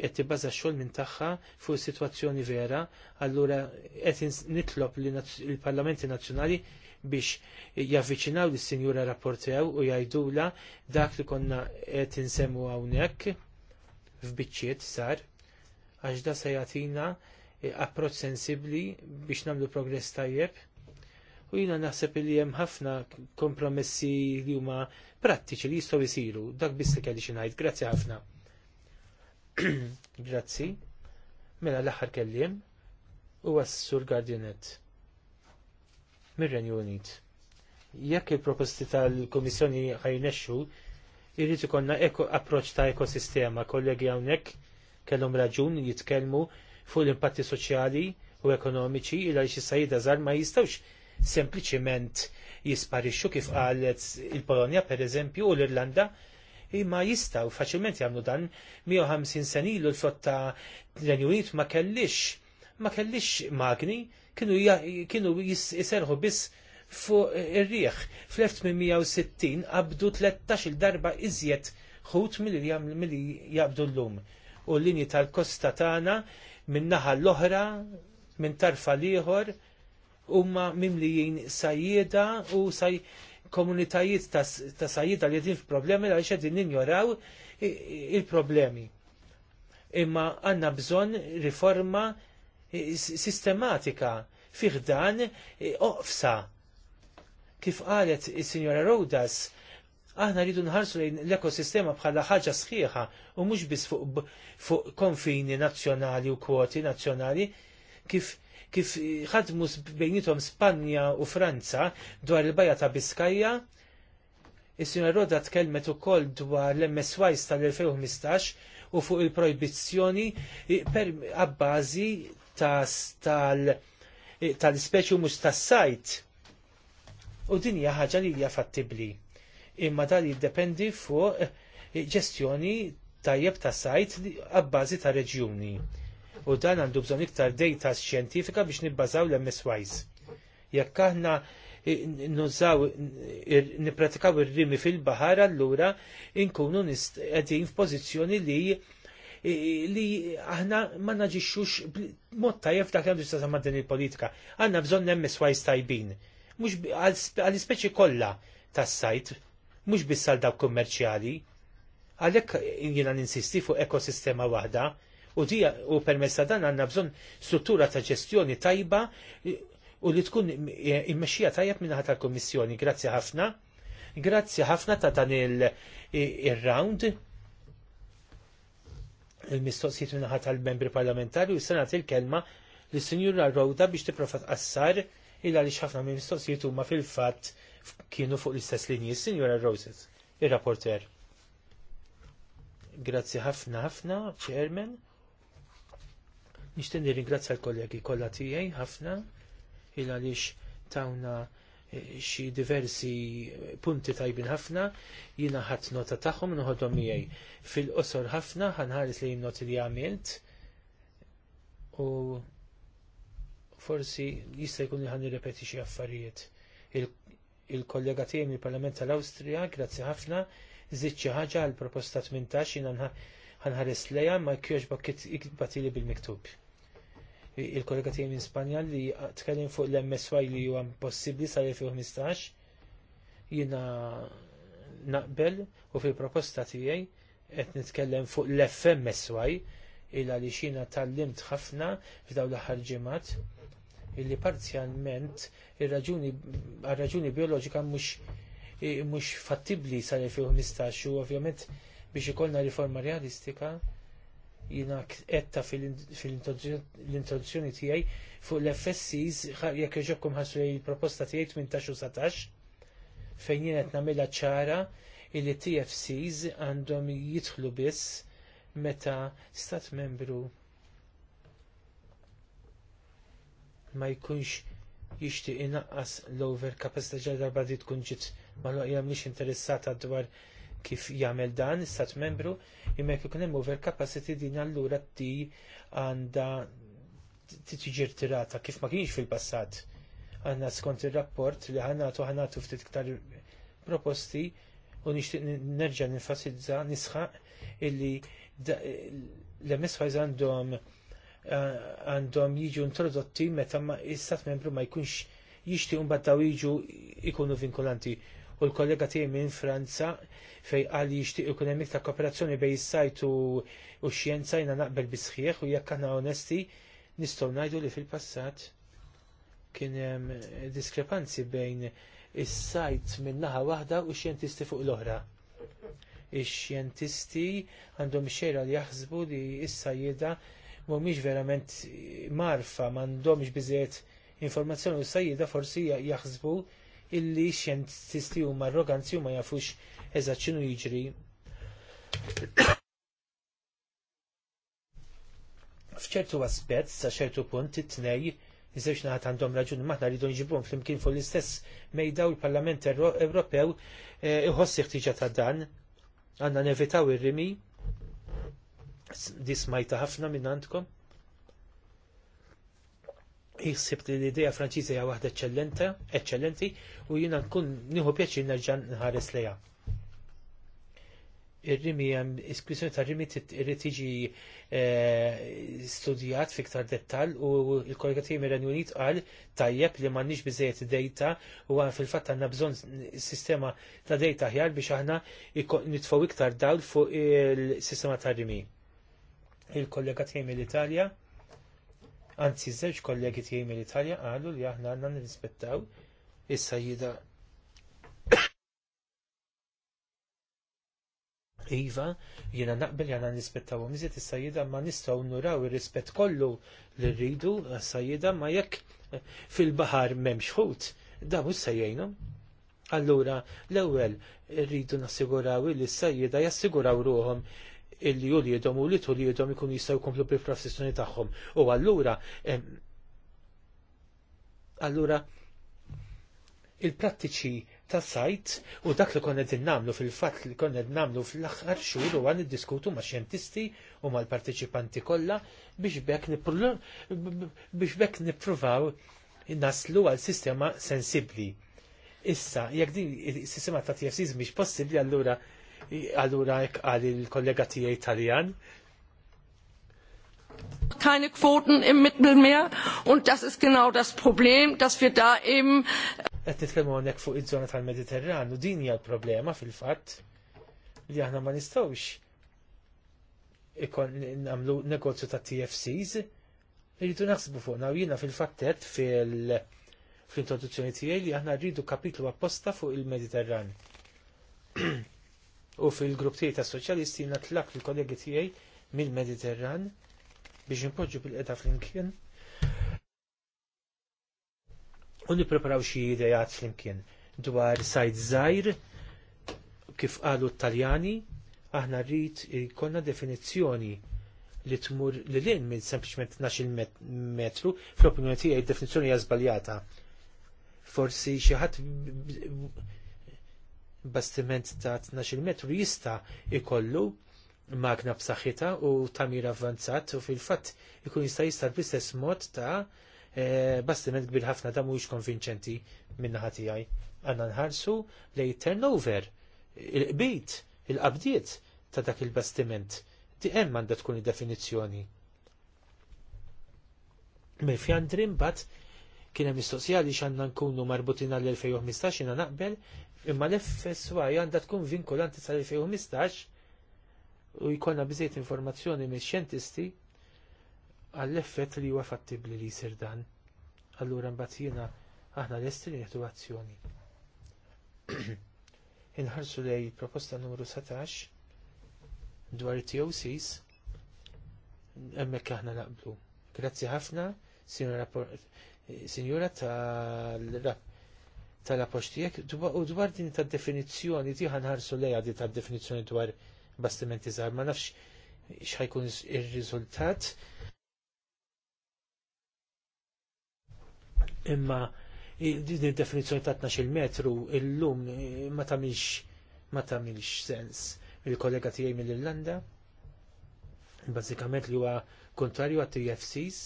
qed tibbaża xogħol minn tagħha fuq sitwazzjoni vera, allura qed nitlob li l-Parlamenti Nazzjonali biex jaffiċinaw is sinjura rapportew u jgħidula dak li konna qed insemmu hawnhekk f'biċċiet sar għax da se jagħtina eh, approċċ sensibbli biex nagħmlu progress tajjeb u jina naħseb li hemm ħafna kompromessi li huma prattiċi li jistgħu jsiru. Dak biss li kelli xi ngħid. Grazzi ħafna. Grazzi. Mela l-aħħar kelliem huwa s-Sur Gardinet mir-Renju Unit. Jekk il-proposti tal-Komissjoni ħajnexxu, irrid ikollna approċċ ta' ekosistema. Kollegi hawnhekk kellhom raġun jitkellmu fuq l-impatti soċjali u ekonomiċi il għal xisajda żgħar ma jistgħux sempliċement jisparixxu kif qalet il-Polonja pereżempju u l-Irlanda imma jistgħu faċilment jagħmlu dan 150 sen ilu l-flotta l-Renju Unit ma kellix ma kellix magni kienu jiserħu biss fuq ir-rieħ. Fl-1860 qabdu 13 darba iżjed ħut milli jaqbdu l-lum. U l-linji tal-kosta tagħna minn naħa l-oħra, minn tarfa l-ieħor, huma mimlijin sajjieda u saj komunitajiet ta' sajjieda li jedin f'problemi għal xeddin ninjoraw il-problemi. Imma għandna bżonn riforma sistematika fih dan e, oqfsa. Kif qalet is-Sinjora Rodas, aħna rridu nħarsu lejn l-ekosistema bħala ħaġa sħiħa u mhux biss fuq, fu konfini nazzjonali u kwoti nazzjonali kif kif ħadmu bejnietom Spanja u Franza dwar il-bajja ta' Biskajja. Is-sinjora Roda tkellmet ukoll dwar l-MSYs tal-2015 u fuq il-projbizzjoni għabbażi tal-speċi eh, u mhux tas-sajt. U din hija ħaġa li hija fattibbli. Imma dan jiddependi fuq eh, ġestjoni tajjeb ta' sajt għabbażi ta' reġjuni. U dan għandu bżonn iktar data xjentifika biex nibbażaw l-MSYs. Jekk aħna eh, nużaw, nippratikaw ir-rimi fil baħar allura inkunu qegħdin f'pożizzjoni li li aħna ma naġixxux mod tajjeb dak għandu jistazam din il-politika. Għanna bżonn hemm miswajs tajbin. Mhux għall-ispeċi kollha tas-sajt, mhux biss għal dawk kummerċjali. Għalhekk jiena ninsisti fuq ekosistema waħda, u di u permessa dan għanna bżon struttura ta' ġestjoni tajba u li tkun immexxija tajjeb minna tal-Kommissjoni. Grazzi ħafna. Grazzi ħafna ta' dan il-round il-mistoqsijiet minnaħat tal-membri parlamentari u s il-kelma li sinjur senjura biex tiprofa tqassar illa li xafna minn mistoqsijiet huma fil-fatt kienu fuq l-istess linji. S-senjura Roses, il-rapporter. Grazzi ħafna ħafna, chairman. Nishtenni ringrazzja l-kollegi kollha tiegħi ħafna illa lix tawna xi diversi punti tajbin ħafna, jiena ħadd nota tagħhom noħodhom miegħi. Fil-qosor ħafna ħanħares li noti li għamilt u forsi jista' jkun li ħan nirrepeti xi affarijiet. Il-kollega il tiegħi mill-Parlament tal-Awstrija, grazzi ħafna, żied xi ħaġa għall proposta 18 jiena ħanħares lejha ma kjoġ bakit ikbatili bil-miktub il-kollega tiegħi minn Spanja li tkellem fuq l-MSY li huwa possibbli sal-2015 Jiena naqbel u fil-proposta tiegħi qed nitkellem fuq l-FMSY il li xina tal-limt ħafna f'daw l-aħħar ġimgħat illi parzjalment ir-raġuni bioloġika mhux mhux fattibbli sal-2015 u ovvjament biex ikollna riforma realistika jina etta fil-introduzzjoni tiegħi fuq l-FSCs jekk iġobkom ħassu il-proposta tiegħi 18 u 17 fejn jien qed nagħmilha ċara li TFCs għandhom jidħlu biss meta stat membru ma jkunx jixtieq inaqqas l-over kapacità ġal darba li tkun ġiet ma l interessata dwar kif jagħmel dan is-stat membru imma jekk ikun hemm over capacity din allura ti għandha tiġi tirata kif ma kienx fil-passat. Għandna skont ir-rapport li ħanatu ħanatu ftit iktar proposti u nixtieq nerġa' ninfasizza nisħaq illi l-MSFIs għandhom eh, għandhom jiġu introdotti meta ma istat membru ma jkunx jixtiequ mbagħad daw jiġu ikunu vinkolanti u l-kollega tiegħi minn Franza fejn qal jixtieq ikun hemm iktar kooperazzjoni bejn is-sajt u x-xjenza jiena naqbel sħiħ u jekk aħna onesti nistgħu ngħidu li fil-passat kien hemm diskrepanzi bejn is-sajt minn naħa waħda u x-xjentisti fuq l-oħra. Ix-xjentisti għandhom xejra li jaħsbu li issa sajjeda mhumiex verament marfa m'għandhomx biżejjed informazzjoni u sajjida forsi jaħsbu illi xjentisti huma arroganzi u ma jafux eżatt x'inhu jiġri. F'ċertu aspett, sa ċertu punt, it-tnej, iżewġ naħat għandhom raġuni maħna rridu fl flimkien fuq l-istess mejda u l-Parlament Ewropew eh, iħossi ħtiġa ta' dan għandna nevitaw ir-rimi dismajta ħafna minn għandkom jisib li l-idea franċiża hija waħda eċċellenta, eċċellenti, u jiena nkun nieħu pjaċir nerġa' nħares lejha. Ir-rimi hemm l-iskwisjoni ta' rimi irid tiġi eh, studjat fiktar dettall u l-kollega tiegħi mir-Renju Unit qal tajjeb li m'għandniex biżejjed dejta u fil-fatt għandna bżonn sistema ta' dejta aħjar biex aħna nitfgħu iktar dawl fuq il-sistema ta' rimi. Il-kollega tiegħi mill-Italja Anzi, żewġ kollegi tiegħi mill-Italja qalu li aħna għandna nirrispettaw is-sajjida Iva, jiena naqbel jana nispettaw mizet is-sajjida ma nistgħu nuraw ir-rispett kollu li rridu għas-sajjida ma jekk eh, fil-baħar m'hemmx ħut, da mhux sejjejna. Allura, l-ewwel rridu nassiguraw li s-sajjida jassiguraw ruhom illi u li jedhom u li tu li jedhom ikun jistaw jkomplu bil-professjoni tagħhom. U allura għallura, il-prattiċi ta' sajt u dak li konned namlu fil-fat li konned namlu fl-axħar xhur u għan diskutu ma' xjentisti u ma' l-partiċipanti kollha biex bekk nippruvaw naslu għal sistema sensibli. Issa, jekk din sistema ta' TFCs mhix possibbli allura Allura jekk għal il-kollega tiegħi Taljan. Keine Quoten im Mittelmeer und das ist genau das Problem, dass wir da eben qed nitkellmu hawnhekk fuq iż-żona tal-Mediterran u din hija l-problema fil-fatt li aħna ma nistgħux ikon nagħmlu negozju ta' TFCs irridu naħsbu fuqna u jiena fil-fattet fil-introduzzjoni tiegħi li aħna rridu kapitlu apposta fuq il-Mediterran. u fil-grupp tiegħi tas soċjalisti natlak il-kollegi tiegħi mill-Mediterran biex impoġġu bil-qeda flimkien u nippreparaw xi idejat flimkien dwar sajt żgħir kif qalu t-Taljani aħna rrid jkollna definizzjoni li tmur li lin minn sempliċement 12 metru fl-opinjoni tiegħi d-definizzjoni hija żbaljata. Forsi xi ħadd bastiment ta' 12 metru jista' ikollu magna b'saħħitha u tamir avvanzat u fil-fatt ikun jista' jista' bl-istess mod ta' e, bastiment kbir ħafna da mhuwiex konvinċenti min-naħa tiegħi. Għandna nħarsu lej turnover, il-qbit, il-qabdiet ta' dak il-bastiment. Di hemm għandha tkun id-definizzjoni. Mill-fjandri mbagħad kien hemm mistoqsija li xanna nkunu marbutin għall-2015 naqbel Imma l-FSY għandha tkun vinkolanti sal-2015 u jkollna biżejt informazzjoni mix xjentisti għall-effett li huwa fattibli li jsir dan. Allura mbagħad jiena aħna estri li nieħdu azzjoni. Inħarsu lej proposta numru 17 dwar it-TOCs hemmhekk aħna naqblu. Grazzi ħafna, Sinjura tal-rapport tal-appoġġ tiegħek u dwar din tad-definizzjoni tiħan ħarsu lejha di tad-definizzjoni dwar bastimenti żgħar ma nafx x'ħajkun ir-riżultat. Imma din id-definizzjoni ta' 12 metru illum ma tagħmilx ma tagħmilx sens il-kollega tiegħi mill-Irlanda. Bażikament li huwa kontrarju għat-TFCs,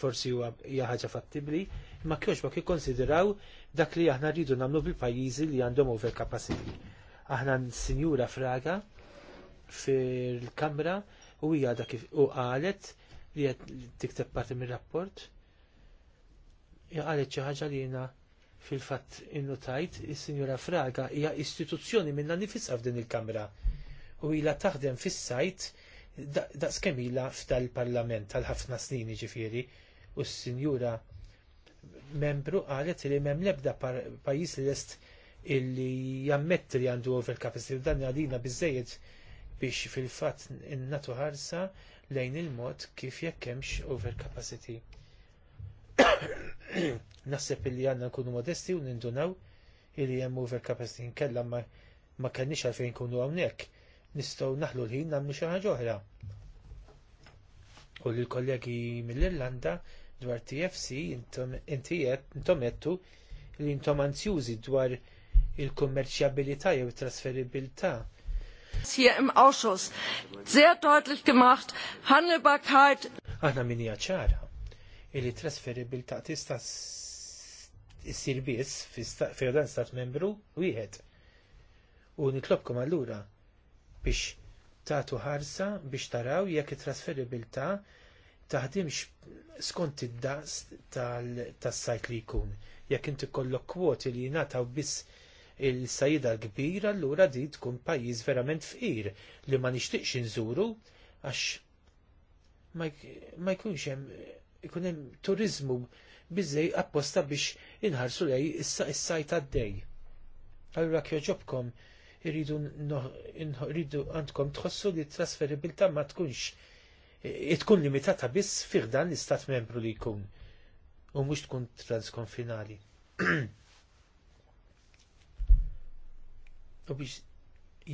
forsi huwa ħaġa fattibbli, ma kienx ma jikkonsidraw dak li aħna rridu nagħmlu bil-pajjiżi li għandhom capacity. Aħna sinjura Fraga fil-Kamra u hija dak u qalet li qed tikteb parti mir-rapport. Qalet xi ħaġa li jiena fil-fatt tajt is-Sinjura Fraga hija istituzzjoni minna nifisha f'din il-Kamra u ilha taħdem fis-sajt daqs kemm ilha ftal parlament għal ħafna snin ġifieri, u s-Sinjura membru qalet li m'hemm l-ebda pajjiż li lest illi jammet li għandu overcapacity u dan għalina biżżejjed biex fil fat innatu ħarsa lejn il-mod kif jekk hemmx overcapacity. Naħseb illi għandna nkunu modesti u nindunaw illi hemm overcapacity nkella ma, ma kellniex għalfejn kunu hawnhekk. Nistgħu naħlu l-ħin nagħmlu xi ħaġa oħra. U lill kollegi mill-Irlanda dwar TFC intom li intom anzjużi dwar il-kommerċjabilità jew it trasferibilità. Hier im Ausschuss sehr deutlich gemacht, Handelbarkeit. Aħna min hija ċara li trasferibilità tista' ssir biss fi dan stat membru wieħed. U nitlobkom allura biex tagħtu ħarsa biex taraw jekk it-trasferibilità taħdimx skont id-daqs tas-sajt li jkun. Jekk inti kollok kwoti li jingħataw biss il-sajida l-kbira allura di tkun pajjiż verament fqir li ma nixtieqx nżuru għax ma jkunx hemm ikun hemm turiżmu biżej apposta biex inħarsu lej is-sajt għaddej. Allura kjoġobkom irridu irridu għandkom tħossu li t trasferibilta ma tkunx tkun limitata biss fih dan l-istat membru li jkun u mhux tkun transkonfinali. u biex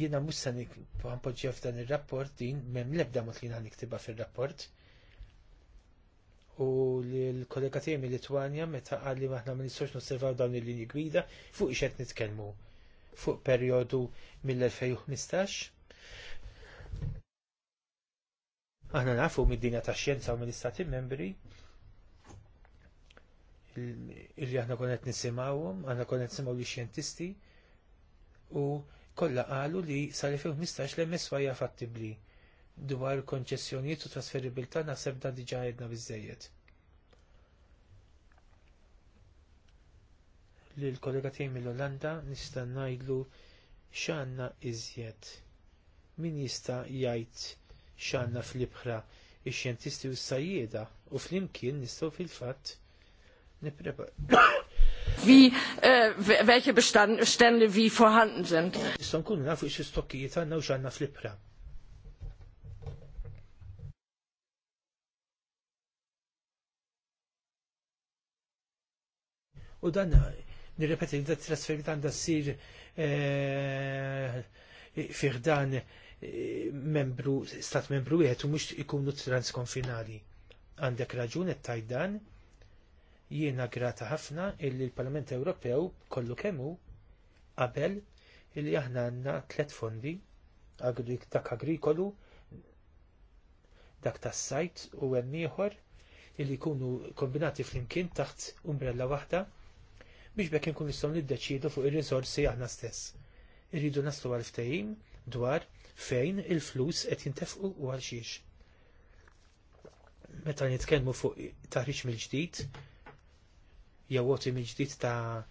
jiena mhux se npoġġija f'dan ir-rapport din m'hemm lebda ebda mod li niktiba fir-rapport. U l-kollega tiegħi mill-Litwanja meta qal li aħna ma nistgħux nosservaw dawn il-linji gwida fuq ix qed nitkellmu fuq perjodu mill-2015 Aħna nafu mid-dinja tax xjenza u mill-istati membri illi aħna konet nisimawhom, aħna konet nisimaw li xjentisti u kollha qalu li sal-2015 l ms hija fattibbli dwar konċessjonijiet u trasferibilità naħseb da diġà għedna biżżejjed. Li l-kollega tiegħi mill-Olanda nista' ngħidlu x'għandna iżjed. Min jista' jgħid xanna fl-ibħra ix-xjentisti u s-sajjieda u flimkien nistgħu fil-fatt Wie, äh, welche Bestände wie vorhanden sind. nafu u fl-ibħra. U dan nirrepeti li da trasferit għandha sir eh, fiħdan membru, stat membru wieħed u mhux ikunu transkonfinali. Għandek raġun et tajdan, jiena grata ħafna illi l-Parlament Ewropew kollu kemmu qabel illi aħna għandna tliet fondi dak agrikolu, dak tas-sajt u hemm ieħor illi jkunu kombinati flimkien taħt umbrella waħda biex bekk nkun nistgħu niddeċiedu fuq ir-riżorsi aħna stess. Irridu naslu għal ftehim dwar fejn il-flus qed jintefqu u għal xiex. Meta nitkellmu fuq taħriġ mill-ġdid, jew għoti mill-ġdid ta'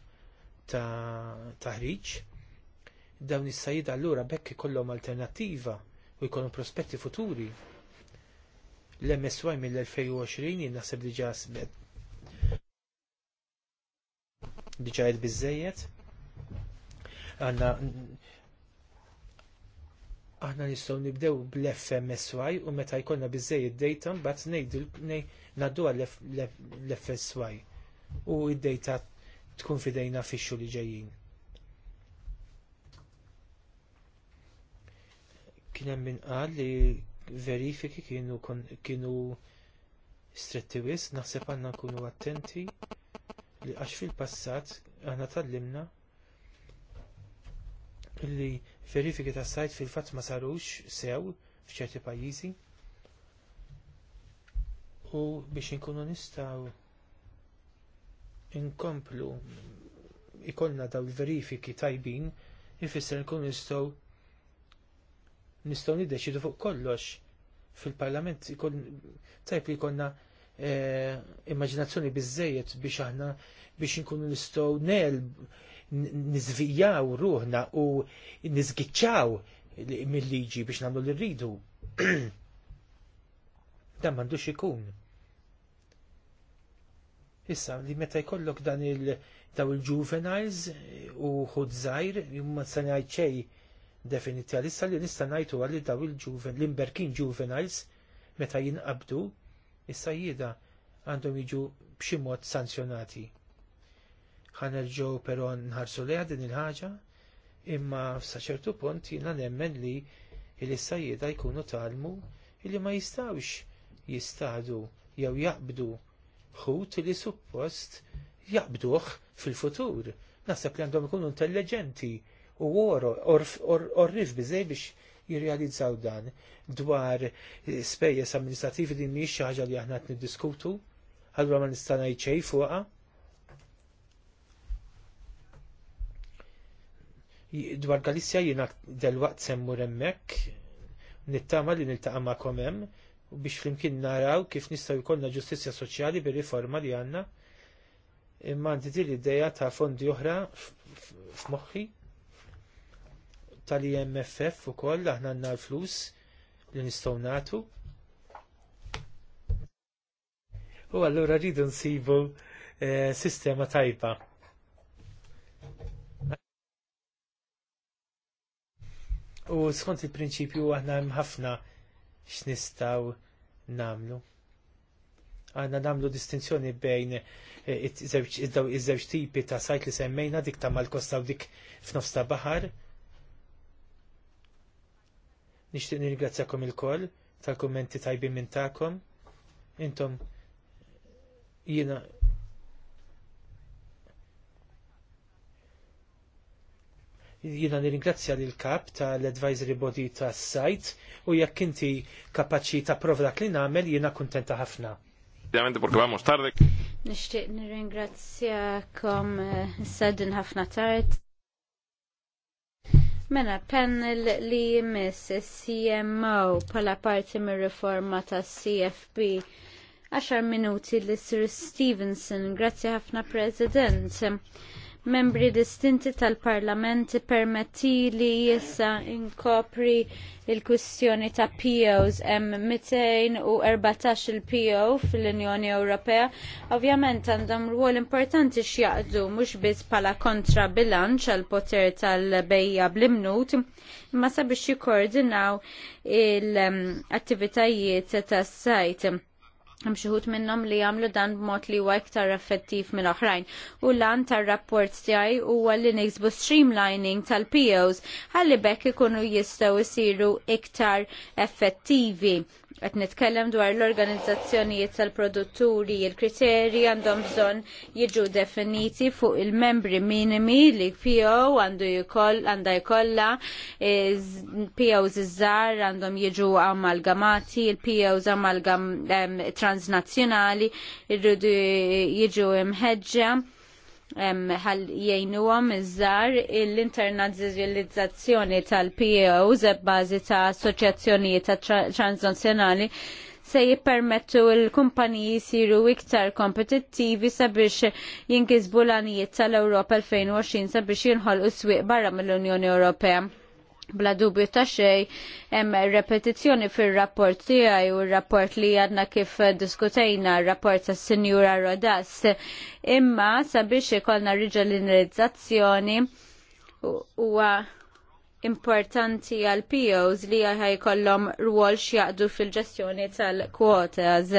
taħriġ, dawn is sajjid allura bekk ikollhom alternattiva u jkollhom prospetti futuri. L-MSY mill-2020 jinnaħseb diġa smed. Diġa għed bizzejiet. Għanna aħna nistgħu nibdew bl-FMSY u meta jkollna biżejjed data mbagħad ngħidu ngħaddu għall-FSY u d-data tkun fidejna fix-xu li ġejjin. Kien hemm min qal li verifiki kienu kienu stretti wis, naħseb għandna nkunu attenti li għax fil-passat aħna tallimna li verifiki ta' sajt fil-fatt ma sarux sew f'ċerti pajjiżi. U biex inkunu nistgħu inkomplu ikollna daw verifiki tajbin ifisser nkunu nistgħu nistgħu nideċidu fuq kollox fil-parlament ikon tajb li jkollna eh, immaġinazzjoni biżżejjed biex aħna biex inkunu nistgħu nel nizvijaw ruħna u nizgiċċaw mill-liġi biex namlu li rridu. Dan mandux ikun. Issa, li meta jkollok dan il- daw il-juveniles u ħud jumma sanajt ċej definizjalista li nista najtu għalli daw il-juven, l-imberkin juveniles, meta jinqabdu, issa jida għandhom jiġu b'ximot sanzjonati ħanerġu però nħarsu leha din il-ħaġa, imma sa ċertu punt jiena nemmen li il-sajjeda jkunu talmu li ma jistawx jistadu jew jaqbdu ħut li suppost jaqbduh fil-futur. Naħseb li għandhom ikunu intelligenti u woro orrif biżej biex jirrealizzaw dan dwar spejjeż amministrativi din mhix xi ħaġa li aħna qed niddiskutu, allura ma nista' ngħid xejn fuqha dwar Galissja jiena waqt semmur hemmhekk, nittama li niltaqa' magħkom hemm u biex flimkien naraw kif nistgħu jkollna ġustizzja soċjali bir-riforma li għandna. Imma għandi din l-idea ta' fondi oħra f'moħħi tal-IMFF ukoll aħna għandna l-flus li nistgħu nagħtu. U allura rridu nsibu eh, sistema tajba. U skont il-prinċipju aħna hemm ħafna x'nistgħu nagħmlu. Għandna nagħmlu distinzjoni bejn eh, iż-żewġ tipi ta' sajt li semmejna dik ta' mal-kosta u dik f'nofs ta' baħar. Nixtieq il-koll tal-kummenti tajbin minn tagħkom. Intom jiena Jiena nirringrazzja lil kap tal-advisory body tas-sajt u jekk inti kapaċi ta' provda li nagħmel jiena kuntenta ħafna. Ovvjament porque vamos tarde. Nixtieq nirringrazzjakom eh, s-sadin ħafna tard. Mela, panel li jmiss CMO pala parti mir riforma ta' CFP 10 minuti li Sir Stevenson, grazzi ħafna President membri distinti tal-parlament permetti li jissa inkopri il-kwistjoni ta' POs hemm 214 il-PO fl-Unjoni Ewropea. Ovvjament għandhom rwol importanti x'jaqdu mhux biss bħala kontra bilanċ għal poter tal-bejja bl-imnut, imma sabiex jikkoordinaw il-attivitajiet um, tas-sajt hemm xi minnhom li jagħmlu dan b'mod li huwa iktar effettiv minn oħrajn. U lan tar-rapport tiegħi huwa li niksbu streamlining tal-POs ħalli bekk ikunu jistgħu jsiru iktar effettivi qed nitkellem dwar l-organizzazzjonijiet tal-produtturi, il-kriterji għandhom bżonn jiġu definiti fuq il-membri minimi li PO għandu jikoll, għanda jikolla, POs iż-żar għandhom jiġu amalgamati, il-POs amalgam transnazzjonali irridu jiġu imħeġġa ħal jgħinuhom iż-żar l-internazzjonalizzazzjoni tal-POs e b'bażi e ta' assoċjazzjonijiet ta' transnazzjonali se jippermettu l-kumpaniji jsiru iktar kompetittivi sabiex jinkisbu l-anijiet tal-Ewropa 2020 sabiex jinħolqu swiq barra mill-Unjoni Ewropea. Bla dubju ta' xej, hemm repetizzjoni fir-rapport tiegħi u r-rapport li għadna kif diskutejna r-rapport tas Sinjura Rodas. Imma sabiex ikollna riġalinizzazzjoni huwa importanti għal POs li kollom rwol x'jaqdu fil-ġestjoni tal-kwotas.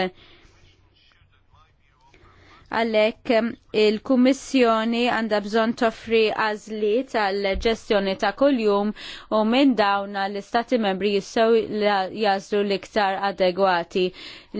Għalhekk il-Kummissjoni għandha bżonn toffri għażli tal ġestjoni ta' kuljum u minn dawn l-Istati membri jistgħu jażlu l-iktar adegwati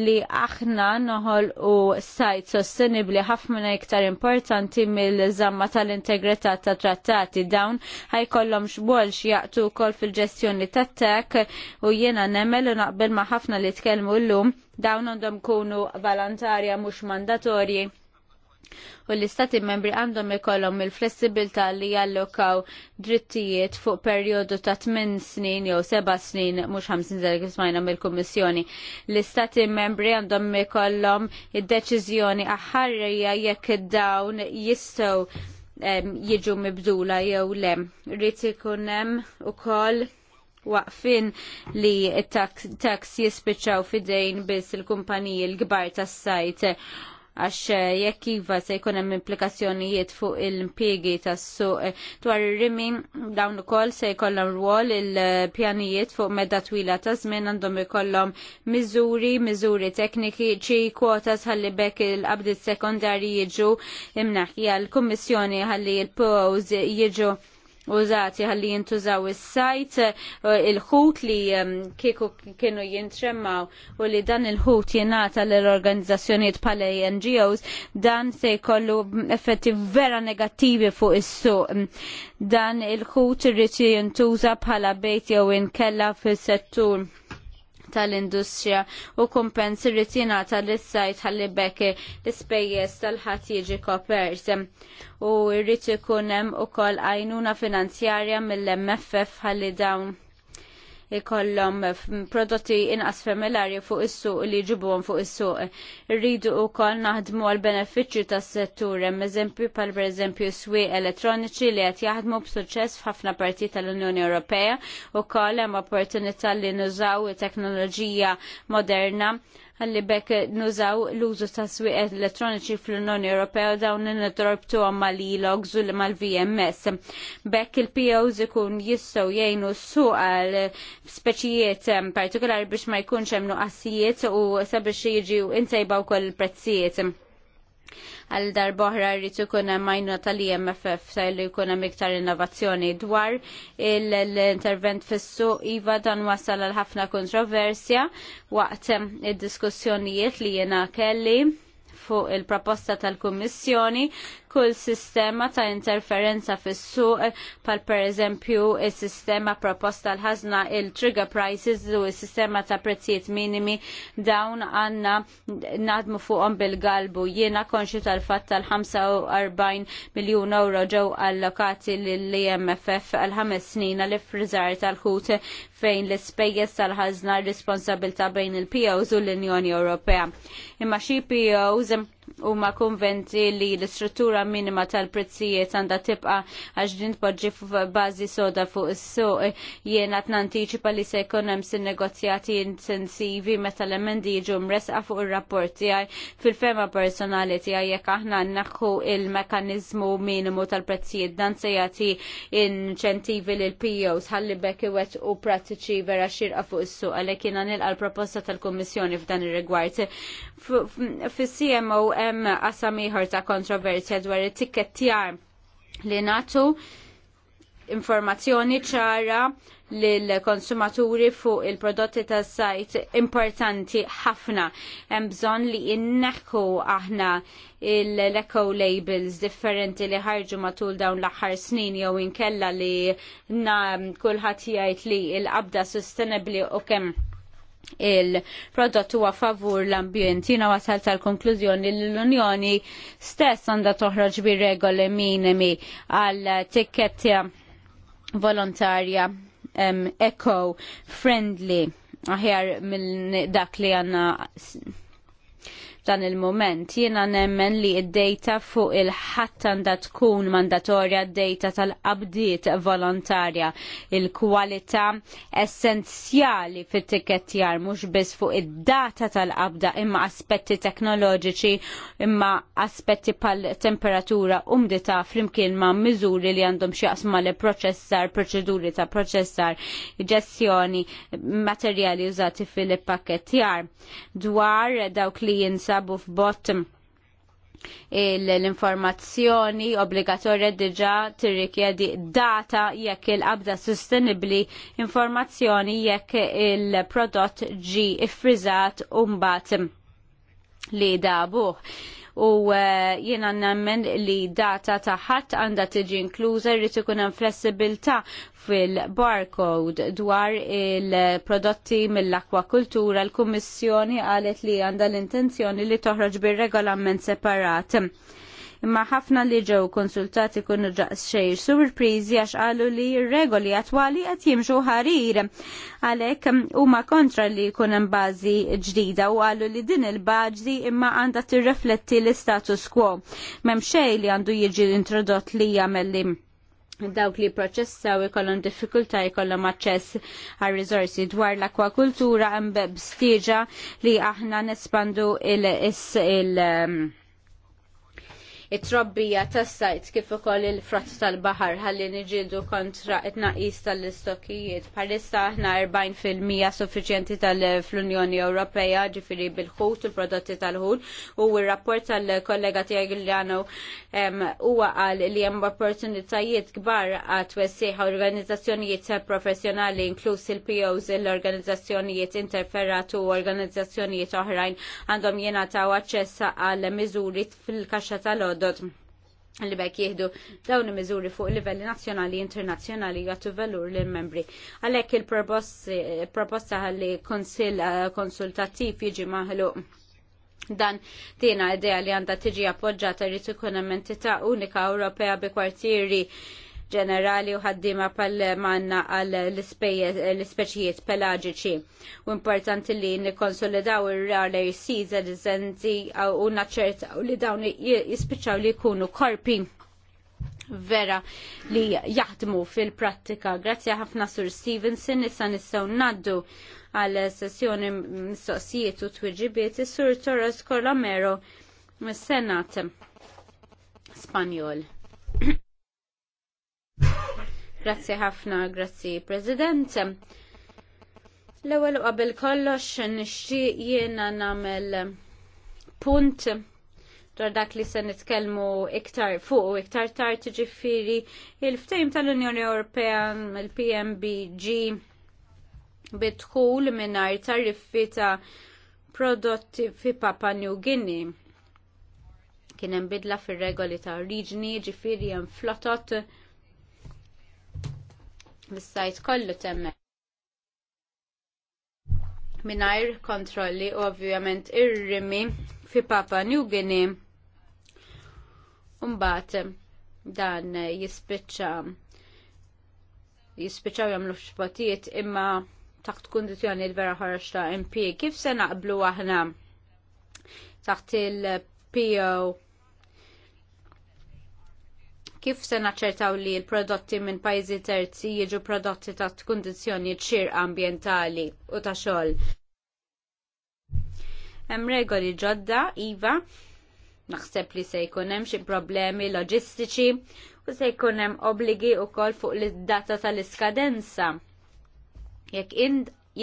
li aħna noħol u sajt sostenibli ħafna iktar importanti mill-żamma tal-integrità ta' trattati dawn ħajkollhom xbol jaqtu wkoll fil-ġestjoni tat-tek u jiena nemmel u naqbel ma' ħafna li tkellmu llum dawn għandhom kunu volontarja mhux mandatorji U l-istati membri għandhom ikollhom il-flessibilità li jallokaw drittijiet fuq perjodu ta' 8 snin jew 7 snin mhux 50 kif smajna mill-Kummissjoni. L-istati membri għandhom ikollhom id-deċiżjoni aħħarrija jekk dawn jistgħu jiġu mibdula jew le. Rrid ikun hemm ukoll waqfin li t tax jispiċċaw fidejn biss il-kumpaniji l-kbar tas-sajt għax eh, jekk iva se jkun hemm implikazzjonijiet fuq il-impjegi tas-suq eh, dwar ir rimi dawn ukoll se jkollhom rwol il-pjanijiet fuq medda twila ta' żmien għandhom ikollhom miżuri, miżuri tekniki ċi kwotas ħalli bekk il-qabdiet sekondarji jiġu imnaħja l-Kummissjoni ħalli l pows jiġu użati ħalli jintużaw is-sajt il-ħut li kieku kienu jintremmaw u li dan il-ħut jingħata l-organizzazzjonijiet bħala NGOs dan se jkollu effetti vera negattivi fuq is-suq. Dan il-ħut rriċi jintuża bħala bejt jew inkella fis-settur tal-industrija u kumpens irrid jingħata lis-sajt ħalli l-ispejjeż tal-ħadd jiġi kopert. U rrid ikun hemm ukoll għajnuna finanzjarja mill-MFF ħalli dawn ikollhom prodotti inqas familjari fuq is-suq li jġibuhom fuq is-suq. Irridu wkoll naħdmu għal benefiċċju tas-settur hemm eżempju bħal pereżempju swieq elettroniċi li qed jaħdmu b'suċċess f'ħafna partijiet tal-Unjoni Ewropea u koll hemm opportunità li nużaw it teknoloġija moderna għalli bekk nużaw l-użu ta' swieq elettroniċi fl-Unjoni Ewropea u dawn n-dorbtu għamma li logs mal-VMS. Bekk il-POs ikun jistgħu jgħinu suq għal speċijiet partikolari biex ma jkunx hemm nuqqasijiet u sabiex jiġi intajbaw kol prezzijiet għal darboħra rritu ikun hemm tal-IMFF se li jkun hemm iktar innovazzjoni dwar l-intervent fis-suq iva dan wasal għal ħafna kontroversja waqt id-diskussjonijiet li jiena kelli fuq il-proposta tal-Kummissjoni kull sistema ta' interferenza fis-suq pal pereżempju is-sistema proposta l ħazna il-trigger prices u s-sistema ta' prezzijiet minimi dawn għandna nadmu fuqhom bil-galbu. Jiena konxi tal-fatt tal-45 miljun euro ġew allokati lill-IMFF għal ħames snin għal friżar tal-ħut fejn l-ispejjeż tal ħazna r-responsabilta bejn il-POs u l-Unjoni Ewropea. Imma xi POs huma konventi li l-istruttura minima tal-prezzijiet għandha tibqa għax din tpoġġi bażi soda fuq is-suq jiena nantiċipa li se jkun hemm sinnegozjati negozjati intensivi meta l-emendi jiġu mresqa fuq ir-rapport tiegħi fil-fema personali tiegħi jekk aħna naħħu il-mekkaniżmu minimu tal-prezzijiet dan se jagħti inċentivi lil POs e ħalli bekk iwet u prattiċi vera xirqa fuq is-suq għalhekk jiena nilqa l-proposta tal-Kummissjoni f'dan ir-rigward. Fis-CMO hemm qasam ieħor ta' kontroversja dwar it-tikketjar li natu informazzjoni ċara lill konsumaturi fuq il-prodotti tas sajt importanti ħafna. Hemm bżonn li inneħħu aħna l-eco labels differenti li ħarġu matul dawn l-aħħar snin jew inkella li na kulħadd jgħid li l-qabda sustainabli u kemm il-prodott huwa favur l-ambjent. Jina wasal tal-konklużjoni li l-Unjoni stess għandha toħroġ bi regoli minimi għal tikketja volontarja eco-friendly aħjar minn dak li għanna f'dan il-moment. Jiena nemmen li id-data fuq il ħatt għandha tkun mandatorja d-data tal-qabdiet volontarja. Il-kwalità essenzjali fit tikettjar mhux biss fuq id-data tal-qabda imma aspetti teknoloġiċi imma aspetti pal temperatura umdita flimkien ma' miżuri li għandhom xieqsma li proċessar, proċeduri ta' proċessar, ġestjoni, materjali użati fil-pakketjar. Dwar dawk li jinsa jinsabu f'bott l-informazzjoni obbligatorja diġa tirrikjedi data jekk il-qabda sostenibli informazzjoni jekk il-prodott ġi iffriżat u mbagħad li dabuh u eh, jiena nemmen li data ta' ħadd għandha tiġi inkluża jrid ikun hemm flessibilità fil-barcode dwar il-prodotti mill-akwakultura l-Kummissjoni qalet li għandha l-intenzjoni li toħroġ bir-regolament separat imma ħafna li ġew konsultati kunu ġaqs xejn surpriżi għax qalu li regoli attwali qed jimxu ħarir. Għalhekk huma kontra li jkun hemm bażi ġdida u qalu li din il bazi imma għandha rifletti l-status quo. M'hemm xej li għandu jiġi introdott li jamelli dawk li proċessaw ikollhom diffikultà jkollhom aċċess għal riżorsi dwar l-akwakultura hemm bstieġa li aħna nespandu il-, il, il um, it-trobbija tas sajd kif ukoll il-frott tal-baħar ħalli niġildu kontra it-naqis tal-istokijiet. Bħalissa aħna 40% suffiċjenti tal-fl-Unjoni Ewropea ġifieri bil-ħut u l-prodotti tal-ħut u r-rapport tal-kollega tiegħi Giuliano huwa qal li hemm opportunitajiet kbar għat wessieħ organizzazzjonijiet professjonali inkluż il-POs l-organizzazzjonijiet interferatu u organizzazzjonijiet oħrajn għandhom jingħataw aċċess għal miżuri fil-kaxxa tal prodott li bekk jihdu dawn il-mizuri fuq livelli nazjonali internazjonali jgħatu velur l membri Għalek il-proposta għalli konsil eh, konsultativ jiġi maħlu dan tina idea li għanda tiġi appoġġata rrit ikun entità unika Ewropea bi kwartieri ġenerali u ħaddima pal manna għal l-speċijiet pelagiċi. U importanti li nikonsolidaw ir-rare season rizenti u naċċertaw li dawn jispiċċaw li jkunu korpi vera li jaħdmu fil-prattika. Grazzi ħafna Sur Stevenson, issa nistgħu naddu għal sessjoni mistoqsijiet u twiġibiet is-Sur Torres Colomero mis-Senat Spanjol. Grazzi ħafna, grazzi President. L-ewwel qabel kollox nixtieq jiena nagħmel punt dwar dak li se nitkellmu iktar fuq u iktar tard ġifiri il-ftejm tal-Unjoni Ewropea il-PMBG bitħul mingħajr tariffi ta' prodotti fi Papa New Guinea. Kien hemm bidla fir-regoli ta' oriġini ġifieri hemm flotot mis-sajt kollu temmek. Minajr kontrolli ovvjament ir-rimi fi Papa New Guinea. Umbat dan jispiċċa jispiċċaw jagħmlu xpotijiet imma taħt kundizzjoni l-vera ħarġ ta' MP. Kif se naqblu aħna taħt il-PO kif se naċċertaw li l-prodotti minn pajjiżi terzi jiġu prodotti ta' kundizzjoni ċir ambjentali u ta' xogħol. Hemm regoli ġodda, iva, naħseb li se jkun hemm xi problemi loġistiċi u se jkun hemm obbligi wkoll fuq id-data tal-iskadenza. Jekk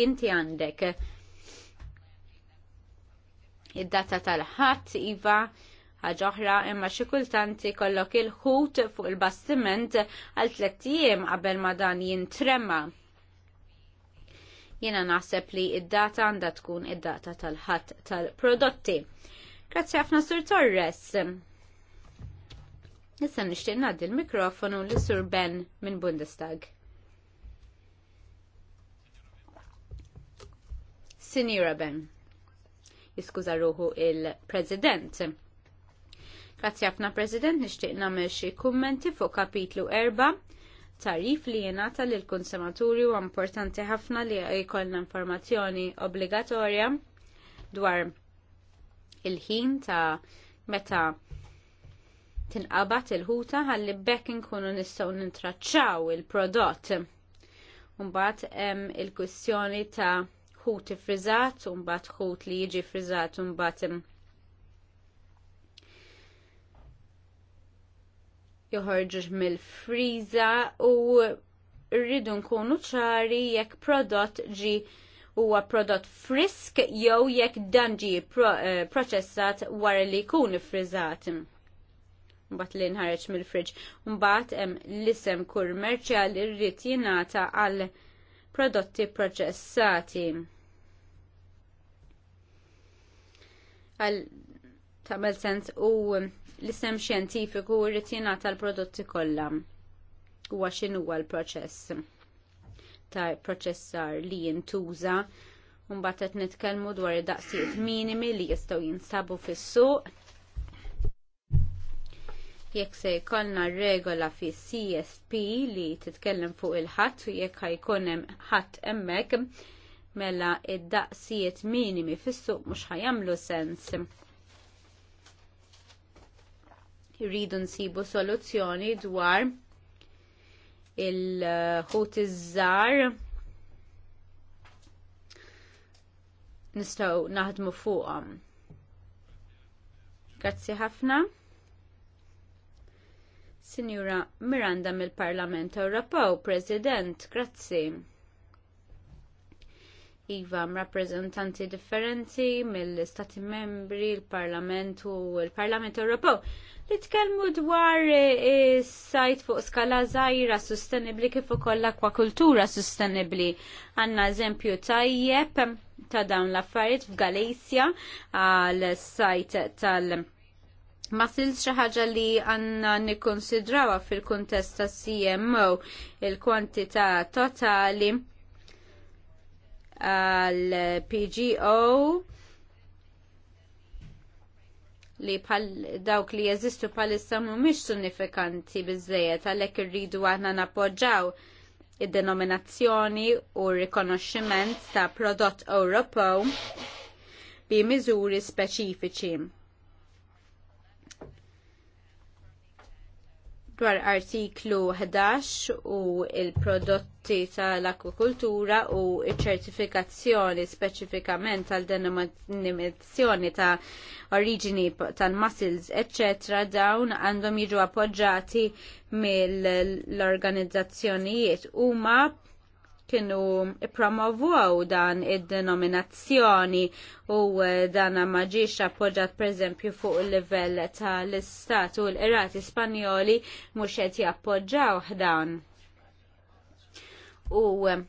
inti għandek id-data tal-ħadd iva Ħaġa oħra imma xi kultant jkollok il-ħut fuq il-bastiment għal tliet ijiem qabel ma dan jintrema. Jiena naħseb li id-data għandha tkun id-data tal-ħadd tal-prodotti. Grazzi ħafna Sur Torres. Issa nixtieq ngħaddi l-mikrofonu li Sur Ben minn Bundestag. Sinjura Ben jiskuża ruħu il-President. Grazzi ħafna President nixtieq nagħmel xi kummenti fuq kapitlu 4 tarif li jenata l konsumaturi u importanti ħafna li jkollna informazzjoni obbligatorja dwar il-ħin ta' meta tinqabat il-ħuta ħalli bekk inkunu nistgħu nintraċċaw il-prodott. Mbagħad hemm il-kwistjoni ta' ħut ifriżat, mbagħad ħut li jiġi friżat u mbagħad joħorġu mill-friża u rridu nkunu ċari jekk prodott ġi huwa prodott frisk jew jekk dan ġi eh, proċessat wara li jkun frizzat. Mbagħad li nħareġ mill-friġġ. Mbagħad hemm l-isem kummerċjal irrid jingħata għal prodotti proċessati. Għal tamel sens u l-isem xjentifiku rrid jingħata tal-prodotti kollha. Huwa x'inhu huwa l-proċess ta' proċessar li jintuża mbagħad qed nitkellmu dwar id-daqsijiet minimi li jistgħu jinsabu fis-suq. Jekk se jkollna regola fi CSP li titkellem fuq il-ħadd u jekk ħajkun hemm ħadd hemmhekk mela id-daqsijiet minimi fis-suq mhux ħajamlu sens rridu nsibu soluzzjoni dwar il-ħut iż-żar nistgħu naħdmu fuqhom. Grazzi ħafna. Sinjura Miranda mill-Parlament Ewropew, President, grazzi. Iva, rappreżentanti differenti mill istati membri, il-Parlament u l parlament Ewropew. Nitkellmu dwar eh, sajt fuq skala zaħira sostenibbli kif ukoll l akwakultura sostenibbli. Għanna eżempju tajjeb ta' dawn l-affarijiet f'Galizja għal sajt tal- Ma silx xi ħaġa li għandna nikkonsidrawha fil-kuntest tas CMO il-kwantità totali għal PGO li pal dawk li jeżistu palissa mhumiex sunifikanti biżejjed għalhekk irridu aħna nappoġġaw id-denominazzjoni u rikonoxximent ta' prodott Ewropew bi miżuri speċifiċi. dwar artiklu 11 u l prodotti tal-akwakultura u ċ-ċertifikazzjoni speċifikament tal denominazzjoni ta' oriġini tal-muscles, etc. dawn għandhom jiġu appoġġati mill-organizzazzjonijiet huma kienu ipromovuaw dan id-denominazzjoni u eh, dan maġiex appoġġat preżempju fuq il-livell tal-istat u l-irati spanjoli mhux qed jappoġġaw dan. U eh,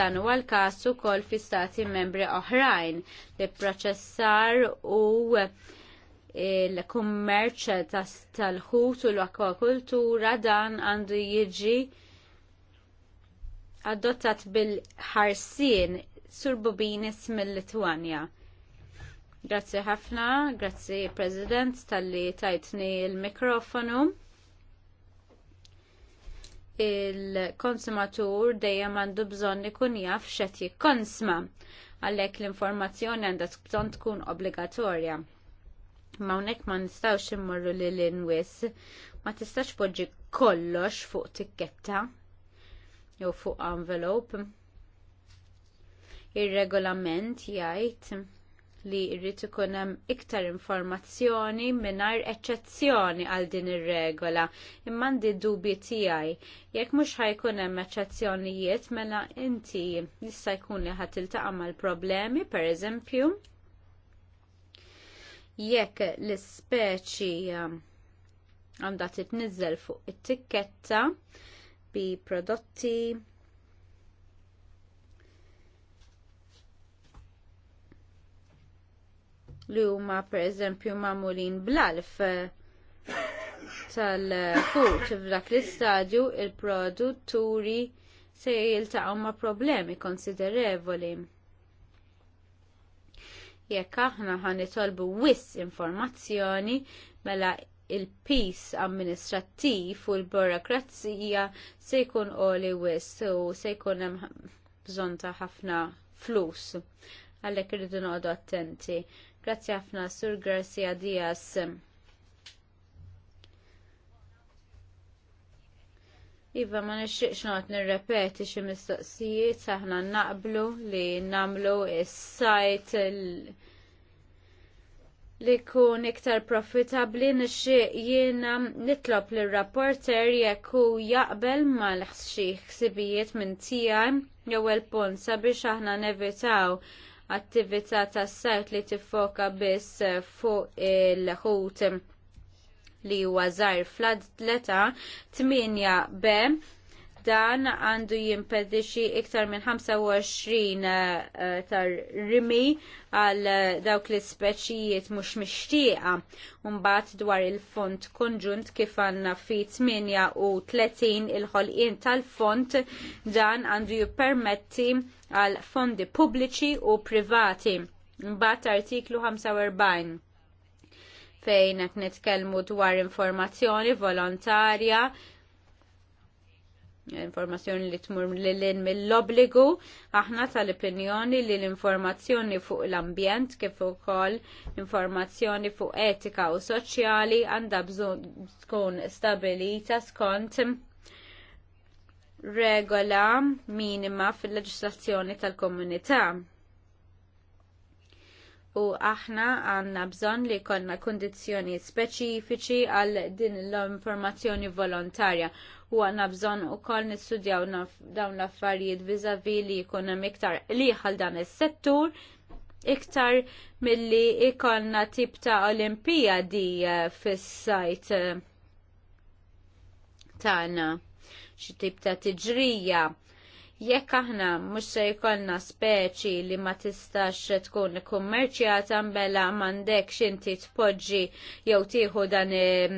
dan huwa l-każ ukoll fi stati membri oħrajn li proċessar u eh, l-kummerċ tal-ħut u l-akwakultura dan għandu jiġi adottat bil-ħarsien Sur Bobinis mill-Litwanja. Grazzi ħafna, grazzi President tal-li tajtni il-mikrofonu il-konsumatur dejjem għandu bżonn ikun jaf x'qed jikkonsma għalhekk l-informazzjoni għandha bżonn tkun obbligatorja. Ma hawnhekk ma nistgħux immorru lil inwiss ma tistax poġġi kollox fuq tikketta jew fuq envelope. Ir-regolament jgħid li jrid ikun hemm iktar informazzjoni mingħajr eċċezzjoni għal din ir-regola. Imma għandi dubji tiegħi. Jekk mhux ħajkun hemm eċċezzjonijiet mela inti jista' jkun li ħadd tiltaqa' mal-problemi, pereżempju. Jekk l-ispeċi għandha titniżel fuq it-tikketta, bi prodotti li huma pereżempju magħmulin bl-alf tal-kut f'dak l-istadju il-produtturi se jiltaqgħu ma' problemi konsiderevoli. Jekk aħna ħanitolbu nitolbu wiss informazzjoni mela il-pis amministrattiv u l-burokrazija se jkun oli wis u se jkun hemm bżonn ta' ħafna flus. Għalhekk irridu noqogħdu attenti. Grazzi ħafna Sur Garcia Diaz. Iva, ma nixxieqx noqgħod nirrepeti xi mistoqsijiet aħna naqblu li nagħmlu is-sajt li kun iktar profitabli nixi jiena nitlob li rapporter jekk hu jaqbel ma xi ħsibijiet minn tiegħi jew il punt sabiex aħna nevitaw attività tas-sajt li tiffoka biss fuq il-ħut li huwa żgħar fl-atleta 8 b dan għandu jimpedixi iktar minn 25 tar rimi għal eh, dawk l speċijiet mhux mixtieqa. Mbagħad dwar il-font konġunt kif għandna fi 38 il-ħolqien tal-font dan għandu jippermetti għal fondi pubbliċi u privati. Mbagħad artiklu 45 fejn qed nitkellmu dwar informazzjoni volontarja informazzjoni li tmur lilin mill-obligu, aħna tal-opinjoni li l-informazzjoni fuq l-ambjent kif ukoll informazzjoni fuq etika u soċjali għandha bżonn tkun stabilita skont regola minima fil-leġislazzjoni tal-komunità. U aħna għanna bżonn li konna kondizjoni speċifiċi għal din l-informazzjoni volontarja u għanna bżon u koll nistudjaw dawn l-affarijiet vizavi li jkun hemm iktar liħal dan is-settur iktar milli ikollna tip ta' olimpijadi eh, fis-sajt eh, tagħna xi tip ta' tiġrija. Jekk aħna mhux se jkollna speċi li ma tistax tkun kummerċjata mbela m'għandekx inti tpoġġi jew tieħu dan eh,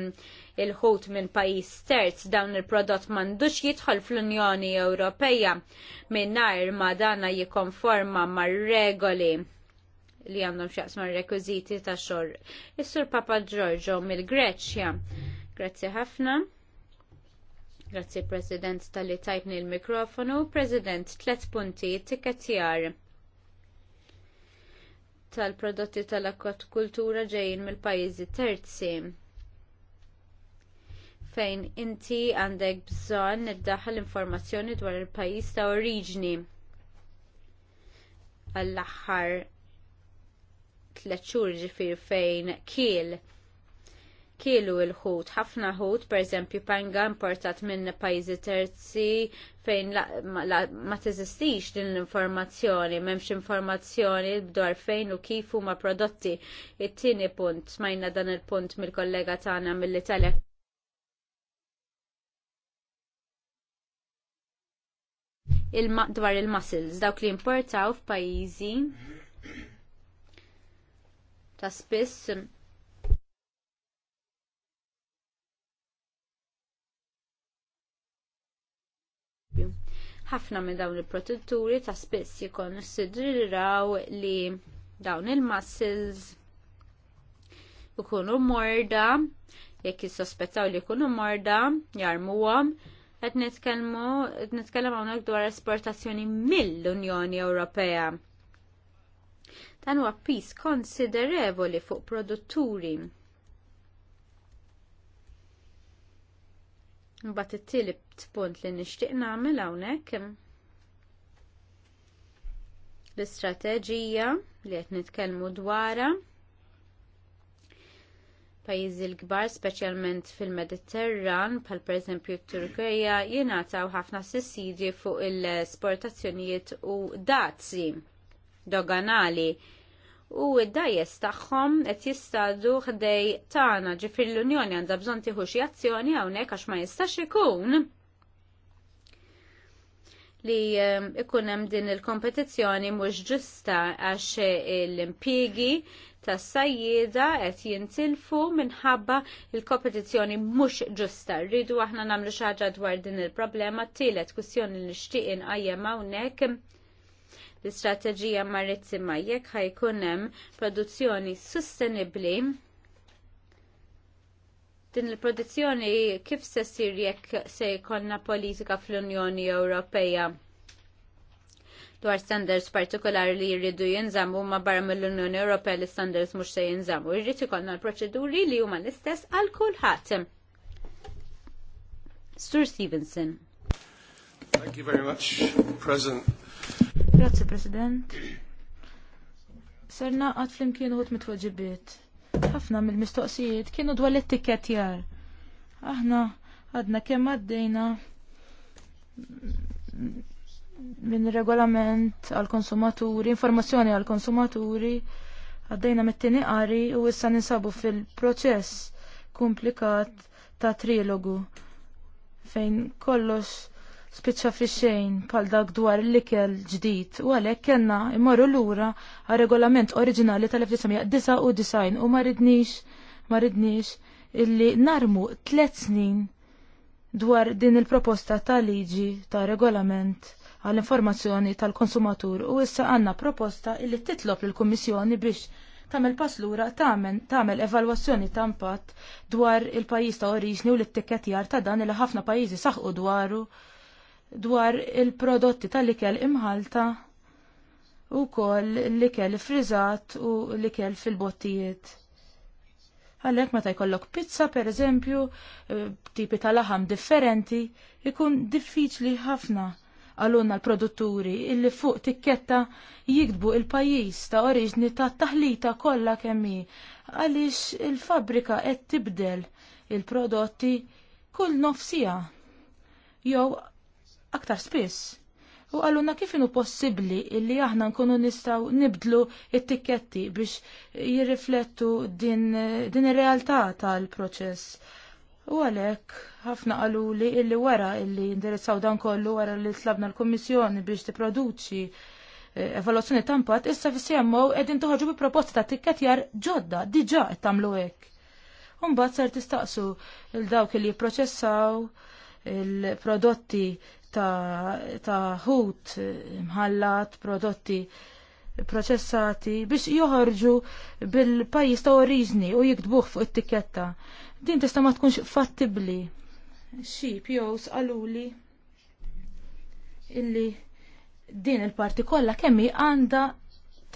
il-ħut minn pajis terz dawn il-prodott mandux jidħol fl-Unjoni Ewropeja minnar ma dana jikonforma mar regoli li għandhom xaqs mar rekwiziti ta' xor. Is-sur Papa Giorgio mill-Greċja. Grazzi ħafna. Grazzi President tal-li tajtni l-mikrofonu. President, tlet punti tikketjar tal-prodotti tal kultura ġejjin mill pajizi terzi fejn inti għandek bżonn iddaħħal informazzjoni dwar il-pajjiż ta' oriġni għall-aħħar tletxur, ġifir fejn kiel kielu l-ħut, ħafna ħut, pereżempju panga importat minn pajjiżi terzi fejn la, ma, ma teżistix din l-informazzjoni, m'hemmx informazzjoni dwar fejn u kif huma prodotti. It-tieni punt, smajna dan il-punt mill-kollega tagħna mill-Italja dwar il-muscles, dawk li importaw f'pajjiżi ta' spiss ħafna minn dawn il-protetturi ta' spiss jikkonsidraw li dawn il-muscles ikunu morda, jekk jissospettaw li jkunu morda, jarmuhom qed nitkellmu nitkellem hawnhekk dwar esportazzjoni mill-Unjoni Ewropea. Dan huwa pis konsiderevoli fuq produtturi. Mbagħad it-tielib punt li nixtieq nagħmel hawnhekk l-istrateġija li qed nitkellmu dwarha pajjiżi l-kbar, speċjalment fil-Mediterran, bħal pereżempju t-Turkija, jingħataw ħafna sissidji fuq il-sportazzjonijiet u dazzi doganali. U id-dajes tagħhom qed jistadu ħdej tagħna ġifir l-Unjoni għandha bżonn tieħu xi azzjoni hawnhekk għax ma jistax ikun li eh, ikun hemm din il-kompetizzjoni mhux ġusta għax l impjiegi tas sajjieda qed jintilfu minħabba il-kompetizzjoni mhux ġusta. Rridu aħna nagħmlu xi ħaġa dwar din il-problema. Tielet kwistjoni li nixtieq inqajjem hawnhekk l-istrateġija marittima jekk ħajkun hemm produzzjoni sostenibbli din il-produzzjoni kif se ssir jekk se jkollna politika fl-Unjoni Ewropea dwar standards partikolari li jridu jinżammu ma barra mill-Unjoni Ewropea li standards mhux se jinżammu. Jrid ikollna l-proċeduri li huma l-istess għal kulħadd. Sir Stevenson. Thank you very much, President. Grazie, President. Serna għad flimkien u mitweġibiet. Ħafna mill-mistoqsijiet kienu dwar l-ettikett jar. Aħna għadna kemm għaddejna minn regolament għal konsumaturi, informazzjoni għal konsumaturi, għaddejna mit għari qari u issa ninsabu fil-proċess komplikat ta' trilogu fejn kollox spiċċa fi xejn pal dak dwar l-ikel ġdid u għalhekk kellna immorru lura għal regolament oriġinali tal-1999 u ma ridnix illi narmu tliet snin dwar din il-proposta ta' liġi ta' regolament għall-informazzjoni tal-konsumatur u issa għanna proposta illi titlob l kummissjoni biex tagħmel paslura tagħmel evalwazzjoni ta' impatt dwar il-pajjiż ta' oriġni u l-ittikketjar ta' dan li ħafna pajjiżi saħqu dwaru dwar il-prodotti tal-ikel imħalta u kol l-ikel frizzat u l-ikel fil-bottijiet. Għallek meta jkollok pizza per eżempju, eh, tipi tal-laħam differenti, ikun diffiċli ħafna għalunna l-produtturi illi fuq tikketta jikdbu il-pajis ta' oriġni ta' taħlita kollha kemmi għaliex il-fabrika qed tibdel il-prodotti kull nofsija jew aktar spiss. U għalunna kif possibli illi aħna nkunu nistaw nibdlu it-tikketti biex jirriflettu din, din ir-realtà tal-proċess U għalek, ħafna għalu li illi wara illi indirizzaw dan kollu wara li tlabna l-Kommissjoni biex tiproduċi eh, evaluazzjoni tampat, issa fissijemmu edin tuħħġu bi proposta ta' jar ġodda, diġa tamlu ek. Umbat ser tistaqsu il-dawk li jipproċessaw il-prodotti ta' hut mħallat, prodotti proċessati biex joħorġu bil-pajis ta' oriġni u jikdbuħ fuq it-tiketta din tista ma tkunx fattibli. Xi POs għaluli illi din il-parti kollha kemmi għandha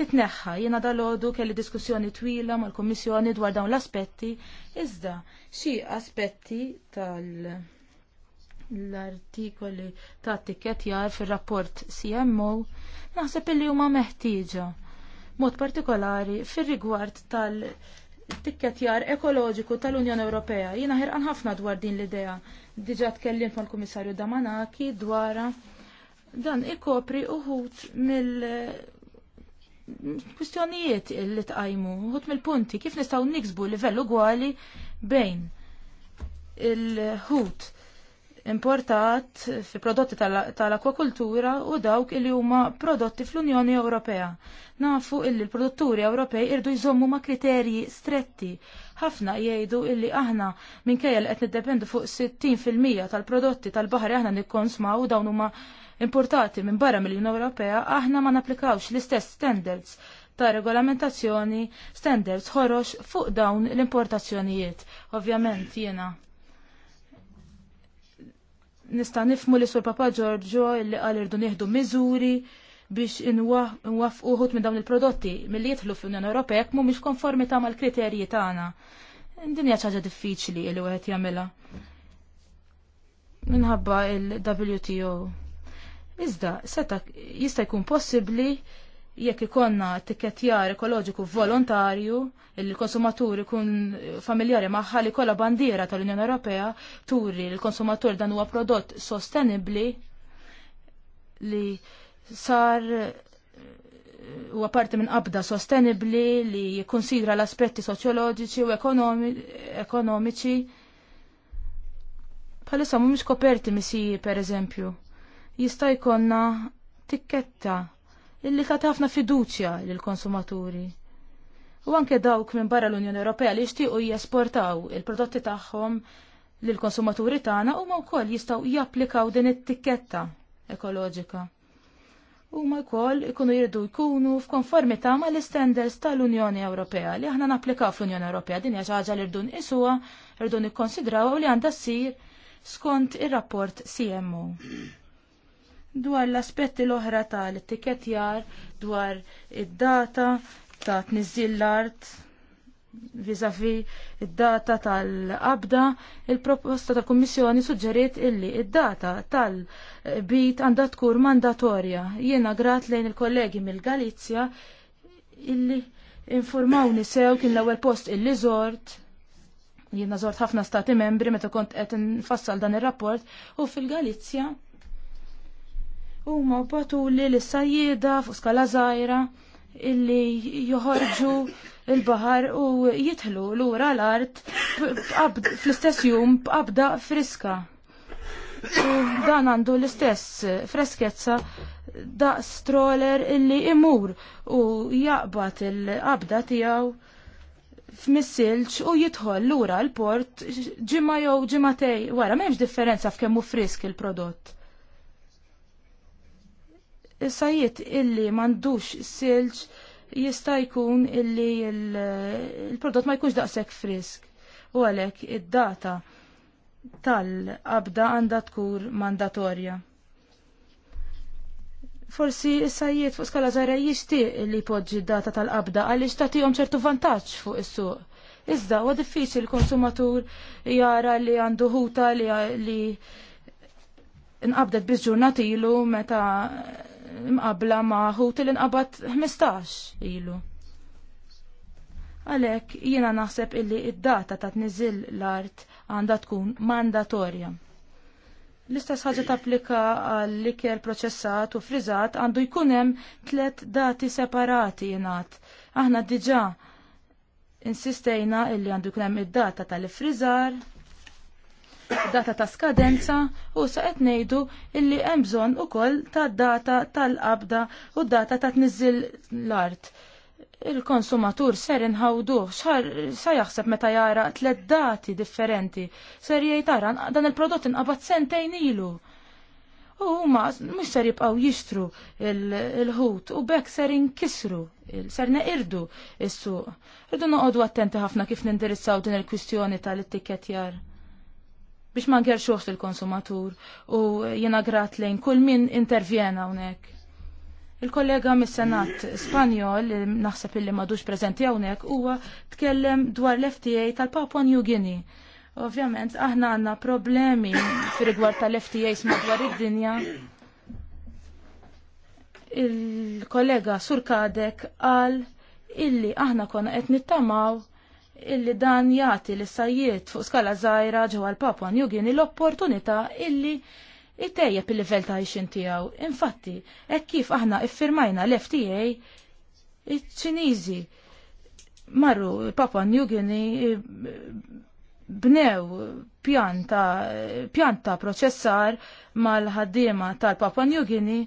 titneħħa jiena dalodu kelli diskussjoni twila mal-Kummissjoni dwar dawn l-aspetti, iżda xi aspetti tal l-artikoli ta' jar fir-rapport CMO naħseb illi huma meħtieġa mod partikolari fir-rigward tal- tikketjar ekoloġiku tal-Unjoni Ewropea. Jiena ħirqan ħafna dwar din l-idea. diġa' tkellim mal-Kummissarju Damanaki dwar dan ikopri uħut mill kwistjonijiet li tqajmu, uħut mill-punti, kif nistgħu niksbu livell ugwali bejn il-ħut importat fi prodotti tal-akwakultura u dawk il huma prodotti fl-Unjoni Ewropea. Nafu illi l-produtturi Ewropej irdu jżommu ma' kriterji stretti. Ħafna jgħidu illi aħna minkejja li qed niddependu fuq 60% tal-prodotti tal-baħri aħna nikkonsmaw dawn huma importati minn barra mill-Unjoni Ewropea, aħna ma napplikawx l-istess standards ta' regolamentazzjoni standards ħorox fuq dawn l-importazzjonijiet. Ovvjament jiena nista' nifmu li sur Papa Giorgio li qal irdu nieħdu miżuri biex inwaffqu uħut minn dawn il-prodotti milli jidħlu fl-Unjoni Ewropea jekk mhumiex konformità mal-kriterji tagħna. Din hija ħaġa diffiċli li wieħed jagħmilha. Minħabba il-WTO. Iżda, seta jista' jkun possibbli jekk ikonna tikketjar ekoloġiku volontarju il konsumatur ikun familjari magħha li kollha bandiera tal-Unjoni Ewropea turi l-konsumatur dan huwa prodott sostenibbli li sar huwa parti minn qabda sostenibbli li jikkonsidra l-aspetti soċjoloġiċi u ekonomiċi bħalissa mhumiex koperti misi pereżempju. Jista' jkollna tikketta illi ħafna fiduċja lill-konsumaturi. U anke dawk minn barra l-Unjoni Ewropea li jixtiequ jesportaw il-prodotti tagħhom lill-konsumaturi tagħna huma wkoll jistgħu japplikaw din it-tikketta ekoloġika. Huma wkoll ikunu jridu jkunu f'konformità mal l istenders tal-Unjoni Ewropea li aħna napplikaw fl-Unjoni Ewropea din hija xi ħaġa li rdu nqisuha, rdu nikkonsidraw u li għandha ssir skont ir-rapport CMO dwar l-aspetti l-oħra tal-etikettjar dwar id-data ta' tnizzil l-art vizavi id-data tal-qabda, il-proposta ta' kommissjoni suġġeriet illi id-data tal-bit għandha tkun mandatorja. Jiena grat lejn il-kollegi mill-Galizja illi informawni sew kien l-ewwel post illi żort jiena żort ħafna stati membri meta kont qed nfassal dan ir-rapport u fil-Galizja huma patuli l sajjieda fuq skala żgħira illi joħorġu il-bahar u jitħlu lura l-art fl-istess jum b'abda friska. U dan għandu l-istess freskezza da stroller illi imur u jaqbat il-qabda tijaw f'missilċ u jidħol lura l-port ġimma jew tej, wara m'hemmx differenza f'kemm hu frisk il-prodott. Sajiet illi mandux silġ jista' jkun illi il-prodott ma jkunx daqshekk frisk. U għalhekk id-data tal-qabda għandha tkun mandatorja. Forsi is-sajjiet fuq skala żgħira jixtieq li jpoġġi d-data tal-qabda għaliex tagħtihom ċertu vantaġġ fuq is-suq. Iżda huwa diffiċli l-konsumatur jara li għandu ħuta li, li nqabdet biss ġurnatilu meta mqabla ma' ħut il-inqabat 15 ilu. Għalek, jiena naħseb illi id-data ta' tniżil l-art għandha tkun mandatorja. L-istess ħaġa tapplika għall-ikel proċessat u frizat għandu jkun hemm tliet dati separati jingħat. Aħna diġà insistejna illi għandu jkun hemm id-data tal-ifriżar, data ta' skadenza u sa qed ngħidu illi hemm bżonn ukoll ta' data tal-qabda u data ta' tniżil l-art. Il-konsumatur ser inħawdu sa jaħseb meta jara tliet dati differenti ser jgħidara dan il-prodott inqabad sentejn ilu. U huma mhux ser jibqgħu jixtru il-ħut u bekk ser inkisru ser neqirdu is-suq. Irdu noqogħdu attenti ħafna kif nindirizzaw din il-kwistjoni tal-ittiketjar biex ma ngerxux il-konsumatur u jena grat lejn kull min intervjena unek. Il-kollega mis-Senat Spanjol, naħseb illi madux prezenti hawnhekk, huwa tkellem dwar l-FTA tal-Papua New Guinea. Ovvjament, aħna għandna problemi fir tal-FTAs madwar id-dinja. Il-kollega Surkadek qal illi aħna konna qed nittamaw illi dan jagħti li sajjiet fuq skala zaħira ġewwa l-Papua New Guinea l-opportunità illi itejjeb il-livell ta' għajxin tiegħu. Infatti, hekk kif aħna iffirmajna l-FTA, iċ-Ċiniżi marru Papua New Guinea e, bnew pjanta, pjanta proċessar mal-ħaddiema tal-Papua New Guinea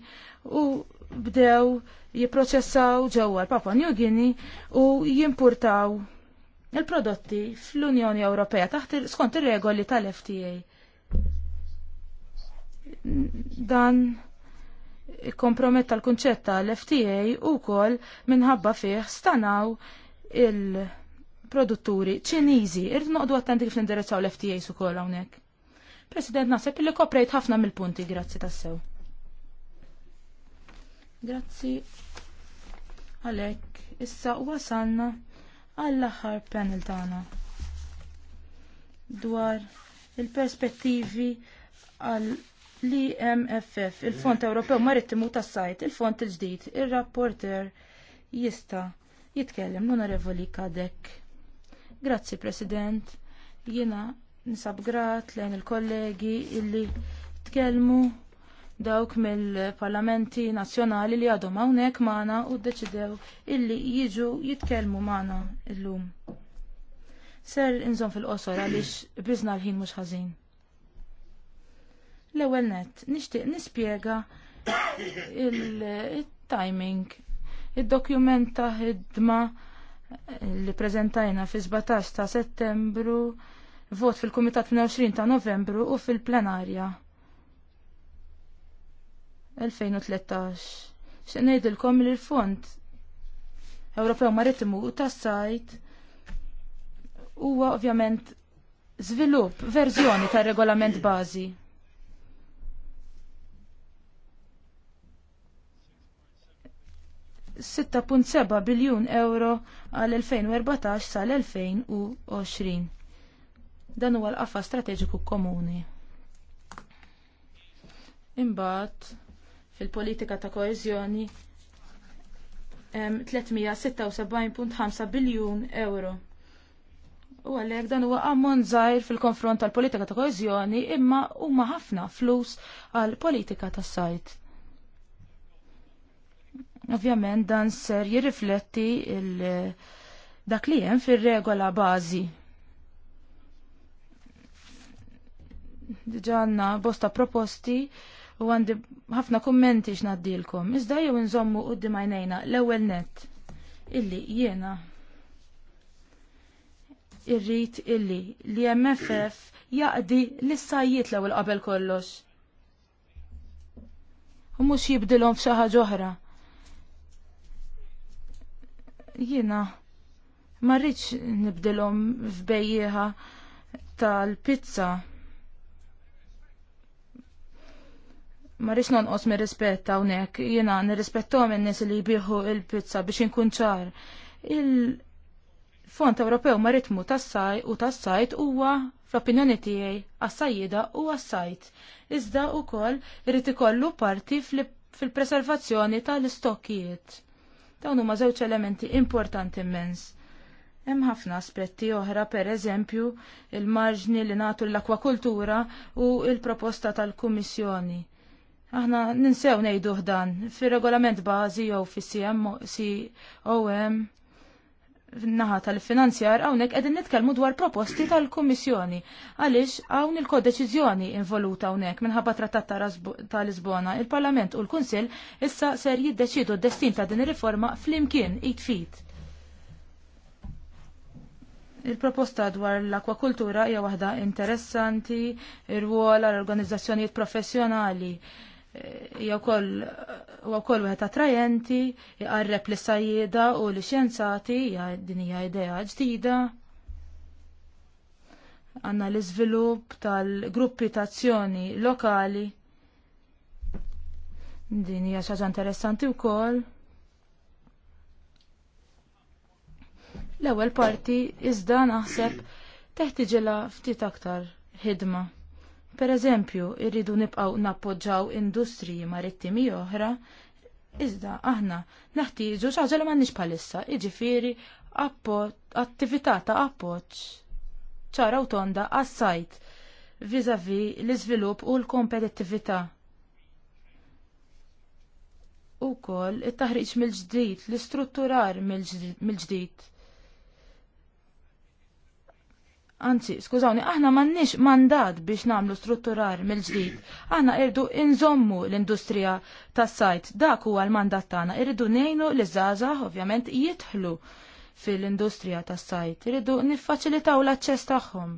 u bdew jipproċessaw ġewwa l-Papua New Guinea u jimpurtaw il-prodotti fl-Unjoni Ewropea taħt skont ir-regoli tal-FTA. Dan komprometta tal kunċett tal-FTA u kol minħabba fih stanaw il-produtturi ċiniżi. Irrid noqdu attenti kif nindirizzaw l-FTA su kol hawnhekk. President, naħseb li koprejt ħafna mill-punti, grazzi tassew. Grazzi. Għalek, issa u wasanna għall-aħħar panel tagħna dwar il-perspettivi għal l-IMFF, il-Fond Ewropew Marittimu tas-Sajt, il-Fond il-ġdid, il-rapporter jista' jitkellem l-Onorevoli Kadek. Grazzi, President. Jiena nisab grat lejn il-kollegi illi tkellmu dawk mill-parlamenti nazzjonali li għadhom hawnhekk magħna u ddeċidew illi jiġu jitkellmu magħna llum. Ser inżon fil-qosor għaliex biżna l-ħin mhux ħażin. L-ewwel nett nixtieq nispjega il-timing. Id-dokument ta' ħidma li preżentajna fi 17 ta' Settembru, vot fil-Kumitat 28 ta' Novembru u fil-plenarja 2013. X'qed ngħidilkom li l-Fond Ewropew Maritimu u tas sajd huwa ovvjament żvilupp verżjoni tar-regolament bażi. seba' biljun euro għal 2014 sal-2020. Dan huwa l-qafa strateġiku komuni. Imbagħad fil-politika ta' koeżjoni 376.5 biljun euro. U għalhekk dan huwa ammon zaħir fil-konfront tal-politika ta' koeżjoni imma huma ħafna flus għal politika ta' sajt. Ovvjament dan ser jirrifletti dak li hemm fir-regola bażi. Diġanna bosta proposti u għandi ħafna kummenti x'naddilkom. Iżda jew inżommu qudiem għajnejna l-ewwel nett illi jiena irrit illi li MFF jaqdi l-issajiet l-ewwel qabel kollox. U mhux jibdilhom f'xi ħaġa oħra. Jiena ma rridx nibdilhom f'bejjieħa tal-pizza ma rix nonqos mir rispett hawnhekk, jiena nirrispettom in-nies li jbieħu il-pizza biex inkun ċar. Il-Fond Ewropew ma ritmu tas-saj u tas-sajt huwa fl-opinjoni tiegħi għas-sajjida u għas-sajt. Iżda wkoll irid ikollu parti fil-preservazzjoni tal-istokkijiet. Dawn huma żewġ elementi importanti immens. Hemm ħafna aspetti oħra, pereżempju, il-marġni li nagħtu l-akwakultura u l proposta tal-Kummissjoni Aħna ninsew nejdu dan fil-regolament bażi jew fis-CMOM naħa tal-finanzjar hawnhekk qegħdin nitkellmu dwar proposti tal-Kummissjoni għaliex hawn il-kodeċiżjoni involuta hawnhekk minħabba trattat ta' Lisbona, il-Parlament u l-Kunsill issa ser jiddeċidu d-destin ta' din ir-riforma flimkien it fit. Il-proposta dwar l-akwakultura hija waħda interessanti, ir-rwol għall organizzazzjonijiet professjonali jew koll huwa wkoll wieħed attrajenti, jqarreb li sajjieda u li xjenzati hija din hija idea ġdida. Għandna l-iżvilupp tal-gruppi ta' azzjoni lokali. Din hija xi ħaġa interessanti wkoll. L-ewwel parti iżda naħseb teħtiġilha ftit aktar ħidma. Per eżempju, irridu nibqaw nappoġġaw industriji marittimi oħra, iżda aħna naħtieġu xaġa li m'għandniex bħalissa, jiġifieri attività ta' appoġġ ċara u tonda għas-sajt viżavi l-iżvilupp u l-kompetittività. Ukoll it-taħriġ mill-ġdid, l-istrutturar mill-ġdid. Anzi, skużawni, aħna mannix mandat biex namlu strutturar mill-ġdid. Aħna irdu inżommu l-industrija tas sajt dak huwa l-mandat tagħna. Irridu nejnu li żgħażagħ ovvjament jidħlu fil-industrija tas sajt. Irridu niffaċilitaw l-aċċess tagħhom.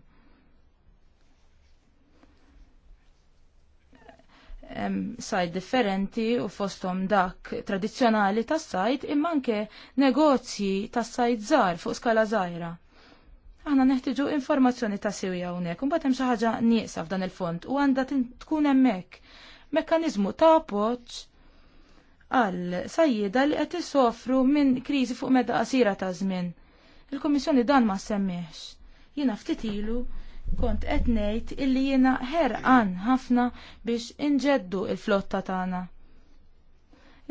sajt differenti u fostom dak tradizzjonali tas sajt imma anke negozji tas sajt żgħar fuq skala żgħira. Aħna neħtiġu informazzjoni ta' sewja hawnhekk, imbagħad hemm xi ħaġa nieqsa f'dan il-fond u għandha tkun hemmhekk mekkaniżmu ta' poċ għal sajjida li qed soffru minn kriżi fuq medda qasira ta' żmien. Il-Kummissjoni dan ma semmiex. Jiena ftit ilu kont qed ngħid illi jiena ħerqan ħafna biex inġeddu il-flotta tagħna.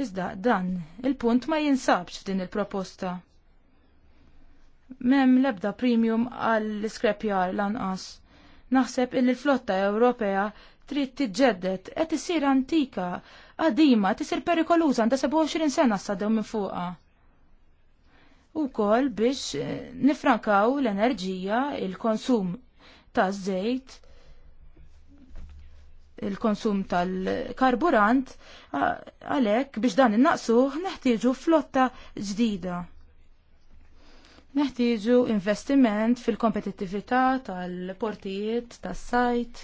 Iżda dan il-punt ma jinsabx f'din il-proposta. Mem lebda premium għall skrepjar lanqas. Naħseb il flotta Ewropea trid tiġġedded qed isir antika, qadima, tisir perikoluża għandha 27 sena sadew minn fuqha. Ukoll biex eh, nifrankaw l-enerġija, il-konsum ta' żejt, il-konsum tal-karburant, għalhekk biex dan innaqsuh neħtieġu flotta ġdida. Neħtieġu investiment fil-kompetittività tal-portijiet, tas-sajt.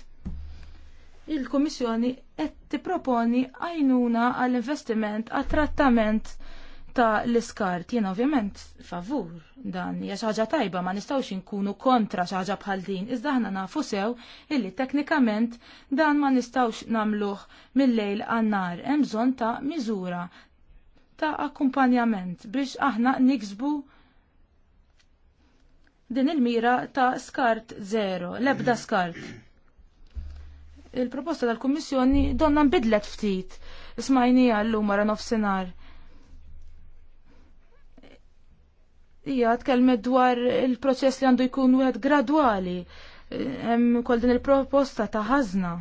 Il-Kummissjoni qed tipproponi għajnuna għall-investiment għat trattament ta' l-iskart. Jien ovvjament favur dan hija xi ħaġa tajba ma nistgħux inkunu kontra xi ħaġa bħal din. Iżda aħna nafu sew illi teknikament dan ma nistgħux nagħmluh mill-lejl għan-nar. Hemm bżonn ta' miżura ta' akkumpanjament biex aħna niksbu din il-mira ta' skart zero, lebda skart. Il-proposta tal-Kummissjoni donna nbidlet ftit, ismajni għallu mara nofsenar. nofsinhar. Ija tkellmet dwar il-proċess li għandu jkun wieħed gradwali, hemm kol din il-proposta ta' ħażna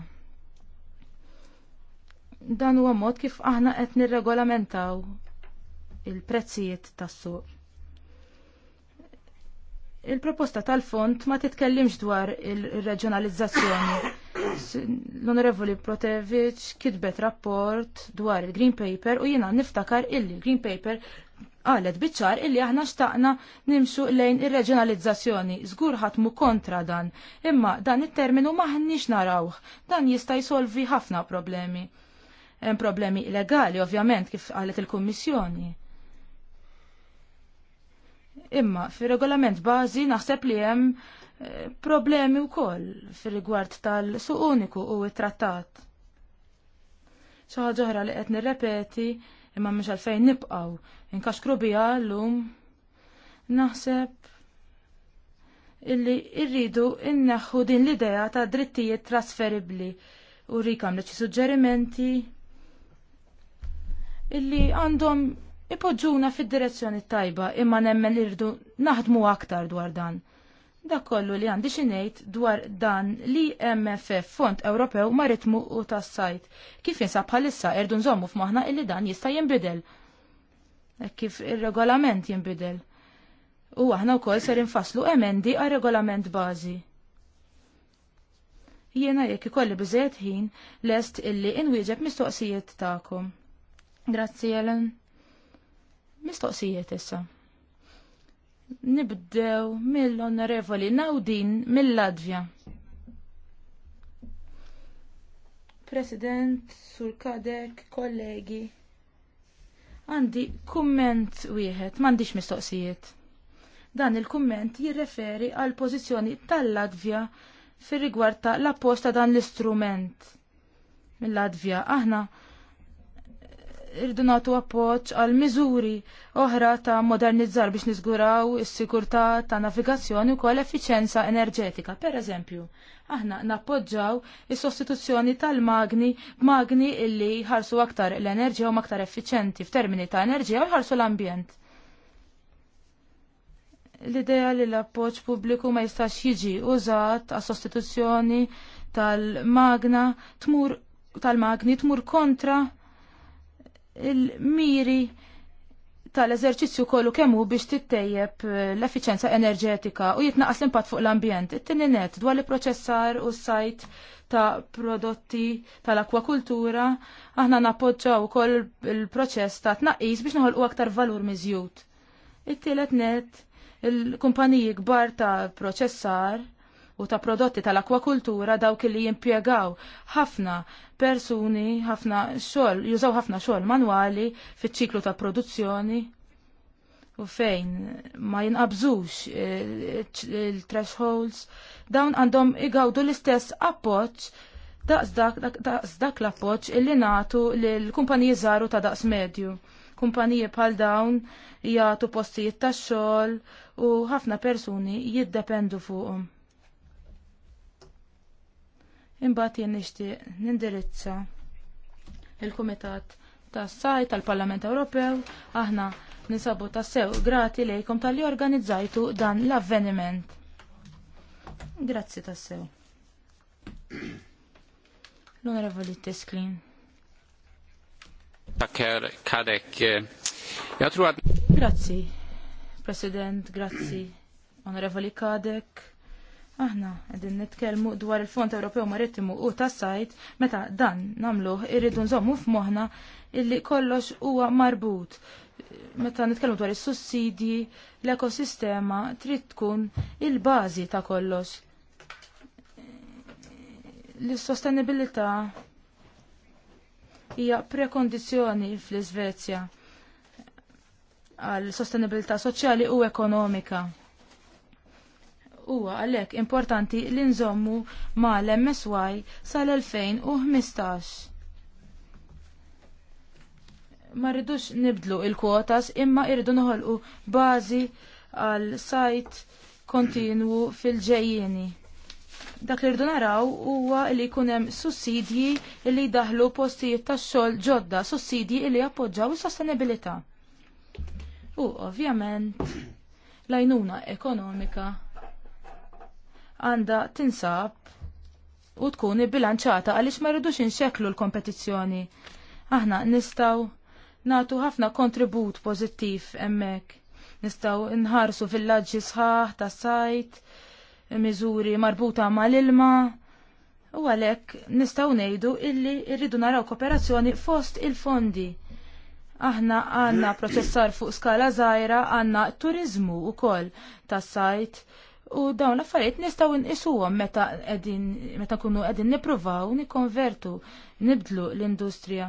dan huwa mod kif aħna qed nirregolamentaw il-prezzijiet tas-suq. Il-proposta tal-fond ma titkellimx dwar il-reġjonalizzazzjoni. L-Onorevoli Protevic kitbet rapport dwar il-Green Paper u jiena niftakar illi il-Green Paper qalet biċċar illi aħna xtaqna nimxu lejn ir-reġjonalizzazzjoni. Zgur ħatmu kontra dan, imma dan it-terminu maħniex narawh. Dan jista' jsolvi ħafna problemi. Hemm problemi illegali ovvjament kif qalet il-Kummissjoni imma fir-regolament bażi naħseb li hemm eh, problemi wkoll fir-rigward tal-suq uniku u it trattat Xi ħaġa li qed nirrepeti imma mhux għalfejn nibqgħu inkaxkru biha llum naħseb illi irridu inneħħu din l-idea ta' drittijiet trasferibbli u rikam li suġġerimenti illi għandhom ipoġġuna fid-direzzjoni tajba imma nemmen irdu naħdmu aktar dwar dan. Dak kollu li għandi xinejt dwar dan li MFF Fond Ewropew ma ritmu u tas-sajt. Kif jinsab bħalissa irdu nżommu f'maħna illi dan jista' jinbidel. E kif ir-regolament jinbidel. U aħna wkoll ser infaslu emendi għal regolament bażi jiena jekk ikolli biżejjed ħin lest illi inwieġeb mistoqsijiet tagħkom. Grazzi Ellen. Mistoqsijiet issa. Nibdew mill-Onorevoli Nawdin mill-Latvja. President, Sur Kadek, kollegi. Għandi kumment wieħed, m'għandix mistoqsijiet. Dan il-kumment jirreferi għal pożizzjoni tal-Latvja fir rigward ta' l-apposta dan l-istrument. mill ladvja aħna irdu nagħtu appoġġ għal miżuri oħra ta' modernizzar biex niżguraw is-sigurtà ta' navigazzjoni u kol efficienza enerġetika. Per eżempju, aħna nappoġġaw is-sostituzzjoni tal-magni magni illi ħarsu aktar l-enerġija u aktar effiċenti f'termini ta' enerġija u ħarsu l-ambjent. L-idea li l-appoġġ pubbliku ma jistax jiġi użat għas sostituzzjoni tal-magna tmur tal-magni tmur kontra il-miri tal-eżerċizzju kollu kemmu biex tittejjeb l-effiċenza enerġetika u jitnaqas l-impatt fuq l-ambjent. It-tini net dwar li proċessar u sajt ta' prodotti tal-akwakultura, aħna nappoġġaw ukoll il-proċess ta' tnaqqis biex u aktar valur miżjud. It-tielet net, il-kumpaniji kbar ta' proċessar u ta' prodotti tal-akwakultura dawk li jimpjegaw ħafna persuni, ħafna xogħol, jużaw ħafna xogħol manwali fiċ-ċiklu ta' produzzjoni u fejn ma jinqabżux eh, il-thresholds dawn għandhom igawdu l-istess appoġġ daqs dak, l-appoġġ illi nagħtu lill kumpaniji żaru ta' daqs medju. Kumpaniji bħal dawn jagħtu postijiet tax-xogħol u ħafna persuni jiddependu fuqhom. Imbagħad jien nixtieq nindirizza il-Kumitat tas saj tal-Parlament Ewropew aħna nisabu tassew grati lejkom tal-li organizzajtu dan l-avveniment. Grazzi tassew. L-Onorevoli Tesklin. Takker Kadek. Eh, grazzi, President, grazzi, Onorevoli Kadek Aħna qegħdin nitkellmu dwar il-Fond Ewropew Marittimu u tas-sajt meta dan nagħmluh irridu nżommu f'moħħna illi kollox huwa marbut. Meta nitkellmu dwar is-sussidji, l-ekosistema trid tkun il-bażi ta' kollox. L-sostenibilità hija prekondizzjoni fl-Iżvezja għal sostenibilità soċjali u ekonomika. Huwa għalhekk importanti li nżommu mal msy sal-2015. Ma rridux nibdlu il-kwotas imma irridu noħolqu bażi għal sajt kontinwu fil-ġejjieni. Dak li rridu naraw huwa li jkun hemm sussidji li jdaħlu postijiet tax-xogħol ġodda, sussidji li jappoġġaw is-sostenibilità. U ovvjament l-għajnuna ekonomika għandha tinsab u tkun bilanċata għaliex ma rridux inxeklu l-kompetizzjoni. Aħna nistgħu nagħtu ħafna kontribut pożittiv hemmhekk. Nistgħu nħarsu villaġġi sħaħ ta' sajt, miżuri marbuta mal-ilma, u għalhekk nistgħu ngħidu illi rridu naraw kooperazzjoni fost il-fondi. Aħna għandna proċessar fuq skala żgħira għandna turiżmu wkoll tas-sajt U dawn affarijiet nistgħu nqisuhom meta qegħdin meta nkunu qegħdin nippruvaw nikkonvertu nibdlu l-industrija.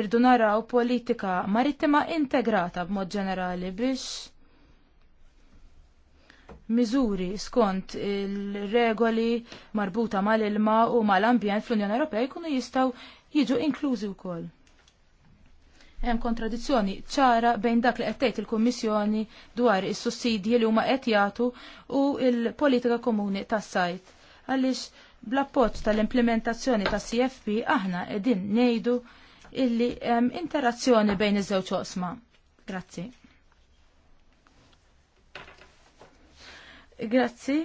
Irdu naraw politika marittima integrata b'mod ġenerali biex miżuri skont il-regoli marbuta mal-ilma u mal-ambjent fl-Unjoni Ewropea jkunu jistgħu jiġu inklużi wkoll. Hemm kontradizzjoni ċara bejn dak li qed tgħid il-Kummissjoni dwar is-sussidji li huma qed jagħtu u l-politika komuni tas-sajt. Għaliex bl-appoġġ tal-implementazzjoni tas-CFP aħna qegħdin ngħidu illi hemm interazzjoni bejn iż-żewġ oqsma. Grazzi. Grazzi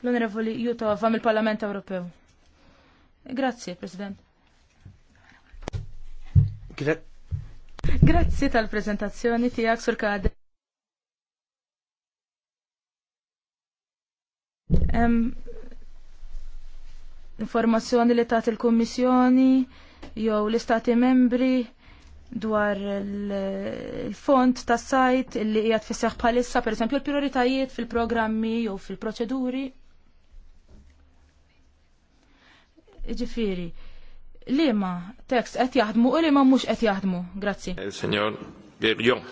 l-Onorevoli Jutova mill-Parlament Ewropew. Grazzi, President. Grazzi tal-prezentazzjoni tiegħek sur Kade. informazzjoni li tat il-Kummissjoni jew l-Istati membri dwar il-font tas sajt li qiegħed fisseħ bħalissa, per esempio, l-prioritajiet fil-programmi jew fil-proċeduri. Ġifiri, li text tekst qed jaħdmu u li mhux qed jaħdmu. Grazzi. Eh, Senjor Gerjon,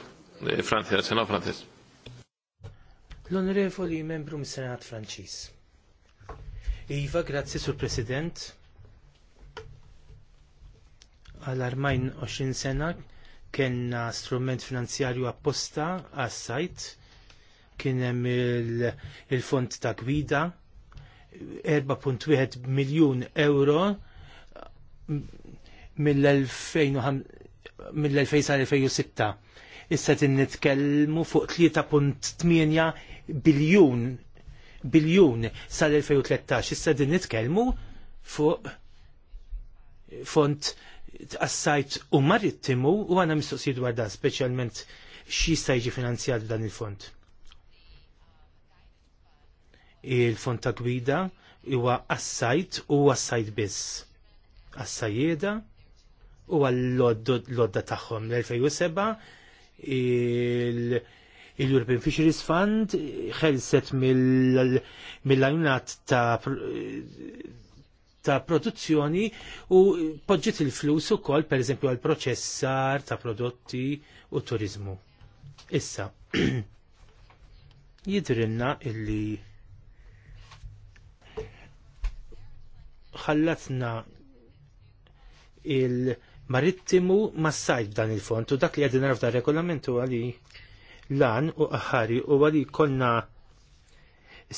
Francia. senor Frances. L-Onorevoli Membru mis-Senat Franċiż. Iva, grazzi sur President. Għal-armajn 20 sena kellna strument finanzjarju apposta għas-sajt kien hemm il-fond il ta' gwida 4.1 miljun euro mill-2005 mill sal-2006. Issa t nitkellmu fuq 3.8 biljun biljun sal-2013. Issa din nitkellmu fuq font assajt u marittimu u għana mistoqsi dwar dan speċjalment xi jiġi finanzjat dan il-fond. Il-fond ta' gwida huwa assajt u assajt biss għas-sajjeda u għall-lodda tagħhom l-2007 il-European Fisheries Fund ħelset mill-ajunat ta' produzzjoni u poġġiet il-flus ukoll pereżempju għal proċessar ta' prodotti u turizmu. Issa, jidrinna illi ħallatna il-marittimu mas-sajt dan il-fond u dak li għadin għarf ta' regolamentu għali lan u aħari u għali konna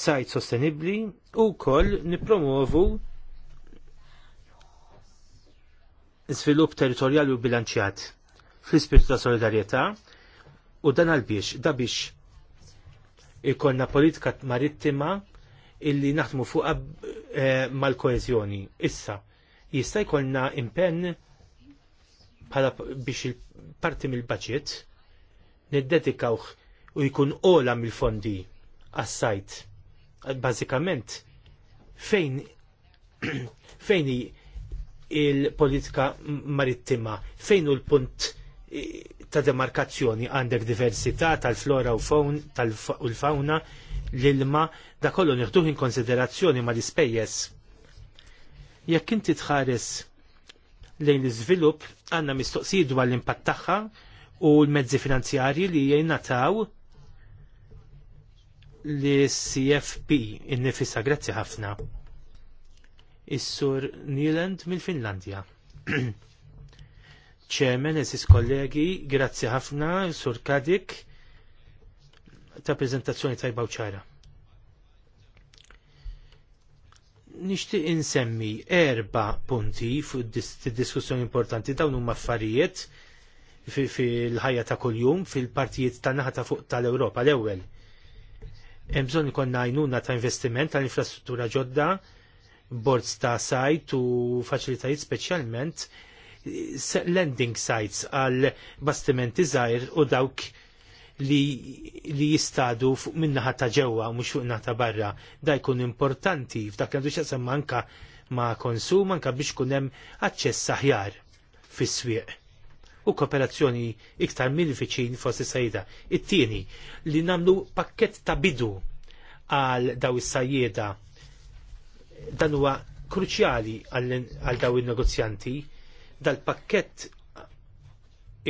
sajt sostenibli u koll nipromovu svilup territorjali u bilanċjat fl-ispirtu ta' solidarieta u dan għal-biex, da biex ikonna politika marittima illi naħdmu fuqa eh, mal-koezjoni. Issa, jista' jkollna impenn bħala biex il-parti mill-budget niddedikawh u jkun ola mill-fondi għas-sajt. Bażikament fejn fejn il-politika marittima, fejn hu l-punt eh, ta' demarkazzjoni għandek diversità tal-flora u l fauna l-ilma, da kollu nieħduh in konsiderazzjoni ma' l-ispejjeż Jekk inti tħares lejn l-iżvilupp għandna mistoqsidu għall impatt tagħha u l-mezzi finanzjarji li jingħataw li CFP innifisha grazzi ħafna. Is-sur Nieland mill-Finlandja. ċemen, eżis kollegi, grazzi ħafna, sur Kadik, ta' prezentazzjoni tajba u ċara. nixtieq insemmi erba punti fuq diskussjoni importanti dawn huma affarijiet fil-ħajja ta' kuljum fil-partijiet ta' naħa ta' fuq tal-Ewropa l-ewwel. Hemm bżonn ikollna għajnuna ta' investiment tal-infrastruttura ġodda, boards ta' sajt u faċilitajiet speċjalment lending sites għal bastimenti żgħir u dawk li, li jistadu fuq minna ta' ġewwa u mhux fuq ta' barra. Da jkun importanti f'dak għandu x'jaqsam manka ma' konsum manka biex kunem hemm aċċess aħjar fis-swieq u kooperazzjoni iktar mill fiċin forsi sajda. It-tieni li namlu pakket ta' bidu għal daw is-sajjeda dan huwa kruċjali għal daw il-negozjanti dal-pakket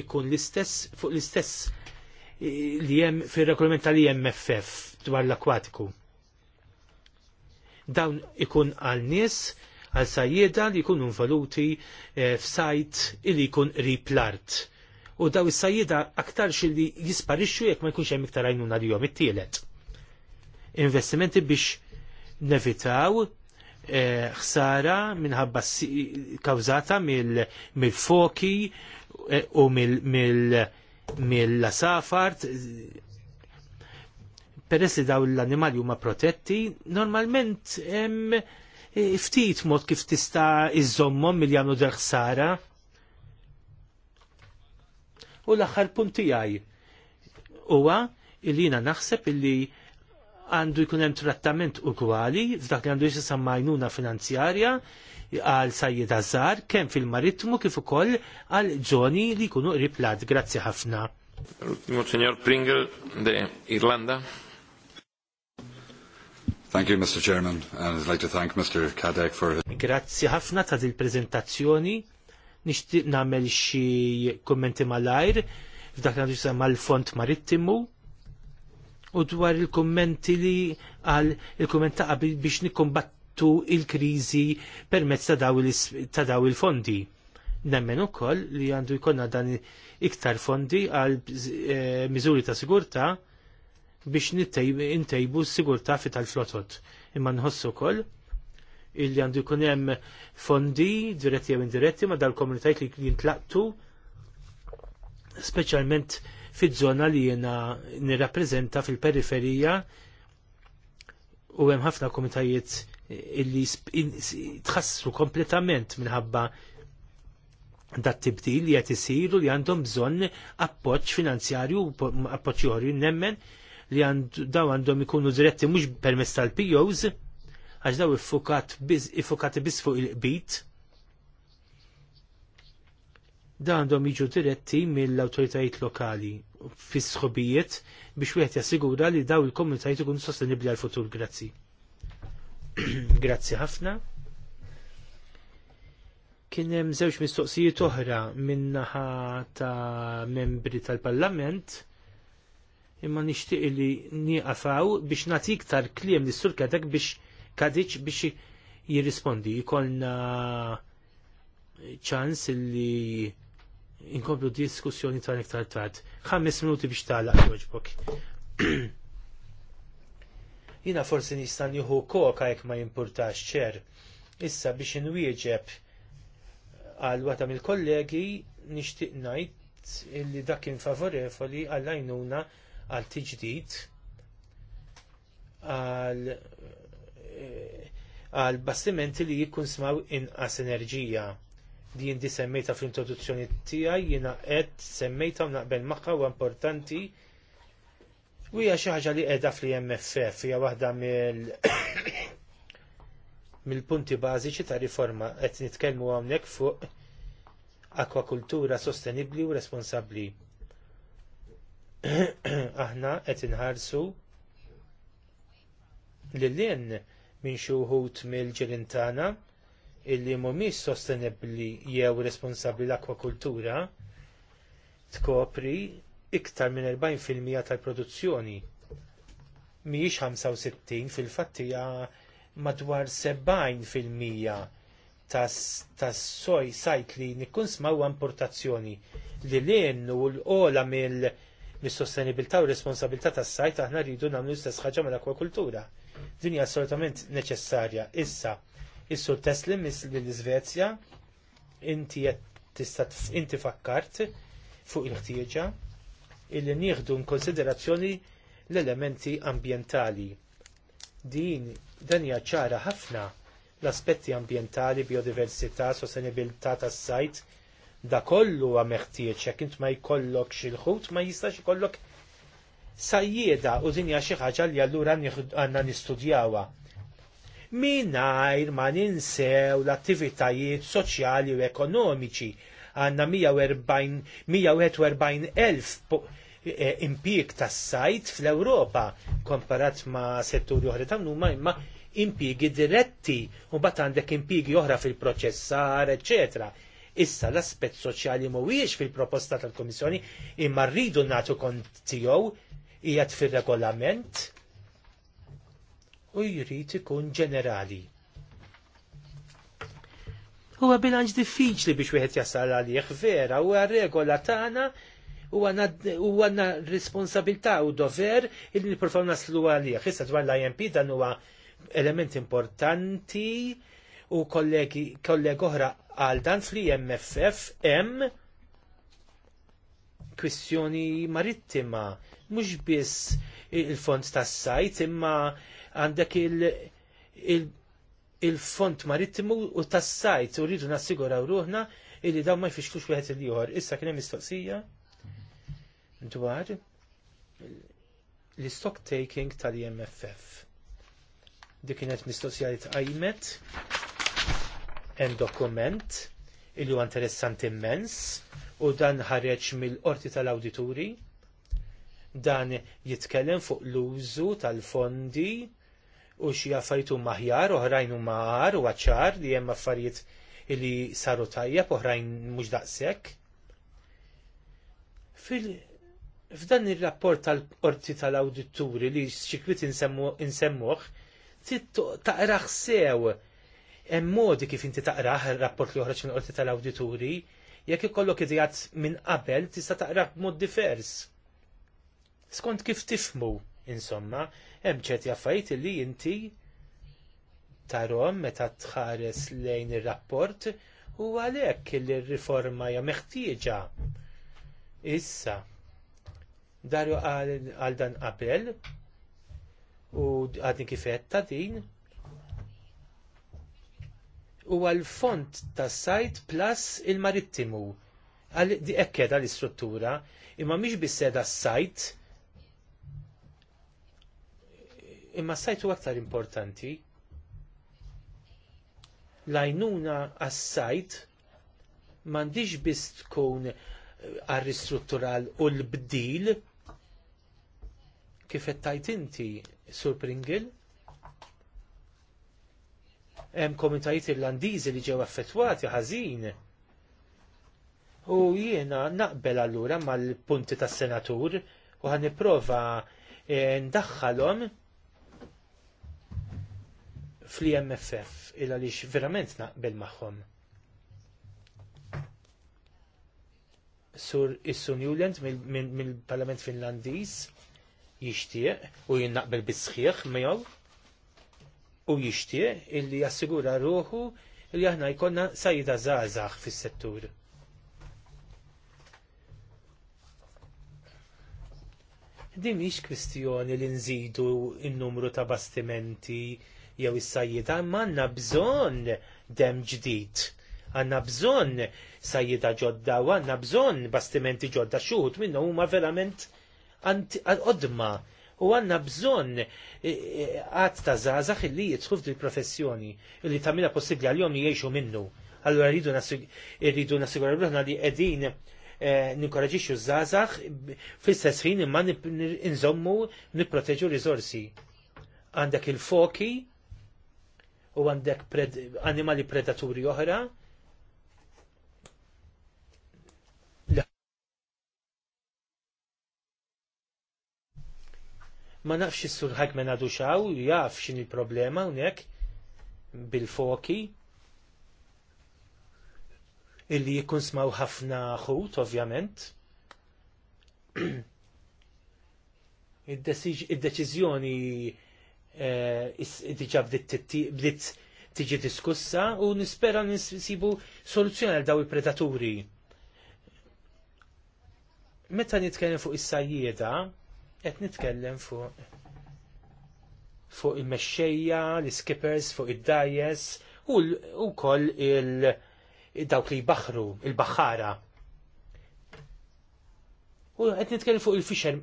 ikun l-istess fuq l-istess li jem fil-regolament tal-IMFF dwar l-akwatiku. Dawn ikun għal nies għal sajjeda li jkunu involuti eh, f'sajt li jkun riplart. U daw is-sajjeda aktar li jisparixxu jekk ma jkunx hemm iktar għajnuna li jom it-tielet. Investimenti biex nevitaw eh, ħsara minħabba kawzata mill-foki eh, u mill mill-safart peress li daw l-animali huma protetti, normalment hemm eh, ftit mod kif tista' iżommhom milli jagħmlu ħsara. U l-aħħar punt tiegħi huwa illi jiena naħseb illi għandu jkun hemm trattament ugwali f'dak li għandu jisisam majnuna finanzjarja għal sajjed Azzar kemm fil-maritmu kif ukoll għal ġoni li jkunu qrib Grazzi ħafna. L-ultimo senjor Pringle de Irlanda. Thank you, Mr. Chairman, and I'd like to thank Mr. Kadek for his... Grazzi ħafna ta' il prezentazzjoni Nixtieq nagħmel xi kummenti malajr f'dak li għandu jisam mal-font marittimu u dwar il-kommenti li għal il-kommenta biex nikkombattu il-krizi permezz ta' daw il-fondi. Nemmen ukoll li għandu jkollna dan iktar fondi għal eh, miżuri ta' sigurta biex intejbu s-sigurta fit tal-flotot. Imma nħossu ukoll illi għandu jkun hemm fondi diretti jew indiretti ma dal-komunitajt li jintlaqtu speċjalment fiż-żona li jena nirrappreżenta fil-periferija u hemm ħafna komitajiet illi tħassru kompletament minħabba dat tibdil li qed isiru li għandhom bżonn appoġġ finanzjarju u appoġġ joħri nemmen li daw għandhom ikunu diretti mhux permezz tal-POs għax daw iffukat biss fuq il-qbit Da għandhom jiġu diretti mill-autoritajiet lokali fis sħobijiet biex wieħed jassigura li daw il-komunitajiet ikunu sostenibbli għal futur grazzi. grazzi ħafna. Kien hemm żewġ mistoqsijiet oħra min-naħa ta' membri tal-Parlament imma nixtieq li nieqafaw biex nagħtik tal-kliem li sur kadek biex kadiċ biex jirrispondi. Jkollna ċans li inkomplu diskussjoni ta' nektar tard. Ħames minuti biex tagħlaq joġbok. Jina forsi nistan nieħu koka jekk ma jimpurtax ċer. Issa biex inwieġeb għal wata mill-kollegi nixtieq ngħid illi dak kien favorevoli għal għajnuna għal tiġdid għal eh, għal bastimenti li jikun smaw inqas enerġija li jindi semmejta fl-introduzzjoni tiegħi jiena qed semmejta u naqbel magħha u importanti u hija xi ħaġa li qiegħda fl-MFF hija waħda mill punti bażiċi ta' riforma qed nitkellmu hawnhekk fuq akwakultura sostenibbli u responsabbli. Aħna qed inħarsu lil minn xi wħud mill-ġirintana illi mhumiex sostenibbli jew responsabbli l-akwakultura tkopri iktar minn 40% tal-produzzjoni. Mhijiex 65 fil-fatt hija madwar 70% tas-soj tas sajt li nikkun smaw importazzjoni li l-in u l-ola mill mis-sostenibilità u responsabilità tas-sajt aħna rridu nagħmlu l-istess ħaġa mal-akwakultura. Din hija assolutament neċessarja issa Is-sur Teslim mill-Iżvezja inti tista' inti fakkart fuq il-ħtieġa illi nieħdu nkonsiderazzjoni l-elementi ambjentali. Din dan hija ċara ħafna l-aspetti ambjentali, biodiversità, sostenibilità tas-sajt, da kollu għam meħtieġ jekk int ma jkollok xil-ħut, ma jistax ikollok sajjieda u din hija xi ħaġa li allura għandna nistudjawha Minajr ma ninsew l-attivitajiet soċjali u ekonomiċi. Għandna 141 elf ta' tas-sajt fl-Ewropa komparat ma' setturi oħra ta' numa imma impjiegi diretti u bat għandek impjiegi oħra fil-proċessar, etc. Issa l-aspett soċjali mhuwiex fil-proposta tal-Komissjoni imma rridu nagħtu kont tiegħu qiegħed fir-regolament u jrid ikun ġenerali. Huwa bilanċ diffiċli biex wieħed jasal għalih vera, huwa regola tagħna u għanna responsabilta u dover illi niprofaw naslu għalija. Issa dwar l-IMP dan huwa element importanti u kollegi kolleg oħra għal dan fl MFF M kwistjoni marittima mhux biss il-fond tas-sajt imma għandek il-font marittimu u tas-sajt u rridu nassiguraw ruħna illi dawn ma jfixklux wieħed il-ieħor. Issa kien hemm mistoqsija dwar l-stock taking tal-IMFF. Dik kienet mistoqsija li tqajmet hemm dokument illi huwa interessant immens u dan ħareġ mill-qorti tal-awdituri dan jitkellem fuq l-użu tal-fondi u xi affarijiet huma aħjar, oħrajn huma għar u għacċar, li hemm affarijiet li saru tajjeb, oħrajn mhux daqshekk. F'dan ir-rapport tal-qorti tal auditturi li xikwit insemmuh, taqraħ sew hemm modi kif inti taqraħ ir-rapport li joħroġ il qorti tal-awdituri, jekk ikollok idejat minn qabel tista' taqrah b'mod divers. Skont kif tifmu insomma, hemm ċerti affarijiet li inti tarhom meta tħares lejn ir-rapport u għalhekk li r-riforma hija meħtieġa. Issa, Dario għal dan qabel u għadni ta' din u għal font tas sajt plus il-marittimu għal di ekkeda l-istruttura imma miex bisseda s-sajt imma s-sajtu aktar importanti l-għajnuna għas-sajt mandiġ biss tkun għal-ristruttural u l-bdil kif tajt inti sur Pringil hemm komitajiet irlandiżi li ġew affettwati ħażin. U jiena naqbel allura mal-punti tas-senatur u ħan nipprova eh, ndaħħalhom fl-IMFF il għaliex verament naqbel magħhom. Sur Issu Newland mill-Parlament Finlandiż jixtieq u jinnaqbel sħiħ miegħu u jixtieq illi jassigura ruħu li aħna jkollna sajda żgħażagħ fis-settur. Din mhix kwistjoni li nżidu n-numru ta' bastimenti jew is-sajjida ma għandna bżonn dem ġdid. Għandna bżonn sajjida ġodda u għandna bżonn bastimenti ġodda xuħut minnu huma verament għal-qodma u għanna bżon e, e, għad ta' zazax li jitħuf di professjoni li tamila possibli għal-jom li jiexu minnu. Allora rridu nassiguraw ruħna li edin e, ninkoraġiċu zazax fil stess ħin imma nżommu niproteġu rizorsi. Għandak il-foki u għandek pred, animali predaturi oħra. Ma nafx is-sur ħagmen għadu xaw, jaf xin il-problema unek bil-foki illi jikun smaw ħafna ħut, ovvjament. Id-deċiżjoni Eh, diġa bditt tiġi diskussa u nispera nisibu soluzzjoni għal daw il-predaturi. Meta nitkellem fuq is-sajjieda, qed nitkellem fuq fuq il-mexxejja, l-skippers, fuq id-dajes u wkoll il-dawk li jbaħru, il-baħħara. U qed nitkellem fuq il-fisher,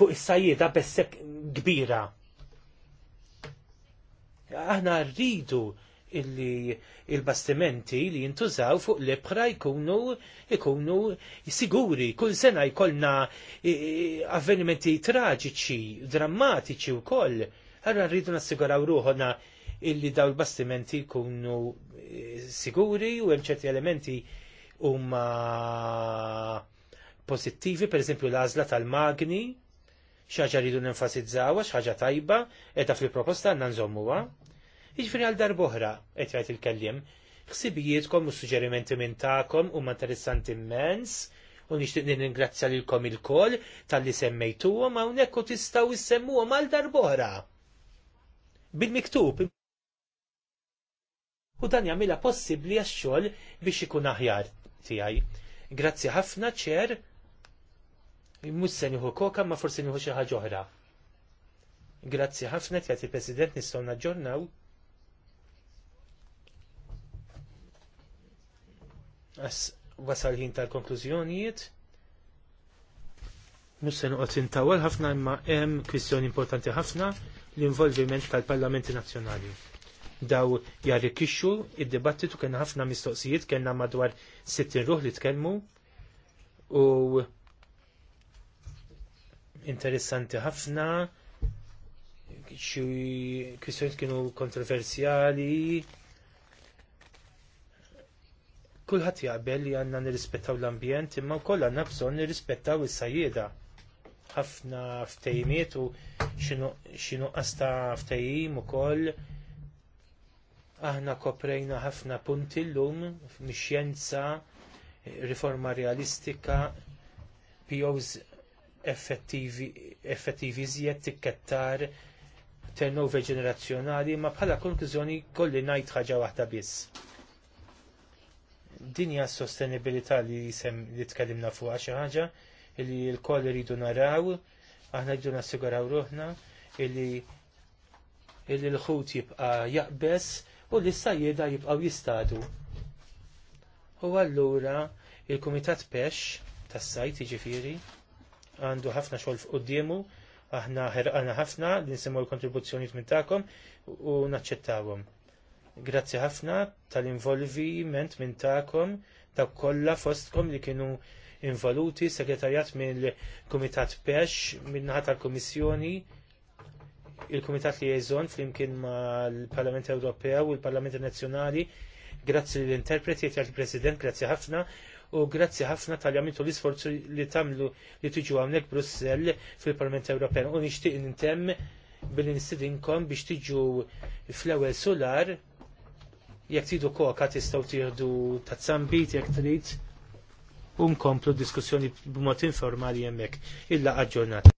fuq is-sajjieda bessek kbira aħna rridu illi il-bastimenti li jintużaw fuq l-ebħra jkunu jkunu siguri. Kull sena jkollna avvenimenti traġiċi, drammatiċi u koll. Għarra rridu nassiguraw ruħona illi daw il-bastimenti jkunu siguri u hemm ċerti elementi huma pozittivi, per eżempju l-għażla tal-magni, xaġa rridu nenfasizzawa, xaġa tajba, edha fil-proposta għandna nżommuha Jiġifieri għal darboħra qed jgħid il-kellim. Ħsibijietkom u suġġerimenti minn tagħkom huma interessanti immens u nixtieq ningrazzja lilkom il kol tal-li semmejtuhom hawnhekk u tistgħu issemmuhom għal darbohra. Bil-miktub. U dan jagħmilha possibbli għax-xogħol biex ikun aħjar tiegħi. Grazzi ħafna ċer. Mhux se nieħu koka ma forsi nieħu xi ħaġa oħra. Grazzi ħafna tjagħti President nistgħu naġġornaw. wasal ħin tal-konklużjonijiet. Mux se noqgħod intawal ħafna imma hemm kwistjoni importanti ħafna l-involviment tal-Parlamenti Nazzjonali. Daw kixxu id-dibattitu kien ħafna mistoqsijiet kellna madwar 60 ruħ li tkellmu u interessanti ħafna xi kwistjoni kienu kontroversjali Kulħadd jaqbel li għandna nirrispettaw l-ambjent imma wkoll għandna bżonn nirrispettaw is-sajjieda. Ħafna ftejmiet u xinu qasta ftejim ukoll aħna koprejna ħafna punti llum mix-xjenza, riforma realistika, POs effettivi iżjed tikkettar turnover ġenerazzjonali ma bħala konklużjoni kolli ngħid ħaġa waħda biss dinja sostenibilità li jisem li tkellimna fuqha xi ħaġa li l-koll iridu naraw, aħna rridu nassiguraw ruħna illi illi l-ħut jibqa jaqbess u li s-sajjeda jibqaw jistadu. U allura il-Kumitat Pesh tas-sajt jiġifieri għandu ħafna xogħol f'qudiemu, aħna ħerqana ħafna li nsemmu l-kontribuzzjoni minn tagħkom u naċċettawhom. Grazzi ħafna tal-involviment minn tagħkom ta' kollha fostkom li kienu involuti, segretarjat mill-Kumitat Pesh, minnaħa tal-Komissjoni, il-Kumitat li jeżon flimkien mal parlament Ewropew u l-Parlament Nazzjonali, grazzi l-interpreti, tal-President, grazzi ħafna, u grazzi ħafna tal-għamitu l-isforzu li tamlu li tiġu għamnek Brussell fil-Parlament Ewropew. U nixtieq ntemm bil insidinkom biex tiġu fl-ewwel solar jekk tidu koka tistgħu tieħdu tzambit jekk trid u diskussjoni b'mod informali hemmhekk illa aġġornat.